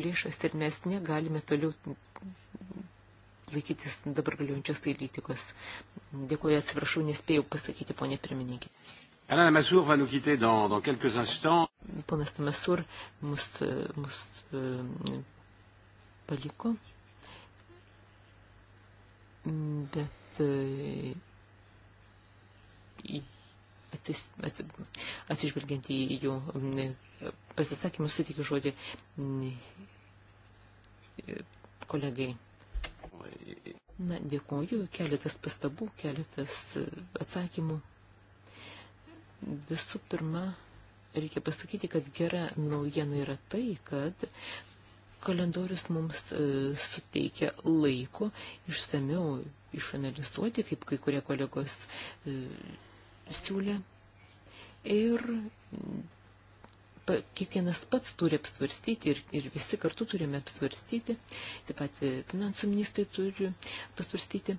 C: lėšas ir mes negalime toliau laikytis dabar galiojančios tailytikos. Dėkuoju, atsiprašau, nespėjau pasakyti, ponė pirmininkė.
A: Alain Lamassoure va nous quitter dans, dans quelques instants.
C: Ponas Lamassoure mus, mus e, paliko, bet e, atsižvelgiant į jų pasisakymus, sutikiu žodį kolegai. Na, dėkoju, keletas pastabų, keletas e, atsakymų. Visų pirma, reikia pasakyti, kad gera naujiena yra tai, kad kalendorius mums e, suteikia laiko išsameu išanalizuoti, kaip kai kurie kolegos e, siūlė ir kiekvienas pats turi apsvarstyti ir, ir visi kartu turime apsvarstyti, taip pat e, finansų ministrai turi pasvarstyti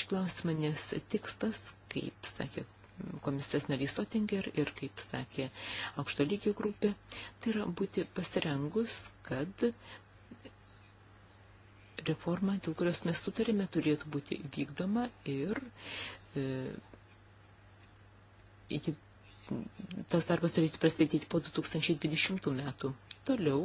C: šį klausimą, nes tikslas, kaip sakė komisijos narys Otinger ir, kaip sakė aukšto lygio grupė, tai yra būti pasirengus, kad reforma, dėl kurios mes sutarėme, turėtų būti vykdoma ir e, iki, tas darbas turėtų prasidėti po 2020 metų. Toliau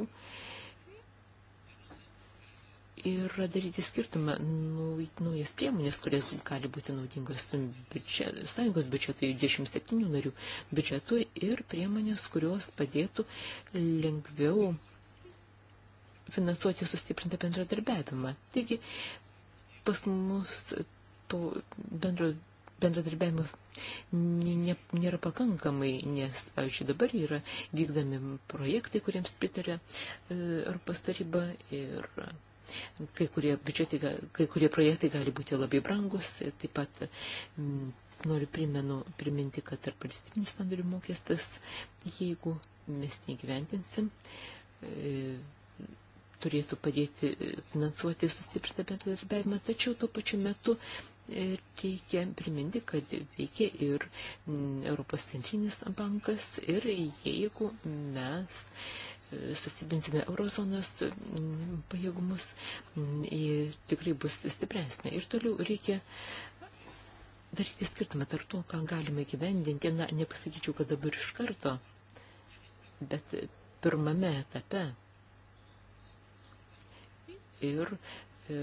C: ir daryti skirtumą naujas priemonės, kurias gali būti naudingos biudžet, sąjungos biudžetui 27 narių biudžetui ir priemonės, kurios padėtų lengviau finansuoti sustiprintą bendradarbiavimą. Taigi, pas mus to bendro bendradarbiavimo nėra pakankamai, nes, pavyzdžiui, dabar yra vykdomi projektai, kuriems pritarė e, Europos taryba ir kai kurie, biudžetai, kai kurie projektai gali būti labai brangus, e, taip pat m, noriu primenu, priminti, kad tarp valstybinis sandorių mokestis, jeigu mes neįgyventinsim, e, turėtų padėti e, finansuoti sustiprintą bendradarbiavimą, tačiau tuo pačiu metu Ir reikia priminti, kad veikia ir Europos centrinis bankas ir jeigu mes e, susidinsime eurozonos pajėgumus, jie tikrai bus stipresnė. Ir toliau reikia daryti skirtumą tarp to, ką galime gyvendinti. Na, nepasakyčiau, kad dabar iš karto, bet pirmame etape. Ir e,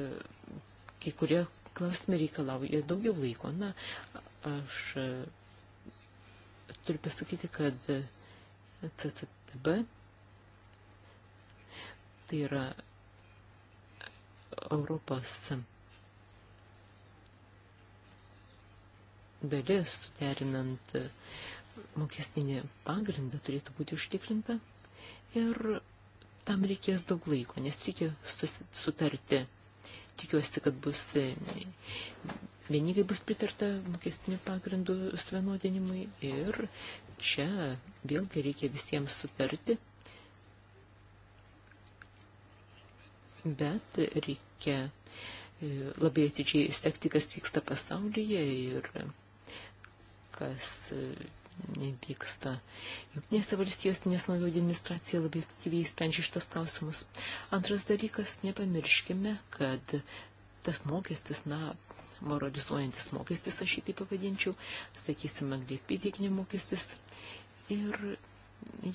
C: kai kurie klausimai reikalauja daugiau laiko. Na, aš e, turiu pasakyti, kad CCTB tai yra Europos dalis, suderinant mokestinį pagrindą, turėtų būti užtikrinta ir tam reikės daug laiko, nes reikia sutarti Tikiuosi, kad bus e, vieningai bus pritarta mokestinių pagrindų suvienodinimui ir čia vėlgi reikia visiems sutarti, bet reikia e, labai atidžiai sekti, kas vyksta pasaulyje ir kas e, vyksta. Jungtinėse valstijose, nes naujoji administracija labai aktyviai sprendžia šitos klausimus. Antras dalykas, nepamirškime, kad tas mokestis, na, moralizuojantis mokestis, aš jį taip pavadinčiau, sakysime, anglies pėdėkinio mokestis. Ir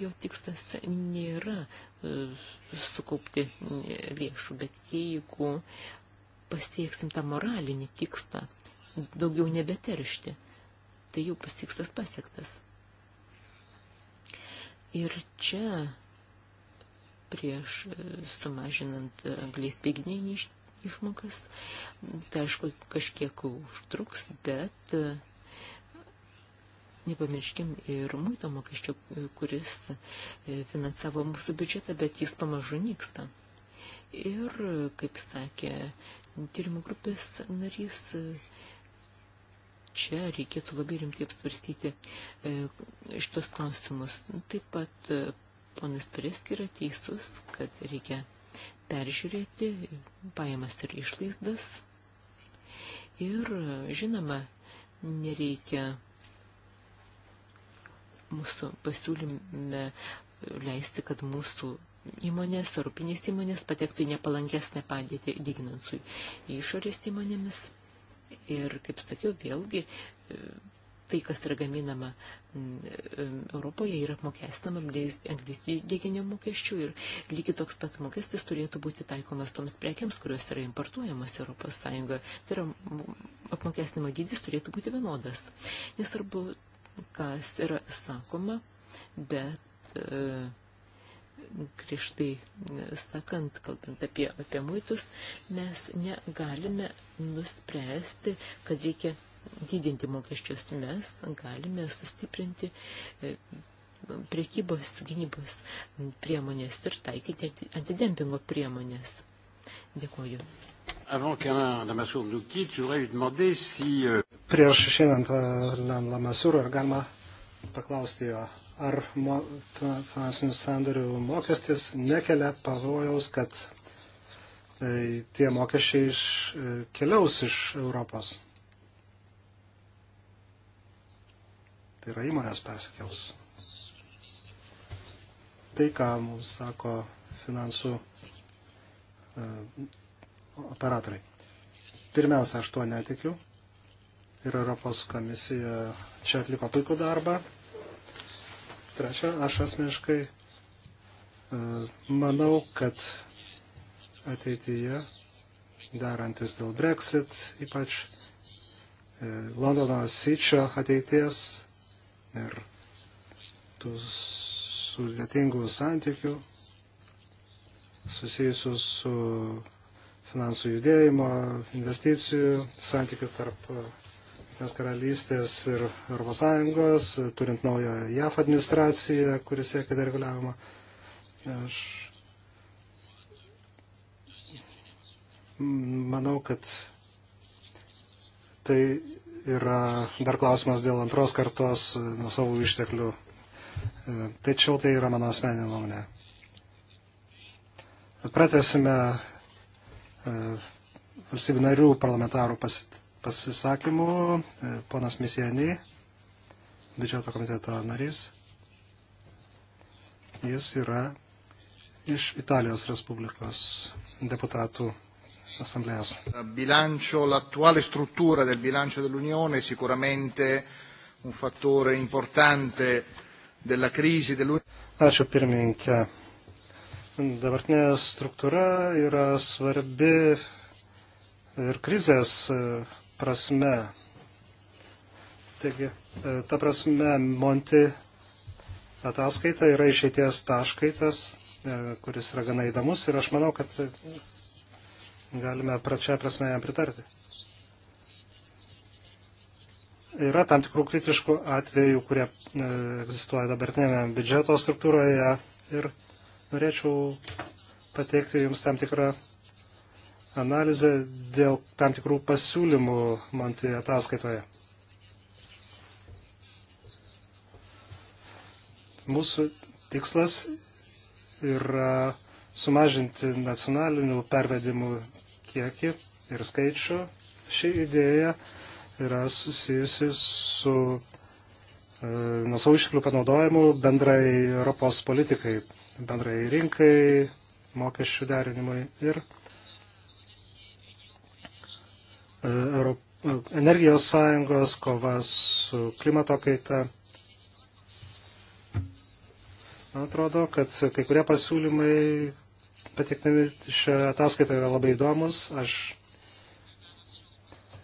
C: jo tikslas nėra e, sukaupti lėšų, bet jeigu pasieksim tą moralinį tikslą, daugiau nebeteršti, tai jau bus tikslas pasiektas. Ir čia prieš e, sumažinant anglės piginį išmokas, tai aišku kažkiek užtruks, bet e, nepamirškim ir muito mokesčio, e, kuris finansavo mūsų biudžetą, bet jis pamažu nyksta. Ir, kaip sakė tyrimų grupės narys, čia reikėtų labai rimtai apsvarstyti e, šitos klausimus. Taip pat e, ponas Pereski yra teisus, kad reikia peržiūrėti pajamas ir išlaizdas. Ir, žinoma, nereikia mūsų pasiūlyme leisti, kad mūsų įmonės, europinės įmonės patektų į nepalankesnę padėtį lyginant su išorės įmonėmis. Ir, kaip sakiau, vėlgi e, tai, kas yra gaminama e, Europoje, yra apmokestinama anglis dėginio mokesčių ir lygiai toks pat mokestis turėtų būti taikomas toms prekiams, kurios yra importuojamos Europos Sąjungoje. Tai yra apmokestinimo dydis turėtų būti vienodas. Nesvarbu, kas yra sakoma, bet e, grįžtai sakant, kalbant apie, apie muitus, mes negalime nuspręsti, kad reikia didinti mokesčius. Mes galime sustiprinti e, priekybos gynybos priemonės ir
A: taikyti antidempingo priemonės. Dėkuoju. Avant qu'Alain Lamassour nous quitte, je voudrais lui demander si... Euh, Prieš išeinant Alain Lamassour, ar galima paklausti jo, ar finansinių sandorių mokestis nekelia pavojaus, kad tai, tie mokesčiai iš, e, keliaus iš Europos. Tai yra įmonės persikels. Tai, ką mums sako finansų e, operatoriai. Pirmiausia, aš tuo netikiu. Ir Europos komisija čia atliko puikų darbą. Trečia, aš asmeniškai e, manau, kad ateityje darantis dėl Brexit, ypač e, Londono sičio ateities ir tų sudėtingų santykių susijusių su finansų judėjimo, investicijų, santykių tarp e, Junktinės karalystės ir ES, turint naują JAF administraciją, kuris siekia dereguliavimą. Aš manau, kad tai yra dar klausimas dėl antros kartos e, nuo savo išteklių. E, tačiau tai yra mano asmeninė nuomonė. Pratesime e, valstybių narių parlamentarų pasitikėjimą pasisakymų. E, ponas Misijani, biudžeto komiteto narys, jis yra iš Italijos Respublikos deputatų assemblėjas. Bilancio, l'attuale struttura del bilancio dell'Unione sicuramente un fattore importante della crisi dell'Unione. Ačiū pirmininkė. Dabartinė struktūra yra svarbi ir krizės prasme. Taigi, e, ta prasme, Monti ataskaita yra išeities taškaitas, e, kuris yra gana įdomus ir aš manau, kad galime pračia prasme jam pritarti. Yra tam tikrų kritiškų atvejų, kurie e, egzistuoja dabartinėme biudžeto struktūroje ir norėčiau pateikti Jums tam tikrą analizę dėl tam tikrų pasiūlymų man tai ataskaitoje. Mūsų tikslas yra sumažinti nacionalinių pervedimų kiekį ir skaičių. Ši idėja yra susijusi su e, nusavų išteklių panaudojimu bendrai Europos politikai, bendrai rinkai, mokesčių derinimui ir energijos sąjungos, kova su klimato kaita. Man atrodo, kad kai kurie pasiūlymai patiktami šioje ataskaitoje yra labai įdomus. Aš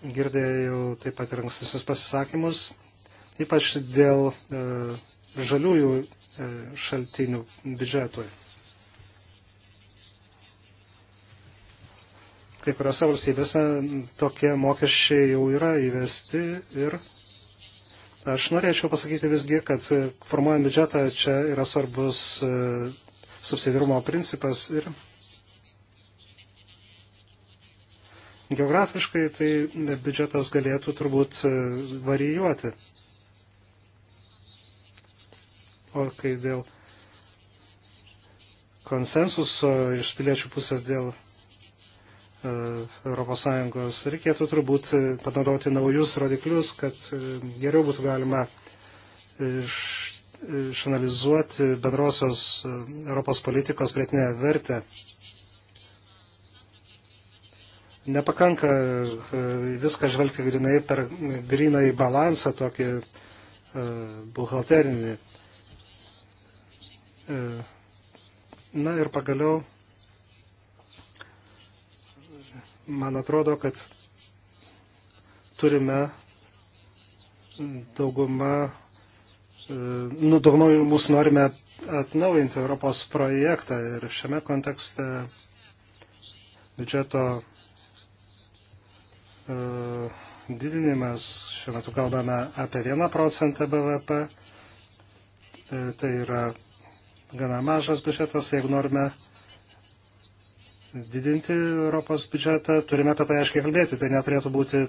A: girdėjau taip pat ir ankstesius pasisakymus, ypač dėl e, žaliųjų e, šaltinių biudžetui. kai kuriuose valstybėse tokie mokesčiai jau yra įvesti ir aš norėčiau pasakyti visgi, kad formuojant biudžetą čia yra svarbus e, subsidirumo principas ir geografiškai tai biudžetas galėtų turbūt e, varijuoti. O kai dėl konsensuso iš piliečių pusės dėl ES. Reikėtų turbūt e, panaudoti naujus rodiklius, kad e, geriau būtų galima iš, išanalizuoti bendrosios e, Europos politikos prietinę vertę. Nepakanka viską žvelgti grinai per grinai balansą, tokį buhalterinį. Na ir pagaliau man atrodo, kad turime daugumą, e, nu, daugumą mus norime atnaujinti Europos projektą ir šiame kontekste biudžeto uh, didinimas, šiuo metu kalbame apie 1 procentą BVP, e, tai yra gana mažas biudžetas, jeigu norime uh, didinti Europos biudžetą, turime apie tai aiškiai kalbėti. Tai neturėtų būti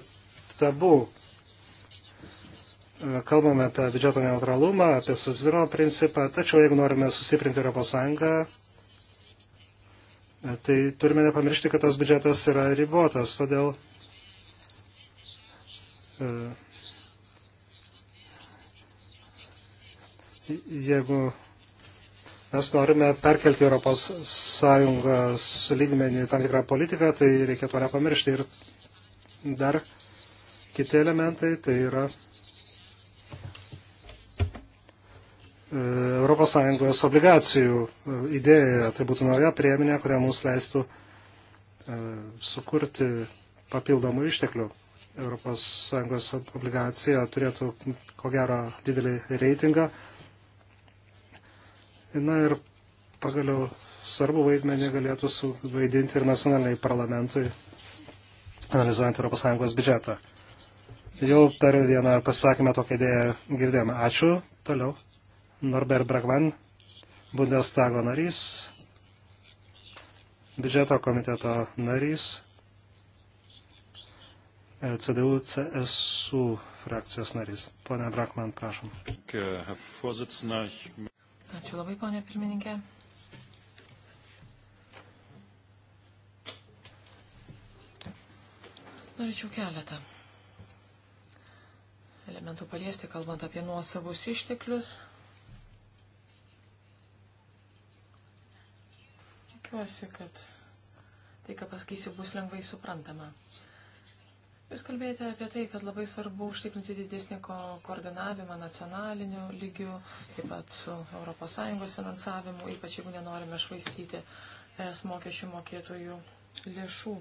A: tabu. Kalbame apie biudžeto neutralumą, apie subsidiarumo principą, tačiau jeigu norime sustiprinti Europos Sąjungą, tai turime nepamiršti, kad tas biudžetas yra ribotas. Todėl e, jeigu Mes norime perkelti Europos Sąjungos lygmenį tam tikrą politiką, tai reikėtų nepamiršti. Ir dar kiti elementai, tai yra e, Europos Sąjungos obligacijų e, idėja. Tai būtų nauja priemonė, kurią mums leistų e, sukurti papildomų išteklių. Europos Sąjungos obligacija turėtų, ko gero, didelį reitingą Na ir pagaliau svarbu vaidmenį galėtų suvaidinti ir nacionaliniai parlamentui, analizuojant ES biudžetą. Jau per vieną pasisakymą tokią idėją girdėjome. Ačiū. Toliau. Norbert Bragman, Bundestago narys, biudžeto komiteto narys, CDU, CSU frakcijos narys. Pone Bragman, prašom.
B: Ačiū labai, ponė pirmininkė. Norėčiau keletą elementų paliesti, kalbant apie nuosavus išteklius. Tikiuosi, kad tai, ką pasakysiu, bus lengvai suprantama. Jūs kalbėjote apie tai, kad labai svarbu užtikrinti didesnį ko koordinavimą nacionaliniu lygiu, taip pat su ES finansavimu, ypač jeigu nenorime švaistyti es mokesčių mokėtojų lėšų.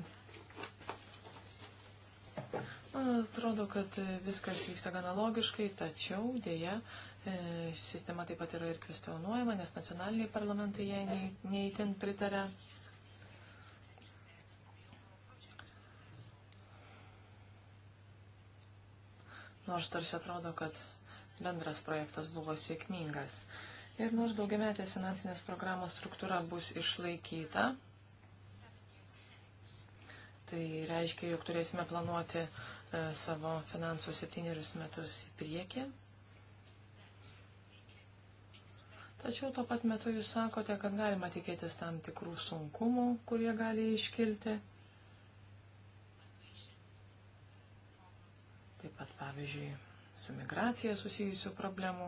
B: Man atrodo, kad viskas vyksta gana logiškai, tačiau dėja e, sistema taip pat yra ir kvestionuojama, nes nacionaliniai parlamentai jai neįtin pritarė. nors tarsi atrodo, kad bendras projektas buvo sėkmingas. Ir nors daugiametės finansinės programos struktūra bus išlaikyta, tai reiškia, jog turėsime planuoti e, savo finansų septynerius metus į priekį. Tačiau tuo pat metu jūs sakote, kad galima tikėtis tam tikrų sunkumų, kurie gali iškilti. taip pat pavyzdžiui su migracija susijusių problemų.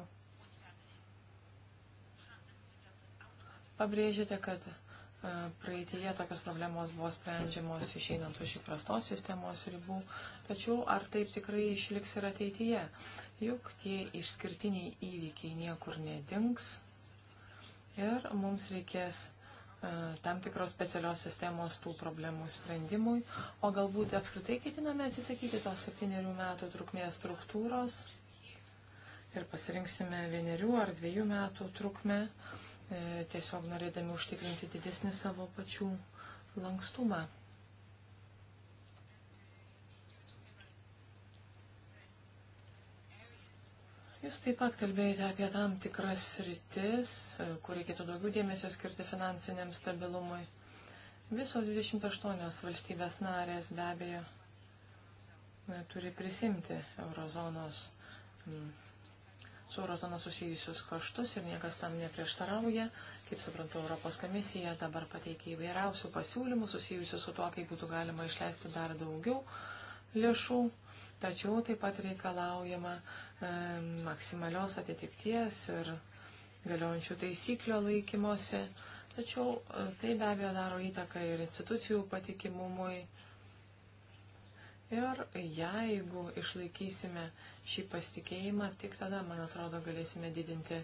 B: Pabrėžėte, kad e, praeitėje tokios problemos buvo sprendžiamos išeinant už įprastos sistemos ribų, tačiau ar taip tikrai išliks ir ateityje? Juk tie išskirtiniai įvykiai niekur nedings ir mums reikės E, tam tikros specialios sistemos tų problemų sprendimui, o galbūt apskritai ketiname atsisakyti tos septyniarių metų trukmės struktūros ir pasirinksime vienerių ar dviejų metų trukmę, e, tiesiog norėdami užtikrinti didesnį savo pačių lankstumą. Jūs taip pat kalbėjote apie tam tikras rytis, kur reikėtų daugiau dėmesio skirti finansiniam stabilumui. Visos 28 valstybės narės be abejo turi prisimti eurozonos, mm, su eurozonos susijusius kaštus ir niekas tam neprieštarauja. Kaip suprantu, Europos komisija dabar pateikia įvairiausių pasiūlymų susijusių su tuo, kaip būtų galima išleisti dar daugiau lėšų, tačiau taip pat reikalaujama E, maksimalios atitikties ir galiojančių taisyklių laikymosi, tačiau e, tai be abejo daro įtaką ir institucijų patikimumui. Ir jeigu išlaikysime šį pasitikėjimą, tik tada, man atrodo, galėsime didinti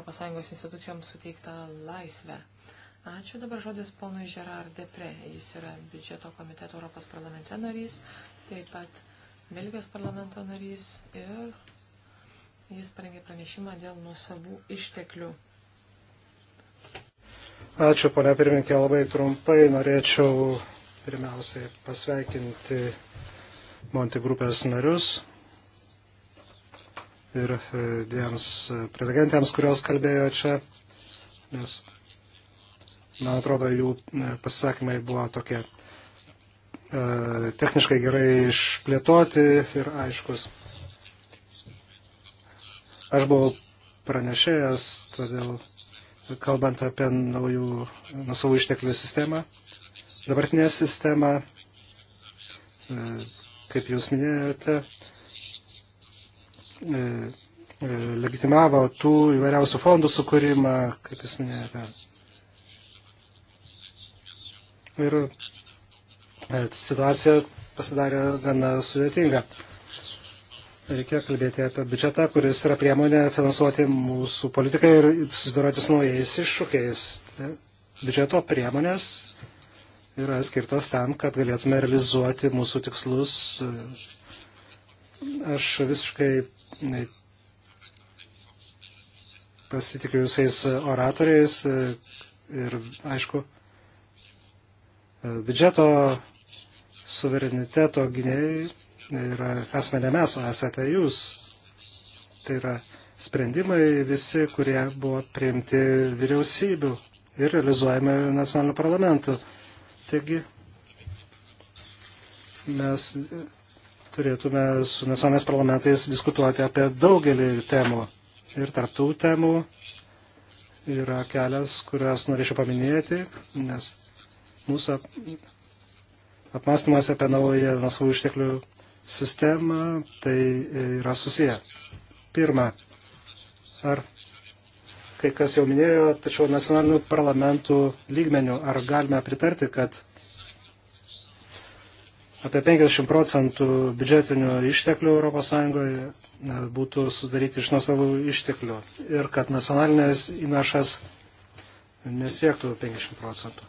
B: ES institucijoms suteiktą laisvę. Ačiū dabar žodis ponui Gerard Depre. Jis yra biudžeto komiteto Europos parlamente narys, taip pat Belgijos parlamento narys ir Jis parengė pranešimą dėl nuosavų išteklių.
A: Ačiū, ponia pirmininkė, labai trumpai norėčiau pirmiausiai pasveikinti Monti grupės narius ir e, dviems prelegentėms, kurios kalbėjo čia, nes, man atrodo, jų e, pasisakymai buvo tokie e, techniškai gerai išplėtoti ir aiškus. Aš buvau pranešėjas, todėl kalbant apie naujų nusavų išteklių sistemą. Dabartinė sistema, e, kaip jūs minėjote, e, e, legitimavo tų įvairiausių fondų sukūrimą, kaip jūs minėjote. Ir situacija pasidarė gana sudėtinga reikia kalbėti apie biudžetą, kuris yra priemonė finansuoti mūsų politiką ir susidoroti su naujais iššūkiais. Biudžeto priemonės yra skirtos tam, kad galėtume realizuoti mūsų tikslus. Aš visiškai pasitikiu visais oratoriais ir, aišku, biudžeto suvereniteto gynėjai yra, esame ne mes, o esate jūs. Tai yra sprendimai visi, kurie buvo priimti vyriausybių ir realizuojami nacionalinių parlamentų. Taigi mes turėtume su nacionalinės parlamentais diskutuoti apie daugelį temų. Ir tarptų temų yra kelias, kurias norėčiau paminėti, nes mūsų apmastymas apie naują nasvų išteklių sistemą, tai yra susiję. Pirma, ar kai kas jau minėjo, tačiau nacionalinių parlamentų lygmenių, ar galime pritarti, kad apie 50 procentų biudžetinių išteklių ES būtų sudaryti iš nuosavų išteklių ir kad nacionalinės įnašas nesiektų 50 procentų.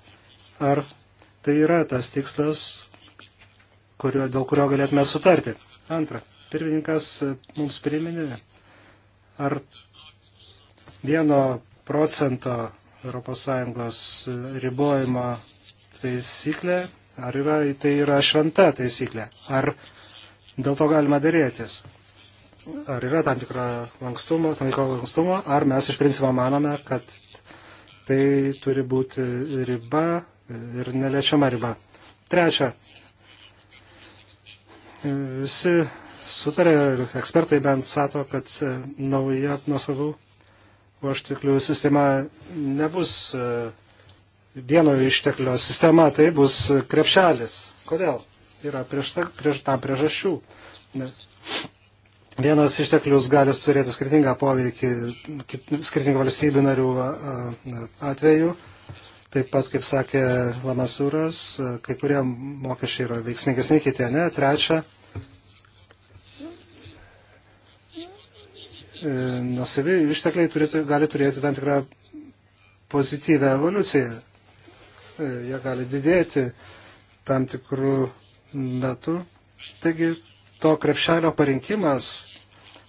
A: Ar tai yra tas tikslas, kurio, dėl kurio galėtume sutarti. Antra, pirmininkas mums priminė, ar vieno procento ES ribojimo taisyklė, ar yra, tai yra šventa taisyklė, ar dėl to galima dėrėtis. Ar yra tam tikra lankstumo, tam tikro lankstumo, ar mes iš principo manome, kad tai turi būti riba ir neliečiama riba. Trečia, Visi sutarė, ekspertai bent sako, kad e, nauja nuosavų išteklių sistema nebus e, vieno išteklio sistema, tai bus krepšelis. Kodėl? Yra prieš, prieš tam priežasčių. Vienas išteklius gali turėti skirtingą poveikį skirtingų valstybių narių atveju Taip pat, kaip sakė Lamasūras, kai kurie mokesčiai yra veiksmingesni, kiti ne. Trečia, e, nusavi ištekliai turėtų, gali turėti tam tikrą pozityvę evoliuciją. E, jie gali didėti tam tikrų metų. Taigi to krepšelio parinkimas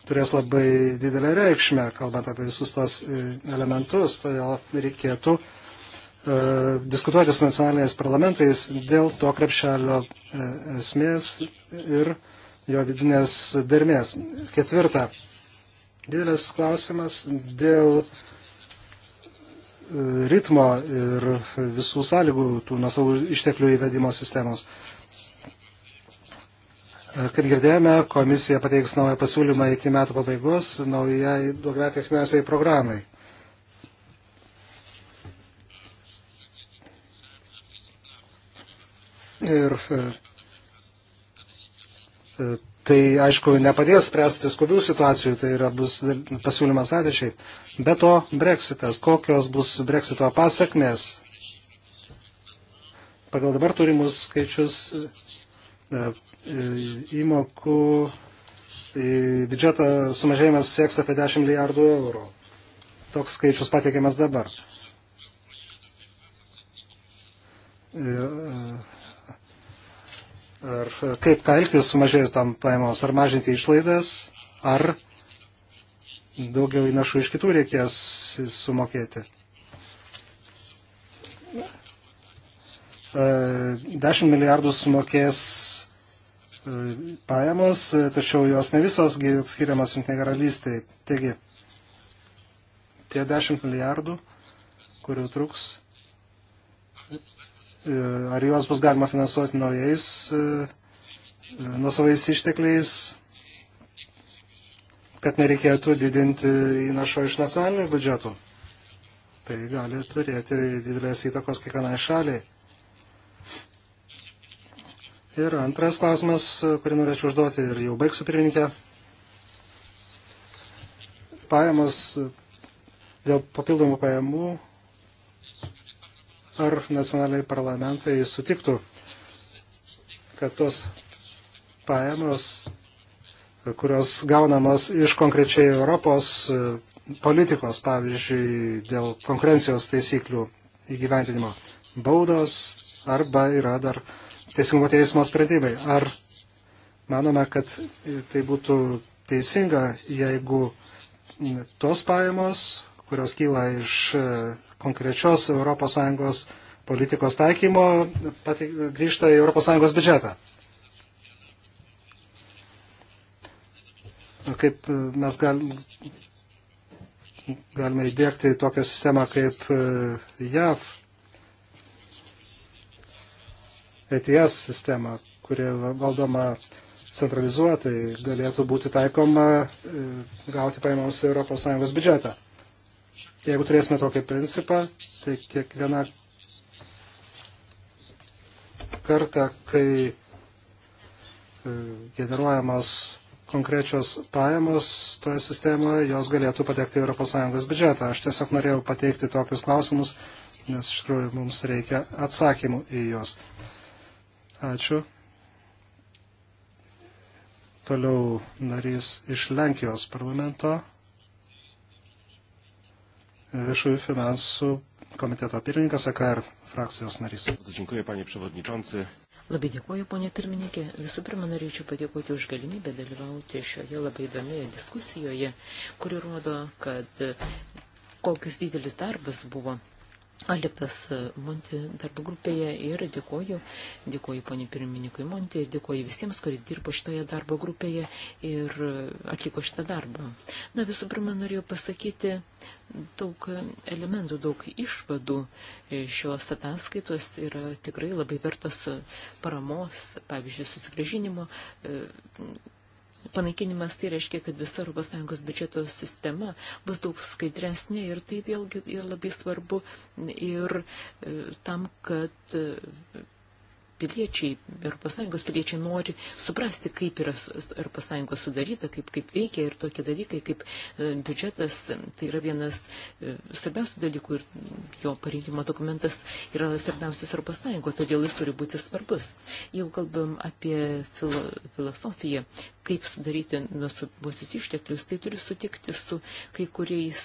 A: turės labai didelę reikšmę, kalbant apie visus tos e, elementus, todėl reikėtų uh, E, diskutuoti su nacionaliniais parlamentais dėl to krepšelio e, esmės ir jo vidinės dermės. Ketvirta. Didelis klausimas dėl e, ritmo ir visų sąlygų tų nuosavų išteklių įvedimo sistemos. Kaip girdėjome, komisija pateiks naują pasiūlymą iki metų pabaigos naujai daugiametė finansai programai. Ir e, e, tai, aišku, nepadės spręsti skubių situacijų, tai yra bus pasiūlymas ateičiai. Be to, breksitas. Kokios bus breksito pasiekmes? Pagal dabar turimus skaičius e, įmokų į biudžetą sumažėjimas sieks apie 10 milijardų eurų. Toks skaičius pateikiamas dabar. Ir, ar kaip ką elgtis sumažėjus tam pajamoms, ar mažinti išlaidas, ar daugiau įnašų iš kitų reikės sumokėti. E, dešimt milijardų sumokės e, pajamos, tačiau jos ne visos skiriamas Junktinė karalystė. Taigi, tie 10 milijardų, kurių truks, ar juos bus galima finansuoti naujais e, e, nusavais ištekliais, kad nereikėtų didinti įnašo iš nacionalinių biudžetų. Tai gali turėti didelės įtakos kiekvienai šaliai. Ir antras klausimas, kurį norėčiau užduoti ir jau baigsiu pirmininkę. Pajamos dėl papildomų pajamų ar nacionaliai parlamentai sutiktų, kad tos pajamos, kurios gaunamos iš konkrečiai Europos e, politikos, pavyzdžiui, dėl konkurencijos taisyklių įgyventinimo baudos arba yra dar teisingumo teismo sprendimai. Ar manome, kad tai būtų teisinga, jeigu tos pajamos, kurios kyla iš e, konkrečios ES politikos taikymo grįžta į ES biudžetą. Kaip mes galim, galime įdėkti tokią sistemą kaip e, JAV, ETS sistemą, kuri valdoma centralizuotai galėtų būti taikoma e, gauti paėmaus ES biudžetą. Jeigu turėsime tokį principą, tai kiekviena kartą, kai e, generuojamos konkrečios pajamos toje sistemoje, jos galėtų patekti į ES biudžetą. Aš tiesiog norėjau pateikti tokius klausimus, nes iš tikrųjų mums reikia atsakymų į juos. Ačiū. Toliau narys iš Lenkijos parlamento viešųjų finansų komiteto pirmininkas AKR frakcijos narys. Dziękuję, panie przewodniczący. Labai dėkuoju, ponė pirmininkė. Visų pirma, norėčiau
C: padėkoti už galimybę dalyvauti šioje labai įdomioje diskusijoje, kuri rodo, kad kokius didelis darbas buvo Aliktas Monti darbo grupėje ir dėkoju, dėkoju poniai pirmininkui Monti ir dėkoju visiems, kurie dirbo šitoje darbo grupėje ir atliko šitą darbą. Na, visų pirma, norėjau pasakyti daug elementų, daug išvadų šios ataskaitos yra tikrai labai vertos paramos, pavyzdžiui, susigražinimo panaikinimas tai reiškia, kad visa ES biudžeto sistema bus daug skaidresnė ir tai vėlgi labai svarbu ir e, tam, kad e, piliečiai, ES piliečiai nori suprasti, kaip yra ES sudaryta, kaip, kaip veikia ir tokie dalykai, kaip e, biudžetas, e, tai yra vienas e, svarbiausių dalykų ir jo parengimo dokumentas yra svarbiausias ES, todėl jis turi būti svarbus. Jau kalbam apie filo, filosofiją, kaip sudaryti nuosabuosius išteklius, tai turi sutikti su kai kuriais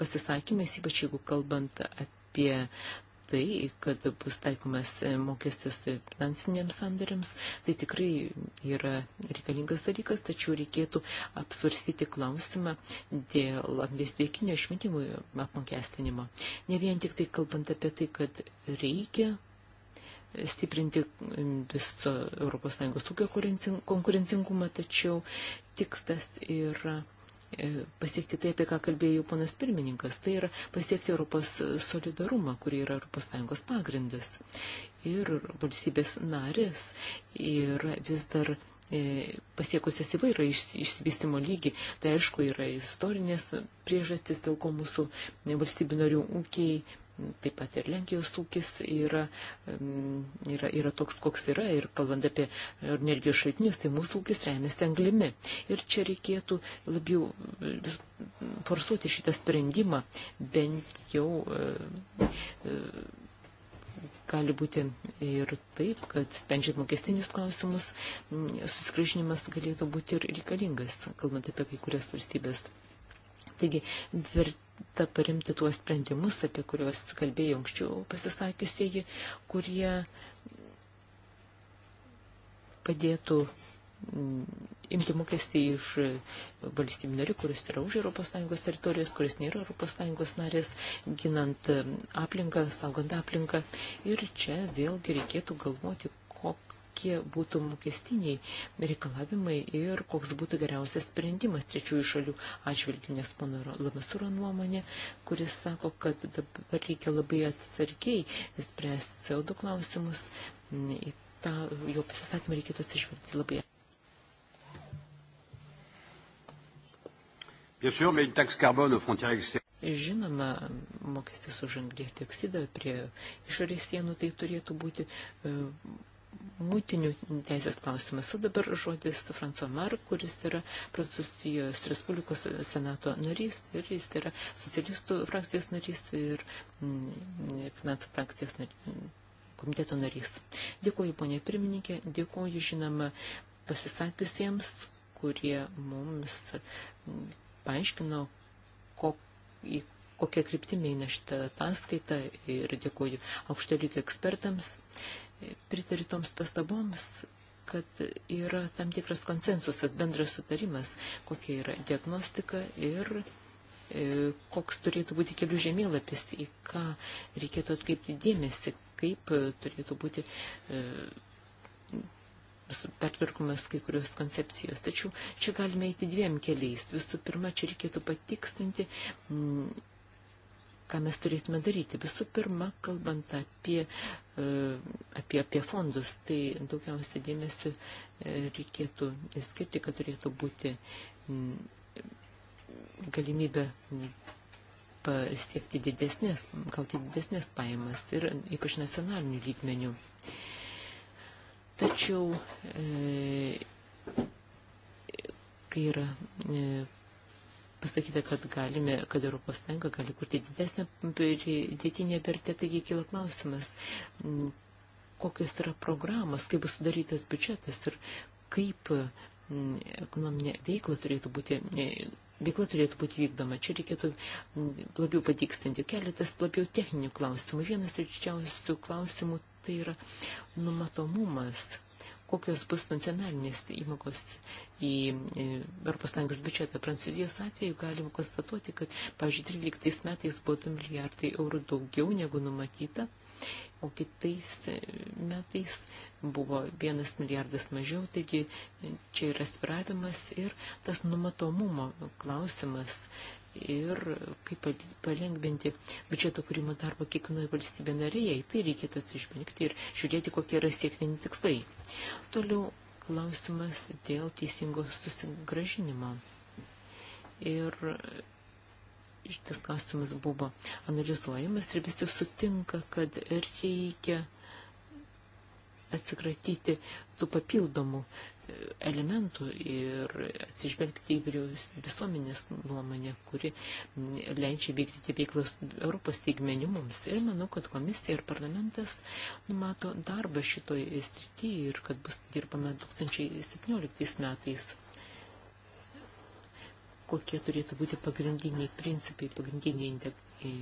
C: pasisakymais, ypač jeigu kalbant apie apie tai, kad bus taikomas mokestis finansiniams sandariams, tai tikrai yra reikalingas dalykas, tačiau reikėtų apsvarstyti klausimą dėl anglistikinio išmetimo apmokestinimo. Ne vien tik tai kalbant apie tai, kad reikia stiprinti viso ES ūkio konkurencingumą, tačiau tikslas yra E, pasiekti tai, apie ką kalbėjo ponas pirmininkas, tai yra pasiekti Europos solidarumą, kuri yra Europos Sąjungos pagrindas. Ir valstybės narės ir vis dar e, pasiekusios įvairą išsivystimo lygį. Tai aišku, yra istorinės priežastis, dėl ko mūsų valstybių narių ūkiai Taip pat ir Lenkijos ūkis yra, yra, yra toks, koks yra. Ir kalbant apie energijos šaltinius, tai mūsų ūkis remiasi anglimi. Ir čia reikėtų labiau forsuoti šitą sprendimą, bent jau e, e, gali būti ir taip, kad sprendžiant mokestinius klausimus, susigražinimas galėtų būti ir reikalingas, kalbant apie kai kurias valstybės. Taigi, vert, verta paremti tuos sprendimus, apie kuriuos kalbėjau anksčiau pasisakiusieji, kurie padėtų mm, imti mokestį iš valstybių narių, kuris yra už ES teritorijos, kuris nėra ES narės, ginant mm, aplinką, saugant aplinką. Ir čia vėlgi reikėtų galvoti, kok, kokie būtų mokestiniai reikalavimai ir koks būtų geriausias sprendimas trečiųjų šalių atžvilgių, nes pono Lamasūro nuomonė, kuris sako, kad dabar reikia labai atsargiai spręsti CO2 klausimus, į tą jo pasisakymą reikėtų atsižvelgti labai.
B: Bien sûr, mais une taxe carbone aux frontières extérieures.
C: Žinoma, mokestis už anglies dioksidą prie išorės sienų tai turėtų būti e, mūtinių teisės klausimas. O dabar žodis Franco Mar, kuris yra Prancūzijos Respublikos senato narys ir jis yra socialistų frakcijos narys ir mm, finansų frakcijos narys, komiteto narys. Dėkuoju, ponė pirmininkė, dėkuoju, žinoma, pasisakiusiems, kurie mums mm, paaiškino, ko, į kokią kryptimį eina šitą ataskaitą ir dėkuoju aukšto lygio ekspertams pritariu toms pastaboms, kad yra tam tikras konsensusas, bendras sutarimas, kokia yra diagnostika ir e, koks turėtų būti kelių žemėlapis, į ką reikėtų atkreipti dėmesį, kaip turėtų būti e, pertvarkomas kai kurios koncepcijos. Tačiau čia galime eiti dviem keliais. Visų pirma, čia reikėtų patikstinti ką mes turėtume daryti. Visų pirma, kalbant apie, e, apie, apie fondus, tai daugiausia dėmesio e, reikėtų skirti, kad turėtų būti mm, galimybė pasiekti didesnės, gauti didesnės pajamas ir ypač nacionalinių lygmenių. Tačiau, e, kai yra e, pasakyta, kad galime, kad Europos Sąjunga gali kurti didesnę pridėtinę vertę, taigi kila klausimas, kokios yra programos, kaip bus sudarytas biudžetas ir kaip ekonominė veikla turėtų būti veikla turėtų būti vykdoma. Čia reikėtų labiau patikstinti keletas labiau techninių klausimų. Vienas iš didžiausių klausimų tai yra numatomumas kokios bus nacionalinės įmokos į ES biudžetą. Prancūzijos atveju galim konstatuoti, kad, pavyzdžiui, 13 metais buvo 2 milijardai eurų daugiau negu numatyta, o kitais e, metais buvo 1 milijardas mažiau, taigi e, čia yra spiravimas ir tas numatomumo klausimas ir kaip palengventi biudžeto kūrimo darbą kiekvienoje valstybė narėje. Į tai reikėtų atsižvelgti ir žiūrėti, kokie yra siektini tikslai. Toliau klausimas dėl teisingo susigražinimo. Ir šitas klausimas buvo analizuojamas ir visi sutinka, kad reikia atsikratyti tų papildomų elementų ir atsižvelgti į visuomenės nuomonę, kuri leidžia vykdyti veiklas Europos teigmenių mums. Ir manau, kad komisija ir parlamentas numato darbą šitoje srityje ir kad bus dirbama 2017 metais. Kokie turėtų būti pagrindiniai principai, pagrindiniai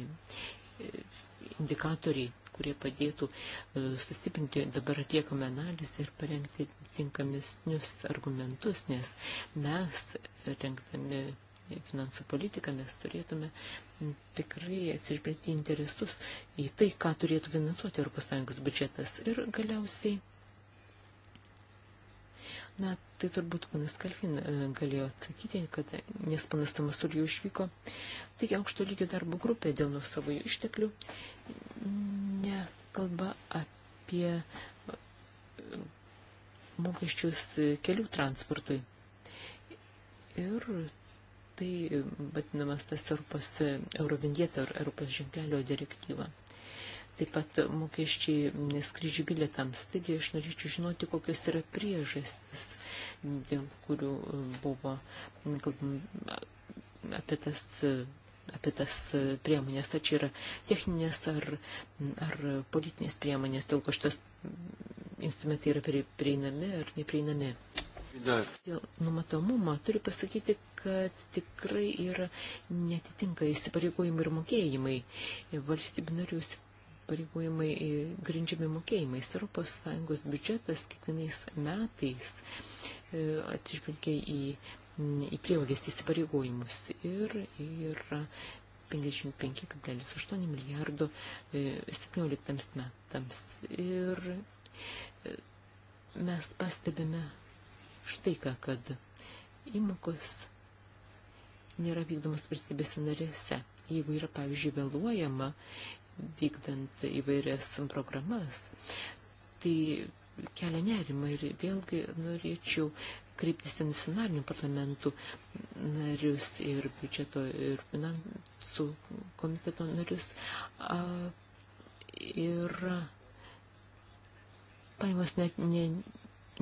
C: indikatoriai kurie padėtų e, sustiprinti dabar atliekamą analizę ir parengti tinkamesnius argumentus, nes mes rengdami finansų politiką mes turėtume tikrai atsižvelgti interesus į tai, ką turėtų finansuoti ES biudžetas. Ir galiausiai Na, tai turbūt panas Kalfin e, galėjo atsakyti, kad, nes panas Tamasur jau išvyko. Taigi aukšto lygio darbo grupė dėl nuo savo išteklių nekalba apie e, mokesčius kelių transportui. Ir tai vadinamas tas Europos e, Eurovindieto ir Europos ženklelio direktyva taip pat mokesčiai skrydžių bilietams. Taigi aš norėčiau žinoti, kokios yra priežastis, dėl kurių e, buvo apie tas e, apie tas e, priemonės, ar čia yra techninės ar, ar politinės priemonės, dėl ko šitas instrumentai yra prieinami ar neprieinami. Dar. Dėl numatomumo turiu pasakyti, kad tikrai yra netitinka įsipareigojimai ir mokėjimai. Valstybių narių įsipareigojimai e, grindžiami mokėjimais. Europos Sąjungos biudžetas kiekvienais metais e, atsižvelgia į, į prievalgės įsipareigojimus ir yra 55,8 milijardo 17 e, metams. Ir mes pastebime štai ką, kad įmokos nėra vykdomas valstybėse narėse. Jeigu yra, pavyzdžiui, vėluojama vykdant įvairias programas, tai kelia nerimą ir vėlgi norėčiau kreiptis į nacionalinių parlamentų narius ir biudžeto ir finansų komiteto narius. A, ir paimas net ne,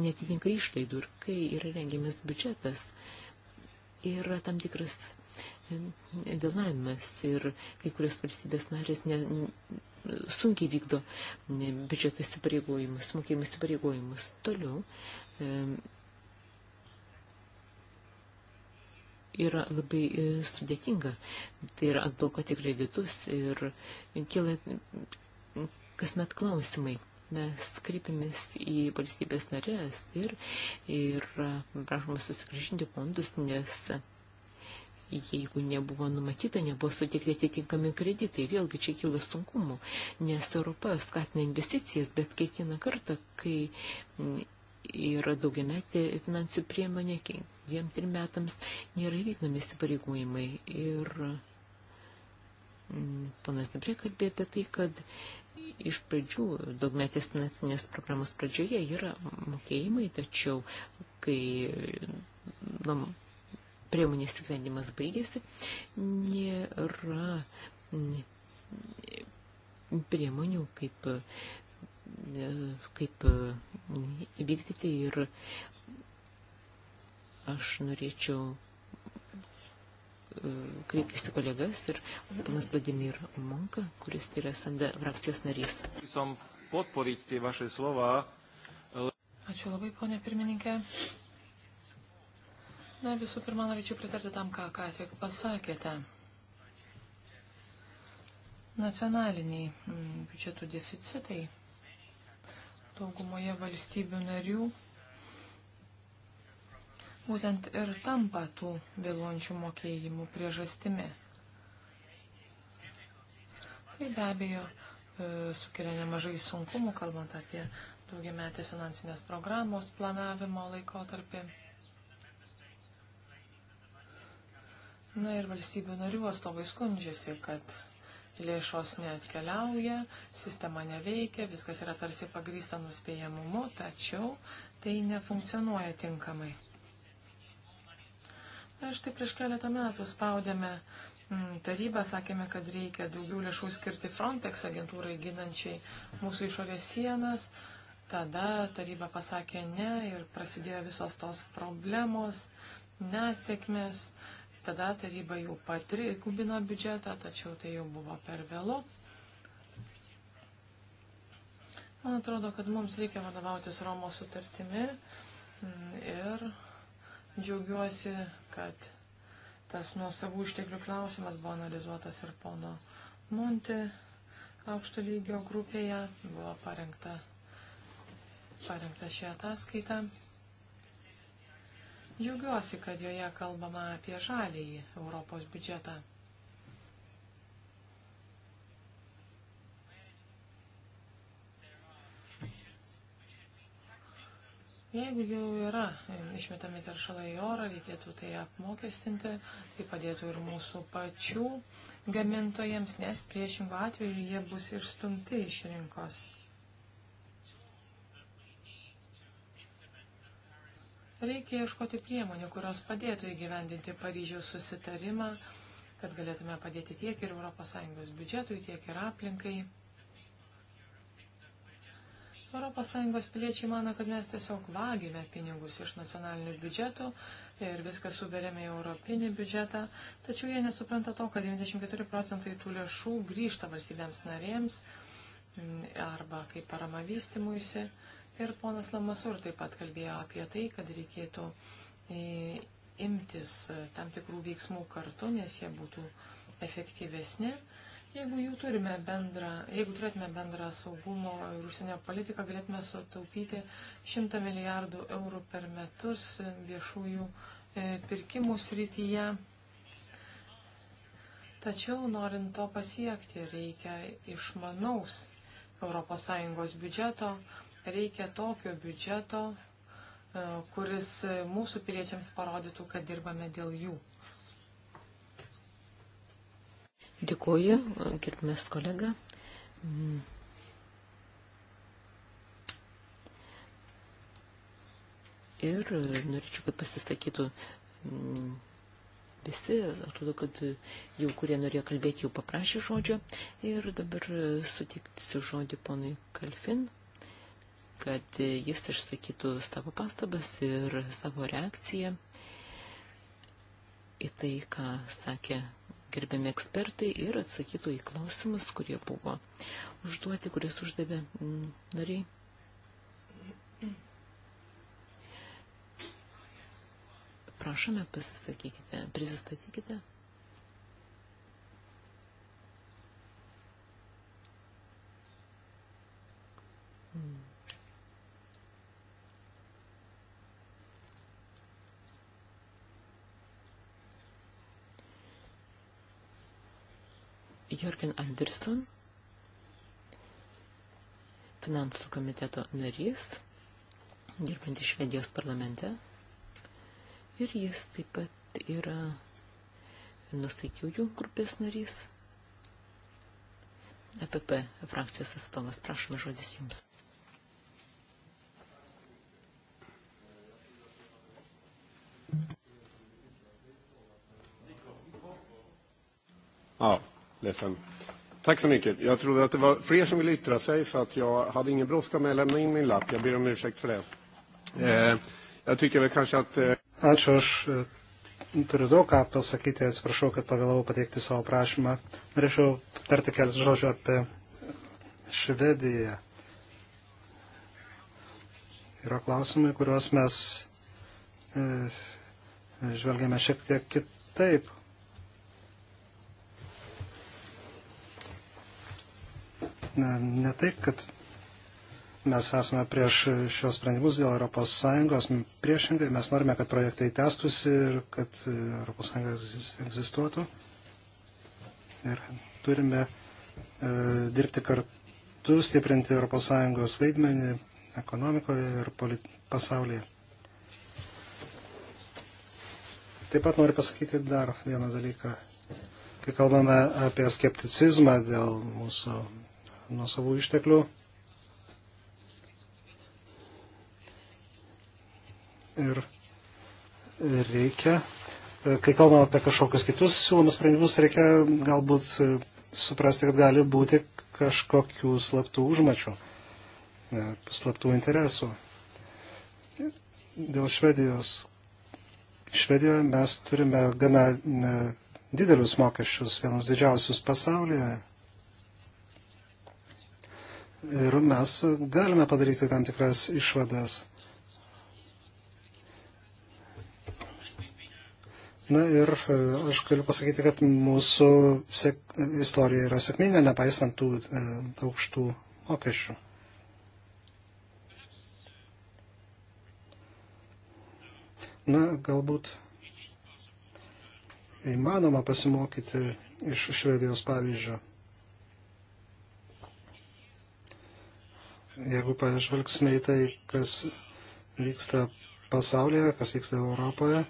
C: netitinka išlaidų ir kai yra rengiamas biudžetas, yra tam tikras vėlavimas ir kai kurios valstybės narės ne, sunkiai vykdo biudžeto įsipareigojimus, mokėjimų įsipareigojimus. Toliau e, yra labai e, sudėtinga, tai yra atblokuoti kreditus ir kyla kasmet klausimai mes kreipiamės į valstybės narės ir, ir prašome susigražinti fondus, nes jeigu nebuvo numatyta, nebuvo suteikti atitinkami kreditai. Vėlgi čia kyla sunkumų, nes Europa skatina investicijas, bet kiekvieną kartą, kai yra daugiametė finansų priemonė, dviem, trim metams nėra vykdomi įsipareigojimai. Ir mm, panas Dabrė kalbėjo apie tai, kad iš pradžių, daugmetės finansinės programos pradžioje yra mokėjimai, tačiau kai nu, priemonės įgyvendimas baigėsi, nėra priemonių kaip, kaip įvykdyti ir aš norėčiau e, kreiptis į kolegas ir panas Vladimir Monka, kuris tai yra SND frakcijos narys.
B: Ačiū labai, ponė pirmininkė. Na, visų pirma, norėčiau pritarti tam, ką ką tik pasakėte. Nacionaliniai mm, biudžetų deficitai daugumoje valstybių narių būtent ir tampa tų vėluojančių mokėjimų priežastimi. Tai be abejo e, sukelia nemažai sunkumų, kalbant apie daugiametės finansinės programos planavimo laikotarpį. Na ir valstybių narių atstovai skundžiasi, kad lėšos neatkeliauja, sistema neveikia, viskas yra tarsi pagrysta nuspėjamumu, tačiau tai nefunkcionuoja tinkamai. Na, štai prieš keletą metų spaudėme mm, tarybą, sakėme, kad reikia daugiau lėšų skirti Frontex agentūrai ginančiai mūsų išorės sienas. Tada taryba pasakė ne ir prasidėjo visos tos problemos, nesėkmės. Tada taryba jau patrigubino biudžetą, tačiau tai jau buvo per vėlu. Man atrodo, kad mums reikia vadovautis Romos sutartimi mm, ir džiaugiuosi, kad tas nuosavų išteklių klausimas buvo analizuotas ir pono Monti aukšto lygio grupėje, buvo parengta, parengta šį ataskaitą. Džiaugiuosi, kad joje kalbama apie žalėjį Europos biudžetą. Jeigu jau yra išmetami teršalai į orą, reikėtų tai apmokestinti, tai padėtų ir mūsų pačių gamintojams, nes priešingų atveju jie bus išstumti iš rinkos. Reikia ieškoti priemonių, kurios padėtų įgyvendinti Paryžiaus susitarimą, kad galėtume padėti tiek ir ES biudžetui, tiek ir aplinkai. ES piliečiai mano, kad mes tiesiog vagime pinigus iš nacionalinių biudžetų ir viską suberėme į europinį biudžetą, tačiau jie nesupranta to, kad 94 procentai tų lėšų grįžta valstybėms narėms mm, arba kaip parama vystimuisi. Ir ponas Lamasur taip pat kalbėjo apie tai, kad reikėtų e, imtis e, tam tikrų veiksmų kartu, nes jie būtų efektyvesni. Jeigu jų turime bendrą, jeigu turėtume bendrą saugumo ir užsienio politiką, galėtume sutaupyti 100 milijardų eurų per metus e, viešųjų pirkimų srityje. Tačiau norint to pasiekti, reikia išmanaus ES biudžeto, Reikia tokio biudžeto, e, kuris mūsų piliečiams parodytų, kad dirbame dėl jų.
C: Dėkuoju, gerbimės kolega. Mm. Ir norėčiau, kad pasisakytų mm, visi, atrodo, kad jau kurie norėjo kalbėti, jau paprašė žodžio. Ir dabar sutiksiu žodį ponui Kalfin kad jis išsakytų savo pastabas ir savo reakciją į tai, ką sakė gerbiami ekspertai ir atsakytų į klausimus, kurie buvo užduoti, kuris uždavė mm, nariai. Prašome, pasisakykite, prisistatykite. Jorgen Anderson, finansų komiteto narys, dirbantys Švedijos parlamente. Ir jis taip pat yra nustaikiųjų grupės narys. EPP frakcijos atstovas, prašome žodis
A: jums. Oh ledsen. Tack så mycket. Jag trodde att det var fler som ville yttra sig så att jag hade ingen brådska med att lämna in min lapp. Jag ber om ursäkt för det. Eh, jag tycker väl kanske att... Eh... Ačiū, aš eh, turiu daug ką pasakyti, atsiprašau, kad pavėlavau pateikti savo prašymą. Norėčiau tarti keletą žodžių apie Švediją. Yra klausimai, kuriuos mes e, žvelgiame šiek tiek kitaip. ne, ne tai, kad mes esame prieš šios sprendimus dėl ES, priešingai mes norime, kad projektai testusi ir kad ES egzistuotų. Ir turime e, dirbti kartu, stiprinti ES vaidmenį ekonomikoje ir pasaulyje. Taip pat noriu pasakyti dar vieną dalyką. Kai kalbame apie skepticizmą dėl mūsų nuo savų išteklių. Ir reikia, kai kalbame apie kažkokius kitus siūlomus sprendimus, reikia galbūt suprasti, kad gali būti kažkokių slaptų užmačių, e, slaptų interesų. Dėl Švedijos. Švedijoje mes turime gana e, didelius mokesčius, vienus didžiausius pasaulyje. Ir mes galime padaryti tam tikras išvadas. Na ir e, aš galiu pasakyti, kad mūsų sek, istorija yra sėkminga, nepaisant tų e, aukštų mokesčių. Na, galbūt įmanoma pasimokyti iš Švedijos pavyzdžio. Jeigu pažvelgsime į tai, kas vyksta pasaulyje, kas vyksta Europoje,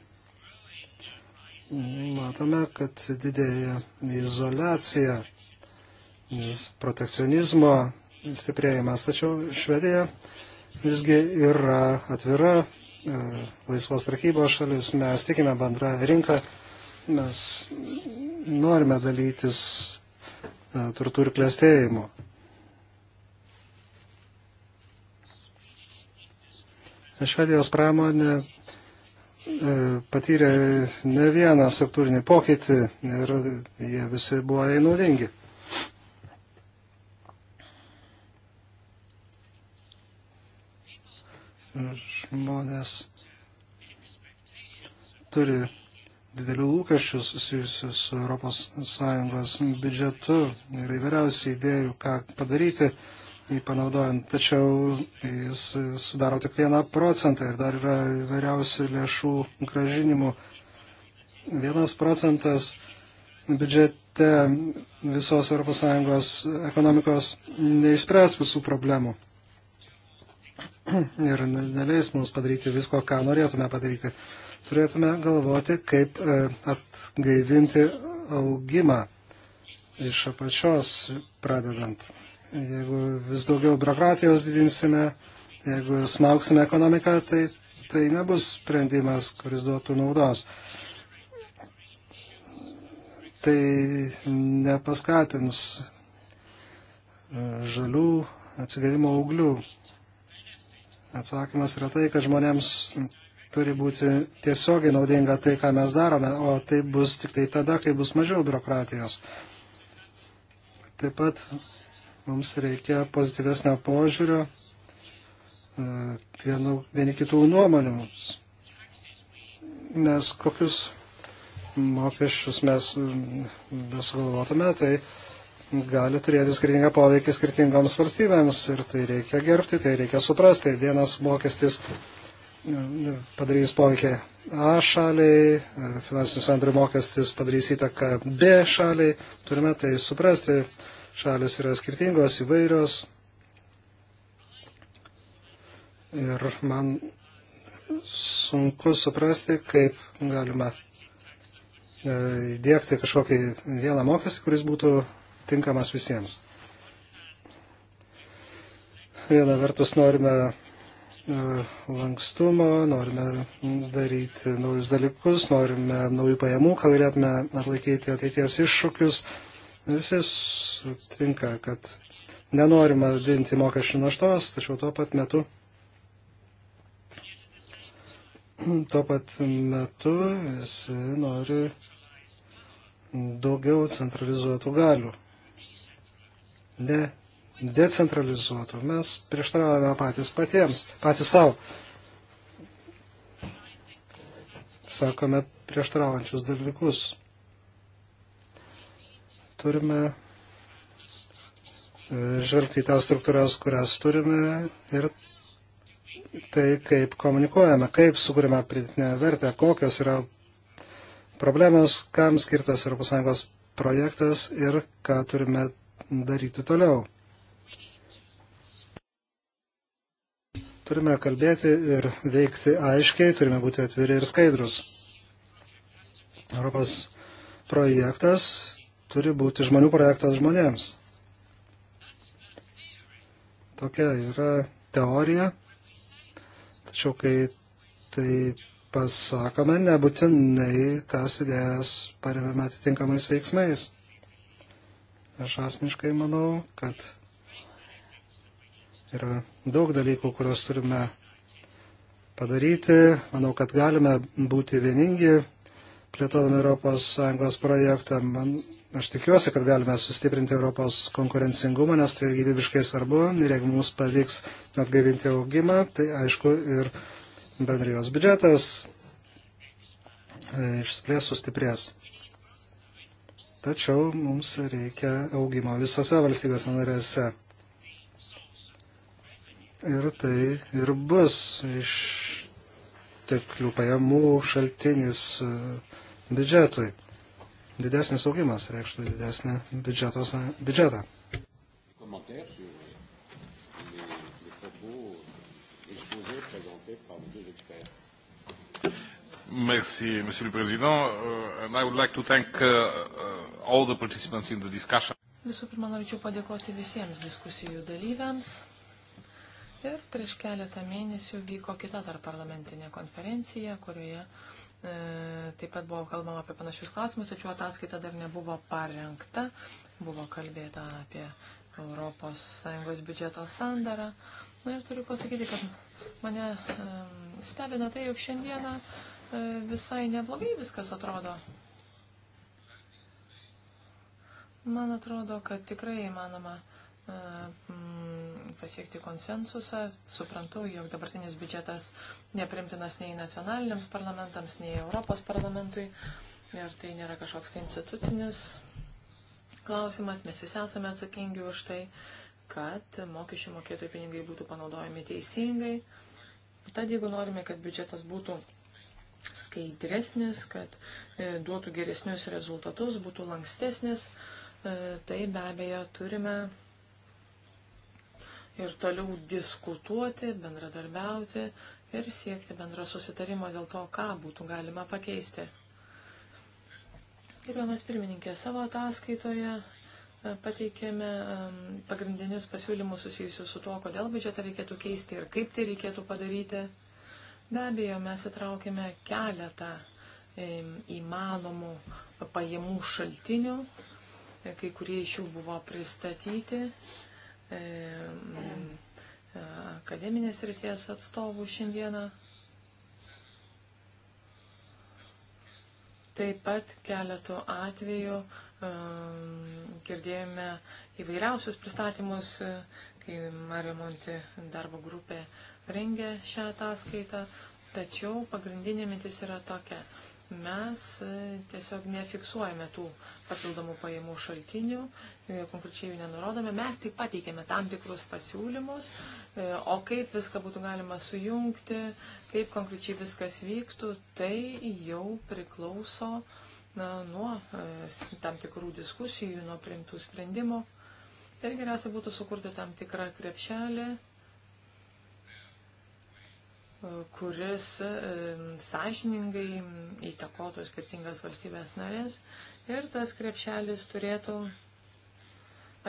A: matome, kad didėja izolacija, protekcionizmo stiprėjimas. Tačiau Švedija visgi yra atvira e, laisvos prekybos šalis, mes tikime bendrą rinką, mes norime dalytis e, turtų ir klėstėjimo. Švedijos pramonė e, patyrė ne vieną struktūrinį pokytį ir jie visi buvo jai naudingi. Žmonės turi didelių lūkesčių susijusių su ES biudžetu ir įvairiausių idėjų, ką padaryti jį panaudojant, tačiau jis sudaro tik vieną procentą ir dar yra vairiausių lėšų gražinimų. Vienas procentas biudžete visos ES ekonomikos neišspręs visų problemų ir neleis mums padaryti visko, ką norėtume padaryti. Turėtume galvoti, kaip e, atgaivinti augimą iš apačios pradedant. Jeigu vis daugiau biurokratijos didinsime, jeigu smauksime ekonomiką, tai tai nebus sprendimas, kuris duotų naudos. Tai nepaskatins e, žalių atsigavimo auglių. Atsakymas yra tai, kad žmonėms turi būti tiesiogiai naudinga tai, ką mes darome, o tai bus tik tai tada, kai bus mažiau biurokratijos. Taip pat Mums reikia pozityvesnio požiūrio, e, vienu, vieni kitų nuomonių. Nes kokius mokesčius mes nesugalvotume, tai gali turėti skirtingą poveikį skirtingoms valstybėms ir tai reikia gerbti, tai reikia suprasti. Vienas mokestis padarys poveikį A šaliai, e, finansinių sandorių mokestis padarys įtaką B šaliai, turime tai suprasti, Šalis yra skirtingos, įvairios. Ir man sunku suprasti, kaip galima e, įdėkti kažkokį vieną mokestį, kuris būtų tinkamas visiems. Viena vertus norime e, lankstumo, norime daryti naujus dalykus, norime naujų pajamų, kad galėtume atlaikyti ateities iššūkius, Visi sutinka, kad nenorima didinti mokesčių naštos, tačiau tuo pat metu tuo pat metu visi nori daugiau centralizuotų galių. Ne decentralizuotų. Mes prieštaravome patys patiems, patys savo. Sakome prieštaraujančius dalykus turime e, žvelgti į tas struktūras, kurias turime ir tai, kaip komunikuojame, kaip sukūrėme pridėtinę vertę, kokios yra problemos, kam skirtas ES projektas ir ką turime daryti toliau. Turime kalbėti ir veikti aiškiai, turime būti atviri ir skaidrus. Europos projektas turi būti žmonių projektas žmonėms. Tokia yra teorija, tačiau kai tai pasakome, nebūtinai tas idėjas paremėme atitinkamais veiksmais. Aš asmeniškai manau, kad yra daug dalykų, kuriuos turime padaryti. Manau, kad galime būti vieningi, plėtodami ES projektą. Man Aš tikiuosi, kad galime sustiprinti Europos konkurencingumą, nes tai gyvybiškai svarbu ir jeigu mums pavyks atgaivinti augimą, tai aišku ir bendrijos biudžetas e, išsiplės sustiprės. Tačiau mums reikia augimo visose valstybės narėse. Ir tai ir bus iš teklių pajamų šaltinis e, biudžetui. Didesnis augimas reikštų didesnį biudžetos, biudžetą. Merci, Monsieur le Président. Uh, and I would like to thank uh, uh, all the participants in the discussion.
B: Visų pirma, norėčiau padėkoti visiems diskusijų dalyviams. Ir prieš keletą mėnesių vyko kita tarparlamentinė konferencija, kurioje E, taip pat buvo kalbama apie panašius klausimus, tačiau ataskaita dar nebuvo parengta. Buvo kalbėta apie ES biudžeto sandarą. Na ir turiu pasakyti, kad mane e, stebina tai, jog šiandieną e, visai neblogai viskas atrodo. Man atrodo, kad tikrai įmanoma uh, E, pasiekti konsensusą. Suprantu, jog dabartinis biudžetas neprimtinas nei nacionaliniams parlamentams, nei Europos parlamentui. Ir tai nėra kažkoks tai institucinis klausimas. Mes visi esame atsakingi už tai, kad mokesčių mokėtojų pinigai būtų panaudojami teisingai. Tad jeigu norime, kad biudžetas būtų skaidresnis, kad e, duotų geresnius rezultatus, būtų lankstesnis, e, tai be abejo turime ir toliau diskutuoti, bendradarbiauti ir siekti bendro susitarimo dėl to, ką būtų galima pakeisti. Gerbiamas pirmininkė, savo ataskaitoje e, pateikėme pagrindinius pasiūlymus susijusius su to, kodėl biudžetą reikėtų keisti ir kaip tai reikėtų padaryti. Be abejo, mes įtraukėme keletą įmanomų pajamų šaltinių, e, kai kurie iš jų buvo pristatyti E, akademinės ryties atstovų šiandieną. Taip pat keletų atvejų e, girdėjome įvairiausius pristatymus, kai Mario Monti darbo grupė rengė šią ataskaitą, tačiau pagrindinė mintis yra tokia. Mes e, tiesiog nefiksuojame tų uh, papildomų pajamų šaltinių, e, konkrečiai jų nenurodome. Mes tik pateikėme tam tikrus pasiūlymus, e, o kaip viską būtų galima sujungti, kaip konkrečiai viskas vyktų, tai jau priklauso na, nuo e, tam tikrų diskusijų, nuo priimtų sprendimų. Ir geriausia būtų sukurti tam tikrą krepšelį, kuris sąžiningai įtakotų skirtingas valstybės narės ir tas krepšelis turėtų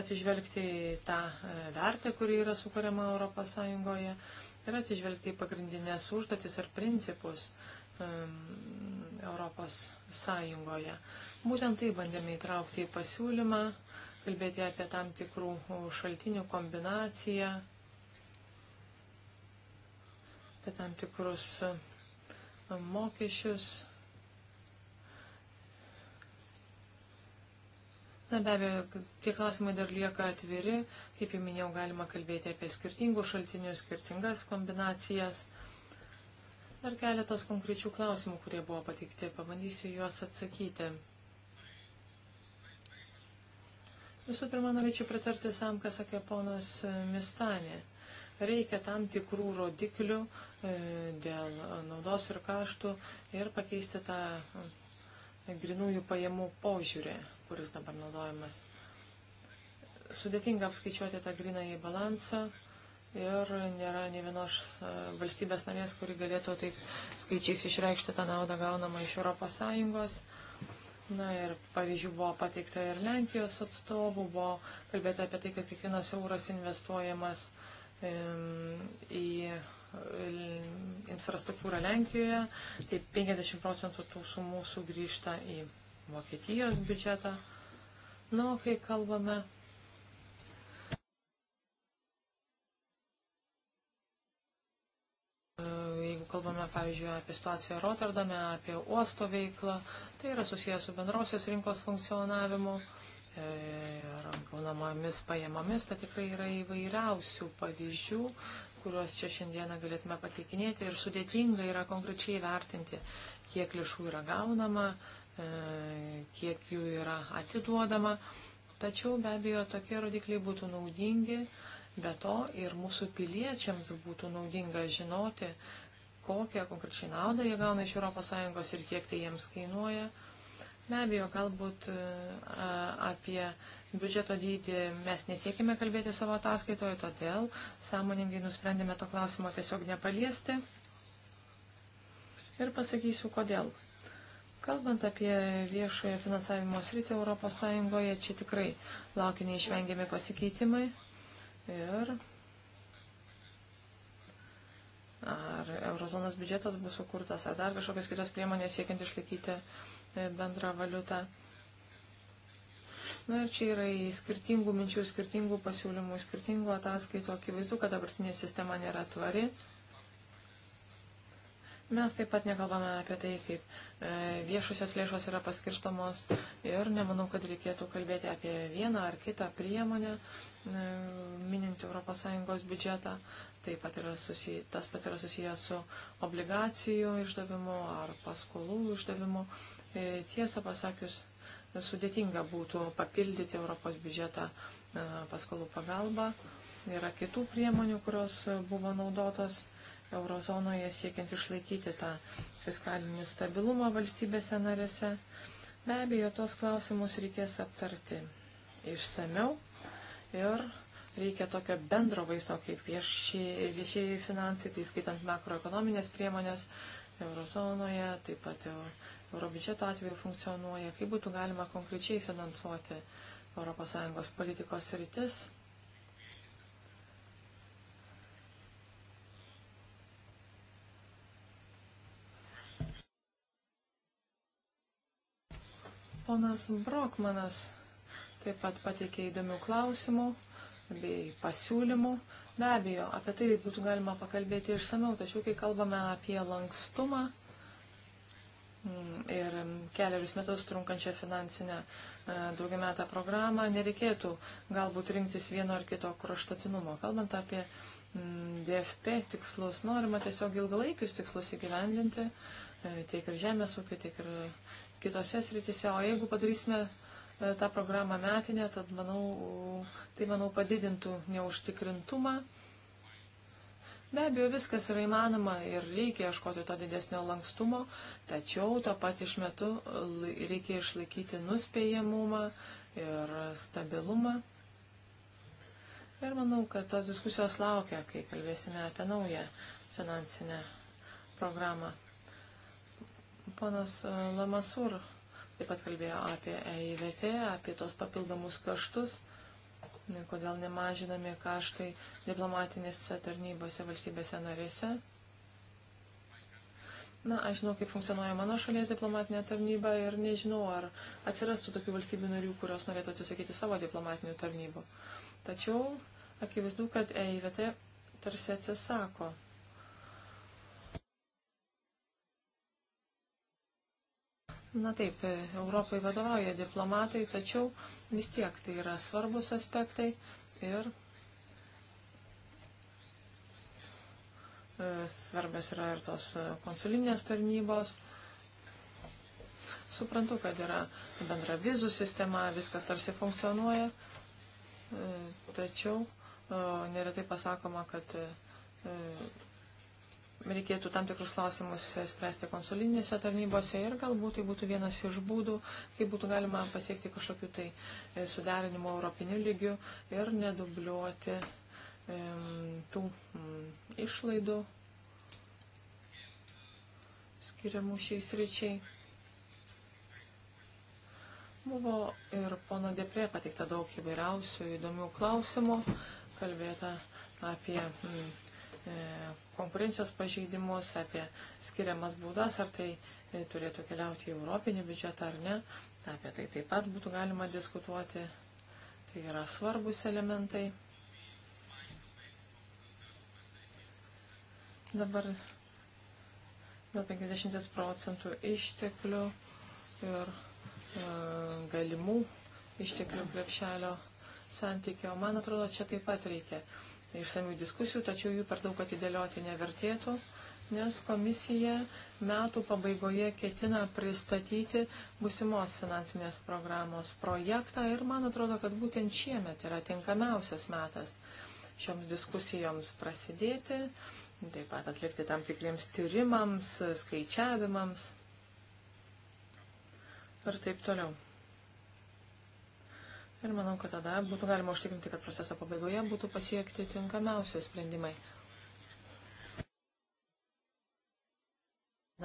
B: atsižvelgti į tą e, vertę, kuri yra sukuriama ES ir atsižvelgti į pagrindinės užduotis ar principus ES. Būtent tai bandėme įtraukti į pasiūlymą, kalbėti apie tam tikrų šaltinių kombinaciją, apie tam tikrus e, mokesčius Na be abejo, tie klausimai dar lieka atviri. Kaip jau minėjau, galima kalbėti apie skirtingus šaltinius, skirtingas kombinacijas. Dar keletas konkrečių klausimų, kurie buvo patikti. Pabandysiu juos atsakyti. Visų pirma, norėčiau pritarti sam, kas sakė ponas e, Mistanė. Reikia tam tikrų rodiklių e, dėl naudos ir kaštų ir pakeisti tą e, grinųjų pajamų požiūrį kuris dabar naudojamas. Sudėtinga apskaičiuoti tą grinąjį balansą ir nėra ne vienos e, valstybės narės, kuri galėtų taip skaičiais išreikšti tą naudą gaunamą iš ES. Na ir pavyzdžių buvo pateikta ir Lenkijos atstovų, buvo kalbėta apie tai, kad kiekvienas euras investuojamas į infrastruktūrą Lenkijoje, tai 50 procentų tų sumų sugrįžta į Vokietijos biudžetą. Na, o kai kalbame jeigu kalbame, pavyzdžiui, apie situaciją Rotterdame, apie uosto veiklą, tai yra susijęs su bendrosios rinkos funkcionavimu e, ir gaunamomis pajamomis, tai tikrai yra įvairiausių pavyzdžių, kuriuos čia šiandieną galėtume pateikinėti ir sudėtinga yra konkrečiai vertinti, kiek lišų yra gaunama, E, kiek jų yra atiduodama. Tačiau be abejo tokie rodikliai būtų naudingi, be to ir mūsų piliečiams būtų naudinga žinoti, kokią konkrečiai naudą jie gauna iš ES ir kiek tai jiems kainuoja. Be abejo, galbūt e, apie biudžeto dydį mes nesiekime kalbėti savo ataskaitoje, todėl sąmoningai nusprendėme to klausimo tiesiog nepaliesti. Ir pasakysiu, kodėl. Kalbant apie viešojo finansavimo sritį ES, čia tikrai laukia neišvengiami pasikeitimai. Ir ar eurozonos biudžetas bus sukurtas, ar dar kažkokios kitos priemonės siekiant išlaikyti e, bendrą valiutą. Na ir čia yra į skirtingų minčių, skirtingų pasiūlymų, skirtingų ataskaitų. Akivaizdu, kad dabartinė sistema nėra tvari. Mes taip pat nekalbame apie tai, kaip e, viešusios lėšos yra paskirstamos ir nemanau, kad reikėtų kalbėti apie vieną ar kitą priemonę, e, minint ES biudžetą. Taip pat yra susiję, tas pats yra susijęs su obligacijų išdavimu ar paskolų išdavimu. E, tiesą pasakius, sudėtinga būtų papildyti Europos biudžetą paskolų pagalba. Yra kitų priemonių, kurios buvo naudotos eurozonoje siekiant išlaikyti tą fiskalinį stabilumą valstybėse narėse. Be abejo, tos klausimus reikės aptarti išsameu ir reikia tokio bendro vaizdo kaip viešieji viešie finansai, tai skaitant makroekonominės priemonės eurozonoje, taip pat eurobiudžeto atveju funkcionuoja, kaip būtų galima konkrečiai finansuoti ES politikos rytis. Ponas Brokmanas taip pat pateikė įdomių klausimų bei pasiūlymų. Be abejo, apie tai būtų galima pakalbėti išsameu, tačiau kai kalbame apie lankstumą mm, ir keliarius metus trunkančią finansinę e, daugiametę programą, nereikėtų galbūt rinktis vieno ar kito kraštutinumo. Kalbant apie mm, DFP tikslus, norima tiesiog ilgalaikius tikslus įgyvendinti e, tiek ir žemės ūkio, tiek ir kitose sritise. O jeigu padarysime e, tą programą metinę, tad manau, tai manau padidintų neužtikrintumą. Be abejo, viskas yra įmanoma ir reikia ieškoti to didesnio lankstumo, tačiau to pat iš metu reikia išlaikyti nuspėjamumą ir stabilumą. Ir manau, kad tos diskusijos laukia, kai kalbėsime apie naują finansinę programą. Ponas e, Lamasur taip pat kalbėjo apie EIVT, apie tos papildomus kaštus, kodėl nemažinami kaštai diplomatinėse tarnybose valstybėse narėse. Na, aš žinau, kaip funkcionuoja mano šalies diplomatinė tarnyba ir nežinau, ar atsirastų tokių valstybių narių, kurios norėtų atsisakyti savo diplomatinių tarnybų. Tačiau akivaizdu, kad EIVT tarsi atsisako Na taip, Europai vadovauja diplomatai, tačiau vis tiek tai yra svarbus aspektai ir e, svarbės yra ir tos e, konsulinės tarnybos. Suprantu, kad yra bendra vizų sistema, viskas tarsi funkcionuoja, e, tačiau neretai pasakoma, kad reikėtų tam tikrus klausimus spręsti konsulinėse tarnybose ir galbūt tai būtų vienas iš būdų, kaip būtų galima pasiekti kažkokiu tai e, suderinimu europiniu lygiu ir nedubliuoti e, tų m, išlaidų skiriamų šiais ryčiai. Buvo ir pono Deprė pateikta daug įvairiausių įdomių klausimų, kalbėta apie m, E, konkurencijos pažeidimus, apie skiriamas būdas, ar tai e, turėtų keliauti į Europinį biudžetą ar ne. Apie tai taip pat būtų galima diskutuoti. Tai yra svarbus elementai. Dabar dėl 50 procentų išteklių ir e, galimų išteklių krepšelio santykio. Man atrodo, čia taip pat reikia išsamių diskusijų, tačiau jų per daug atidėlioti nevertėtų, nes komisija metų pabaigoje ketina pristatyti busimos finansinės programos projektą ir man atrodo, kad būtent šiemet yra tinkamiausias metas šioms diskusijoms prasidėti, taip pat atlikti tam tikriems tyrimams, skaičiavimams ir taip toliau. Ir manau, kad tada būtų galima užtikrinti, kad proceso pabaigoje būtų pasiekti tinkamiausi sprendimai.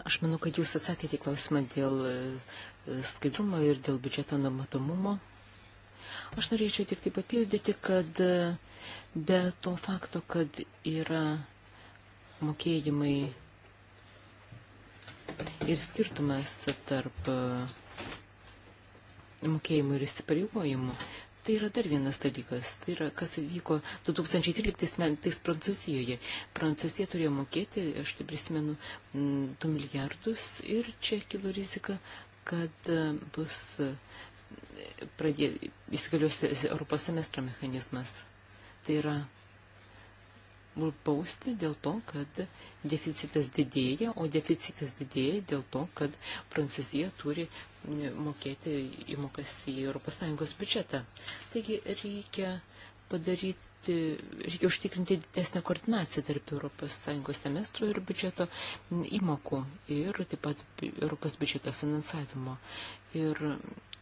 C: Aš manau, kad jūs atsakėte į klausimą dėl e, skaidrumo ir dėl biudžeto numatomumo. Aš norėčiau tik taip papildyti, kad e, be to fakto, kad yra mokėjimai ir skirtumas tarp uh, mokėjimų ir įsipareigojimų. Tai yra dar vienas dalykas, tai yra kas vyko 2013 metais Prancūzijoje. Prancūzija turėjo mokėti, aš tai prisimenu, 2 mm, milijardus ir čia kilo rizika, kad e, bus e, pradė, įsigalios Europos semestro mechanizmas. Tai yra bausti dėl to, kad deficitas didėja, o deficitas didėja dėl to, kad Prancūzija turi mokėti įmokas į ES biudžetą. Taigi reikia padaryti, reikia užtikrinti didesnę koordinaciją tarp ES semestro ir biudžeto įmokų ir taip pat Europos biudžeto finansavimo. Ir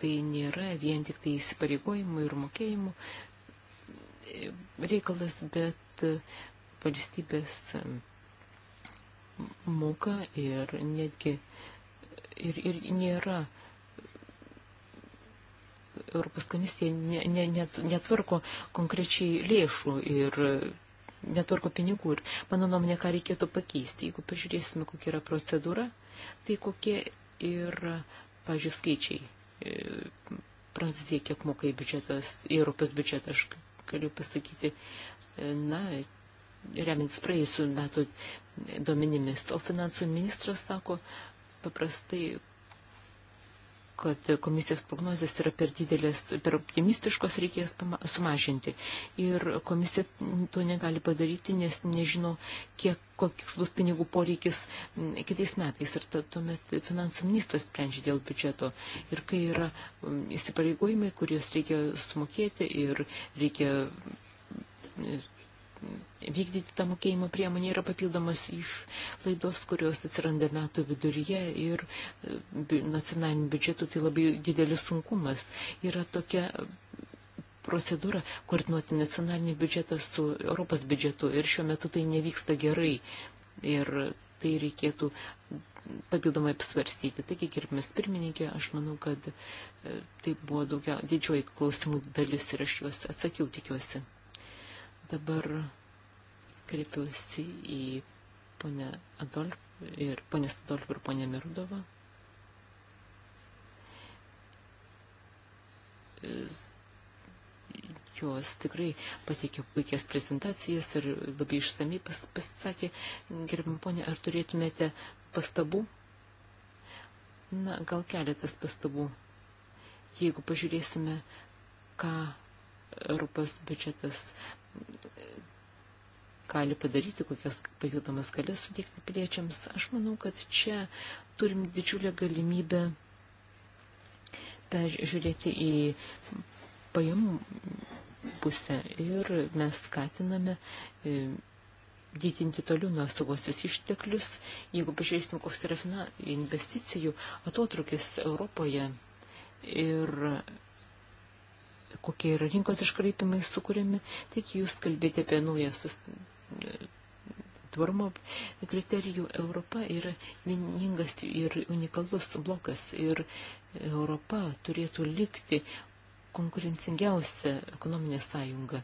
C: tai nėra vien tik tai įsipareigojimų ir mokėjimų reikalas, bet valstybės moka ir netgi ir, ir nėra Europos komisija ne, ne, net, netvarko konkrečiai lėšų ir netvarko pinigų. Ir mano nuomonė, ką reikėtų pakeisti. Jeigu pažiūrėsime, kokia yra procedūra, tai kokie yra, pažiūrėjau, skaičiai. E, Prancūzija kiek moka į biudžetas, į Europos biudžetą, aš galiu pasakyti, e, na, remintis praėjusių metų duomenimis. O finansų ministras sako, paprastai kad komisijos prognozijas yra per didelės, per optimistiškos, reikės sumažinti. Ir komisija to negali padaryti, nes nežino, kiek, koks bus pinigų poreikis kitais metais. Ir ta, tuomet finansų ministras sprendžia dėl biudžeto. Ir kai yra įsipareigojimai, kuriuos reikia sumokėti ir reikia vykdyti tą mokėjimo priemonę yra papildomas išlaidos, kurios atsiranda metų viduryje ir e, nacionaliniu biudžetu tai labai didelis sunkumas. Yra tokia procedūra koordinuoti nacionalinį biudžetą su Europos biudžetu ir šiuo metu tai nevyksta gerai ir tai reikėtų papildomai apsvarstyti. Taigi, gerbimas pirmininkė, aš manau, kad e, tai buvo daugia, didžioji klausimų dalis ir aš juos atsakiau, tikiuosi. Dabar kreipiuosi į ponę Adolf ir ponę Stadolf ir ponę Mirudovą. Jos tikrai pateikė puikias prezentacijas ir labai išsamei pas, pasisakė. Gerbim ponė, ar turėtumėte pastabų? Na, gal keletas pastabų. Jeigu pažiūrėsime, ką Europos biudžetas gali padaryti, kokias papildomas galės suteikti piliečiams. Aš manau, kad čia turim didžiulę galimybę peržiūrėti į pajamų pusę ir mes skatiname e, didinti toliau nuosavosius išteklius. Jeigu pažiūrėsim, koks yra investicijų atotrukis Europoje ir kokie yra rinkos iškraipimai sukūrėme, tik jūs kalbėti apie naują sus... tvarumo kriterijų. Europa yra vieningas ir unikalus blokas ir Europa turėtų likti konkurencingiausia ekonominė sąjunga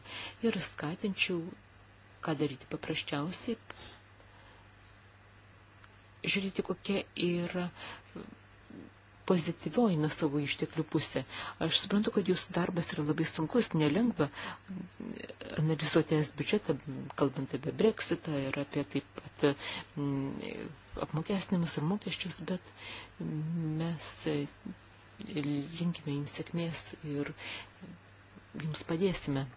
C: ir skatinčiau, ką daryti paprasčiausiai, žiūrėti, kokia yra pozityvioji nuo savo išteklių pusė. Aš suprantu, kad jūsų darbas yra labai sunkus, nelengva analizuoti es biudžetą, kalbant apie Brexitą ir apie taip pat mm, apmokestinimus ir mokesčius, bet mes e, linkime jums sėkmės ir jums padėsime.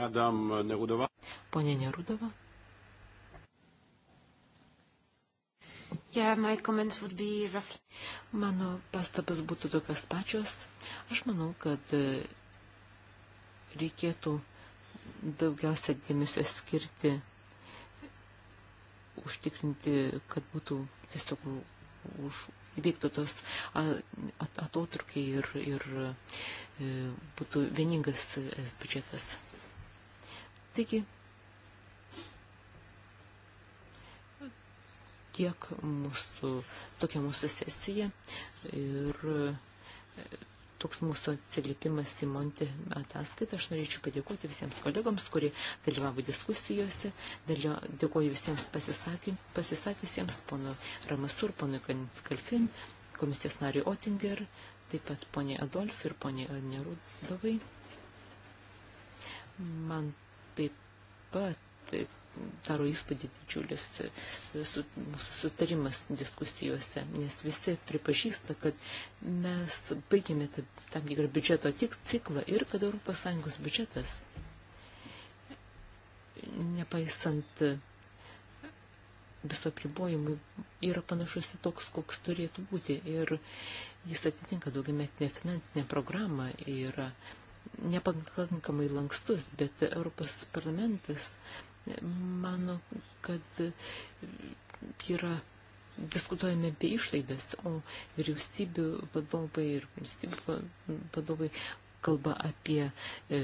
B: Madame Nerudova.
C: Ponia Nerudova. Yeah, my comments would be roughly... Mano pastabas būtų tokios pačios. Aš manau, kad e, reikėtų daugiausia dėmesio skirti, užtikrinti, kad būtų tiesiog už, vyktų tos atotrukiai ir, ir e, būtų vieningas biudžetas. Taigi, tiek mūsų, tokia mūsų sesija ir e, toks mūsų atsiliepimas į Monti ataskaitą. Aš norėčiau padėkoti visiems kolegoms, kurie dalyvavo diskusijose. Dalyva, dėkoju visiems pasisakiusiems, pono Ramasur, pono Kalfin, komisijos nariui Otinger, taip pat ponė Adolf ir ponė Nerudovai. Man taip pat daro įspūdį didžiulis e, su, mūsų sutarimas diskusijose, nes visi pripažįsta, kad mes baigėme tam tikrą biudžeto tik ciklą ir kad ES biudžetas, nepaisant viso pribojimų, yra panašus į toks, koks turėtų būti. Ir jis atitinka daugiametinę finansinę programą, yra nepakankamai lankstus, bet Europos parlamentas mano, kad yra diskutuojame apie išlaidas, o vyriausybių vadovai ir valstybių vadovai kalba apie e,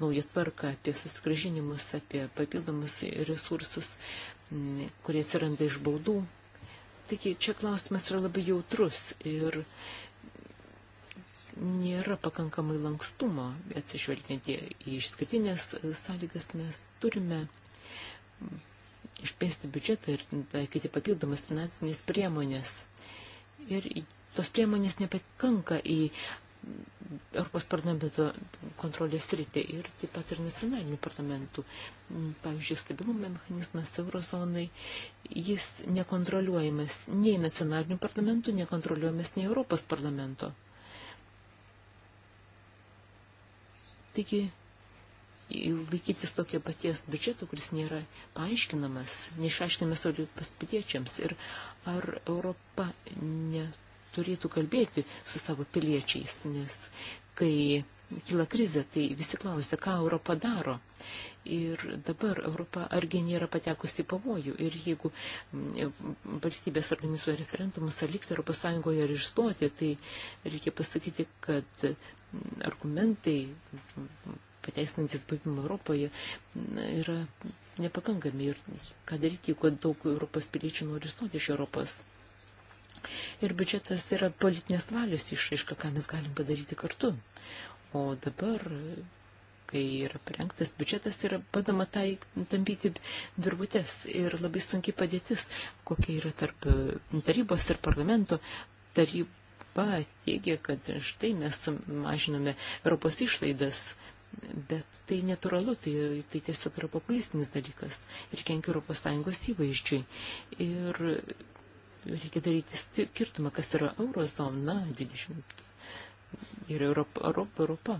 C: naują tvarką, apie susigražinimus, apie papildomus resursus, m, kurie atsiranda iš baudų. Taigi čia klausimas yra labai jautrus ir e, nėra pakankamai lankstumo, atsižvelgiant į išskirtinės sąlygas, mes turime išpėsti biudžetą ir taikyti papildomas finansinės priemonės. Ir tos priemonės nepakanka į Europos parlamento kontrolės sritį ir taip pat ir nacionalinių parlamentų. Pavyzdžiui, stabilumo mechanizmas eurozonai, jis nekontroliuojamas nei nacionalinių parlamentų, nekontroliuojamas nei Europos parlamento. Taigi, laikytis tokio paties biudžeto, kuris nėra paaiškinamas, neišaiškinamas Europos piliečiams ir ar Europa neturėtų kalbėti su savo piliečiais, nes kai kyla krizė, tai visi klausia, ką Europa daro. Ir dabar Europa argi nėra patekusi į pavojų. Ir jeigu mm, valstybės organizuoja referendumus ar likti Europos Sąjungoje ar išstoti, tai reikia pasakyti, kad mm, argumentai mm, pateisinantis buvimą Europoje yra nepakankami. Ir ką daryti, jeigu daug Europos piliečių nori stoti iš Europos. Ir biudžetas yra politinės valios išraiška, ką mes galim padaryti kartu. O dabar, kai yra parengtas biudžetas, yra padama tai tampyti virvutės ir labai sunki padėtis, kokia yra tarp e, tarybos ir parlamento. Taryba teigia, kad štai mes mažinome Europos išlaidas, bet tai natūralu, tai, tai tiesiog yra populistinis dalykas ir kenkia Europos Sąjungos įvaizdžiui. Ir reikia daryti skirtumą, kas yra eurozona, 20 ir Europa, Europa, Europa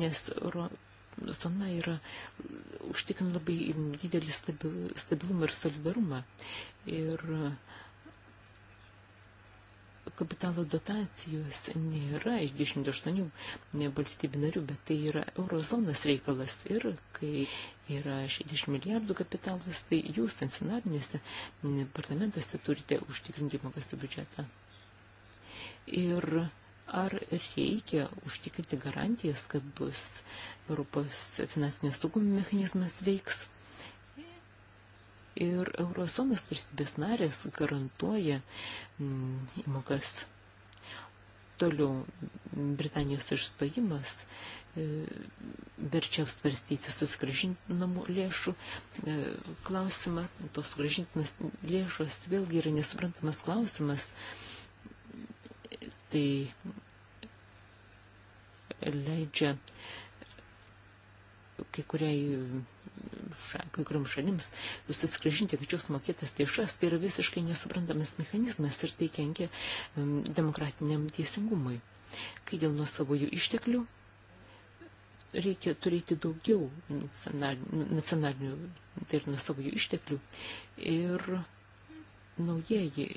C: nes Euro, zona yra užtikrina labai didelį stabil, stabilumą ir solidarumą. Ir kapitalo dotacijos nėra iš 28 valstybių narių, bet tai yra eurozonos reikalas. Ir kai yra 60 milijardų kapitalas, tai jūs nacionalinėse parlamentuose turite užtikrinti mokestų biudžetą. Ir ar reikia užtikrinti garantijas, kad bus Europos finansinės saugumo mechanizmas veiks. Ir eurozonos valstybės narės garantuoja mm, įmokas. Toliau mm, Britanijos išstojimas e, verčia apsvarstyti susigražintinamų lėšų e, klausimą. Tos sugražintinos lėšos vėlgi yra nesuprantamas klausimas. klausimas tai leidžia kai kuriai kai kuriam šalims susigražinti kačius mokėtas lėšas, tai yra visiškai nesuprantamas mechanizmas ir tai kenkia demokratiniam teisingumui. Kai dėl nuosavųjų išteklių reikia turėti daugiau nacionalinių, tai yra nuosavųjų išteklių ir naujieji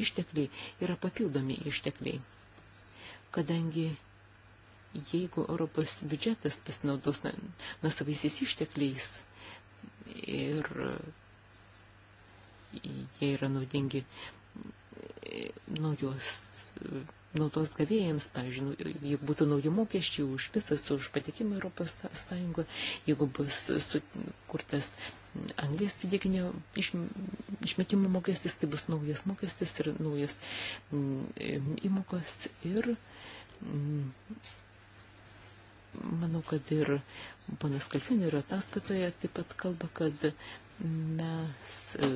C: ištekliai yra papildomi ištekliai. Kadangi jeigu Europos biudžetas pasinaudos nusavaisiais ištekliais ir jie yra naudingi e, naujos naudos gavėjams, pavyzdžiui, nu, jeigu būtų nauji mokesčiai už visas, už patikimą Europos Sąjungą, jeigu bus sukurtas anglės pridėkinio iš, išmetimo mokestis, tai bus naujas mokestis ir naujas mm, įmokos ir mm, manau, kad ir panas Kalfinė ir ataskatoje taip pat kalba, kad mes e,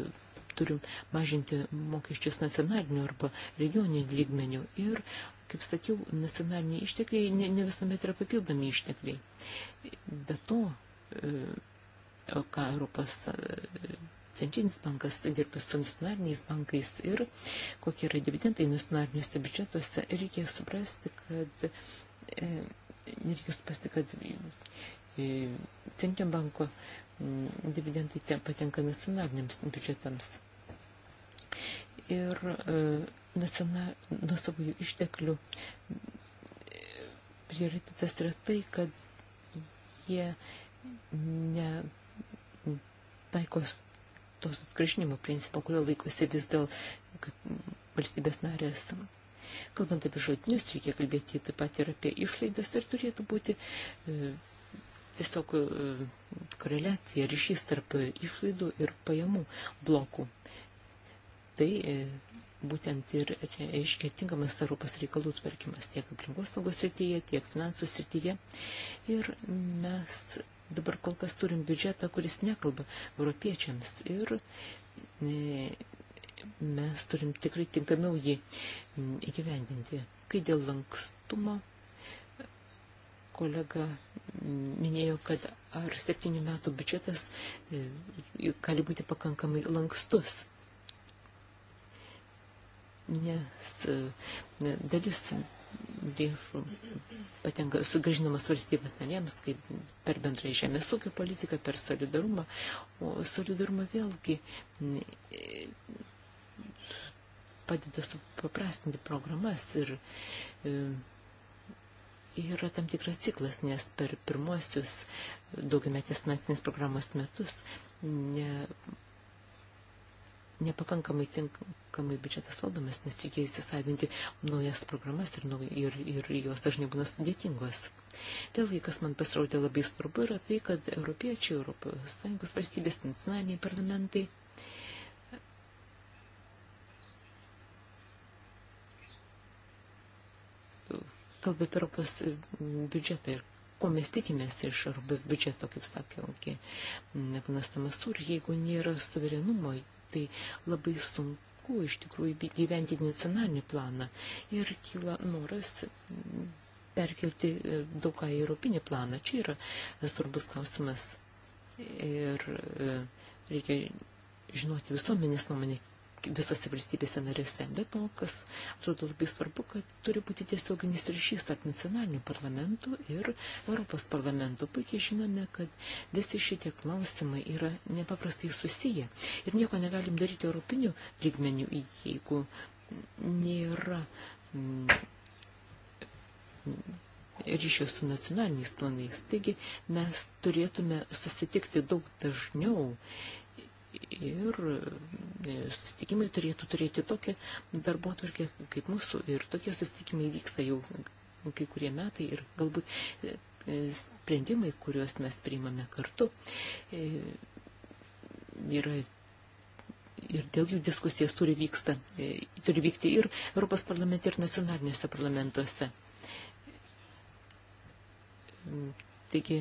C: turim mažinti mokesčius nacionaliniu arba regioniniu lygmeniu ir kaip sakiau, nacionaliniai ištekliai ne, ne visuomet yra papildomi ištekliai. Be to, e, ką Europos e, centrinis bankas dirba tai su nacionaliniais bankais ir kokie yra dividendai nacionaliniuose biudžetuose, reikia suprasti, kad e, reikia suprasti, kad e, centrinio banko dividendai patenka nacionaliniams biudžetams. Ir nuostabųjų išteklių prioritetas yra tai, kad jie ne taikos tos atgražinimo principo, kurio laikosi vis dėl valstybės narės. Kalbant apie žodinius, reikia kalbėti taip pat ir apie išlaidas ir turėtų būti e, tiesiog e, koreliacija, ryšys tarp išlaidų ir pajamų blokų. Tai e, būtent ir reiškia tinkamas Europos reikalų tvarkymas tiek aplinkosaugos srityje, tiek finansų srityje. Ir mes dabar kol kas turim biudžetą, kuris nekalba europiečiams ir e, mes turim tikrai tinkamiau jį įgyvendinti. Kai dėl lankstumo kolega minėjo, kad ar septynių metų biudžetas e, gali būti pakankamai lankstus. Nes e, dalis lėšų patenka sugražinamas valstybės narėms, kaip per bendrąją žemės ūkio politiką, per solidarumą. O solidarumą vėlgi e, padeda supaprastinti programas ir e, yra tam tikras ciklas, nes per pirmuosius daugiametės finansinės programos metus ne, nepakankamai tinkamai biudžetas valdomas, nes reikia įsisavinti naujas programas ir, ir, ir jos dažnai būna sudėtingos. Vėlgi, kas man pasirodė labai svarbu, yra tai, kad europiečiai, Europos Sąjungos valstybės, nacionaliniai parlamentai kalba apie Europos biudžetą ir ko mes tikimės iš Europos biudžeto, kaip sakė panas Tamasur, jeigu nėra suverenumo, tai labai sunku iš tikrųjų gyventi nacionalinį planą ir kyla noras perkelti e, daug ką į europinį planą. Čia yra svarbus klausimas ir e, reikia žinoti visuomenės nuomonę, visose valstybėse narėse. Bet to, nu, kas atrodo labai svarbu, kad turi būti tiesioginis ryšys tarp nacionalinių parlamentų ir Europos parlamentų. Puikiai žinome, kad visi šitie klausimai yra nepaprastai susiję ir nieko negalim daryti europinių lygmenių, jeigu nėra mm, ryšio su nacionaliniais planais. Taigi mes turėtume susitikti daug dažniau ir e, susitikimai turėtų turėti tokią darbo turkę kaip mūsų. Ir tokie susitikimai vyksta jau kai kurie metai ir galbūt e, e, sprendimai, kuriuos mes priimame kartu, yra ir dėl jų diskusijas turi, vyksta, turi vykti ir Europos parlamente, ir nacionaliniuose parlamentuose. Taigi,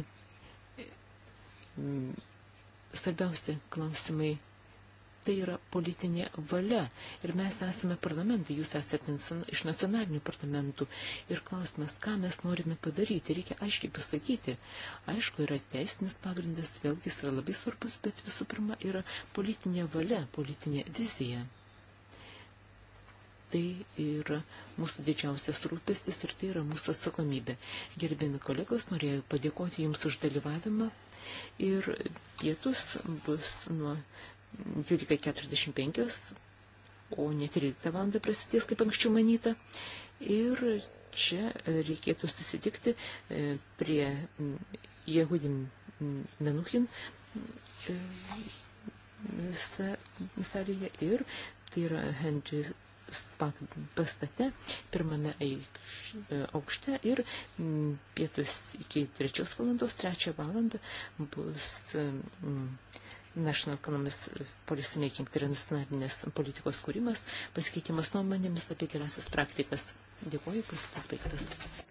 C: svarbiausi klausimai tai yra politinė valia. Ir mes esame parlamentai, jūs esate iš nacionalinių parlamentų. Ir klausimas, ką mes norime padaryti, reikia aiškiai pasakyti. Aišku, yra teisinis pagrindas, vėlgi jis yra labai svarbus, bet visų pirma yra politinė valia, politinė vizija. Tai yra mūsų didžiausias rūpestis ir tai yra mūsų atsakomybė. Gerbiami kolegos, norėjau padėkoti Jums už dalyvavimą, ir pietus bus nuo 12.45, o ne 13 val. prasidės, kaip anksčiau manyta. Ir čia reikėtų susitikti e, prie Jehudim Menuhin e, salėje ir tai yra Henry pastate, pirmame aukšte ir pietus iki trečios valandos, trečią valandą bus National Economist Policy Making, tai yra nacionalinės politikos kūrimas, pasikeitimas nuomonėmis apie gerasias praktikas. Dėkuoju, pusėtis baigtas.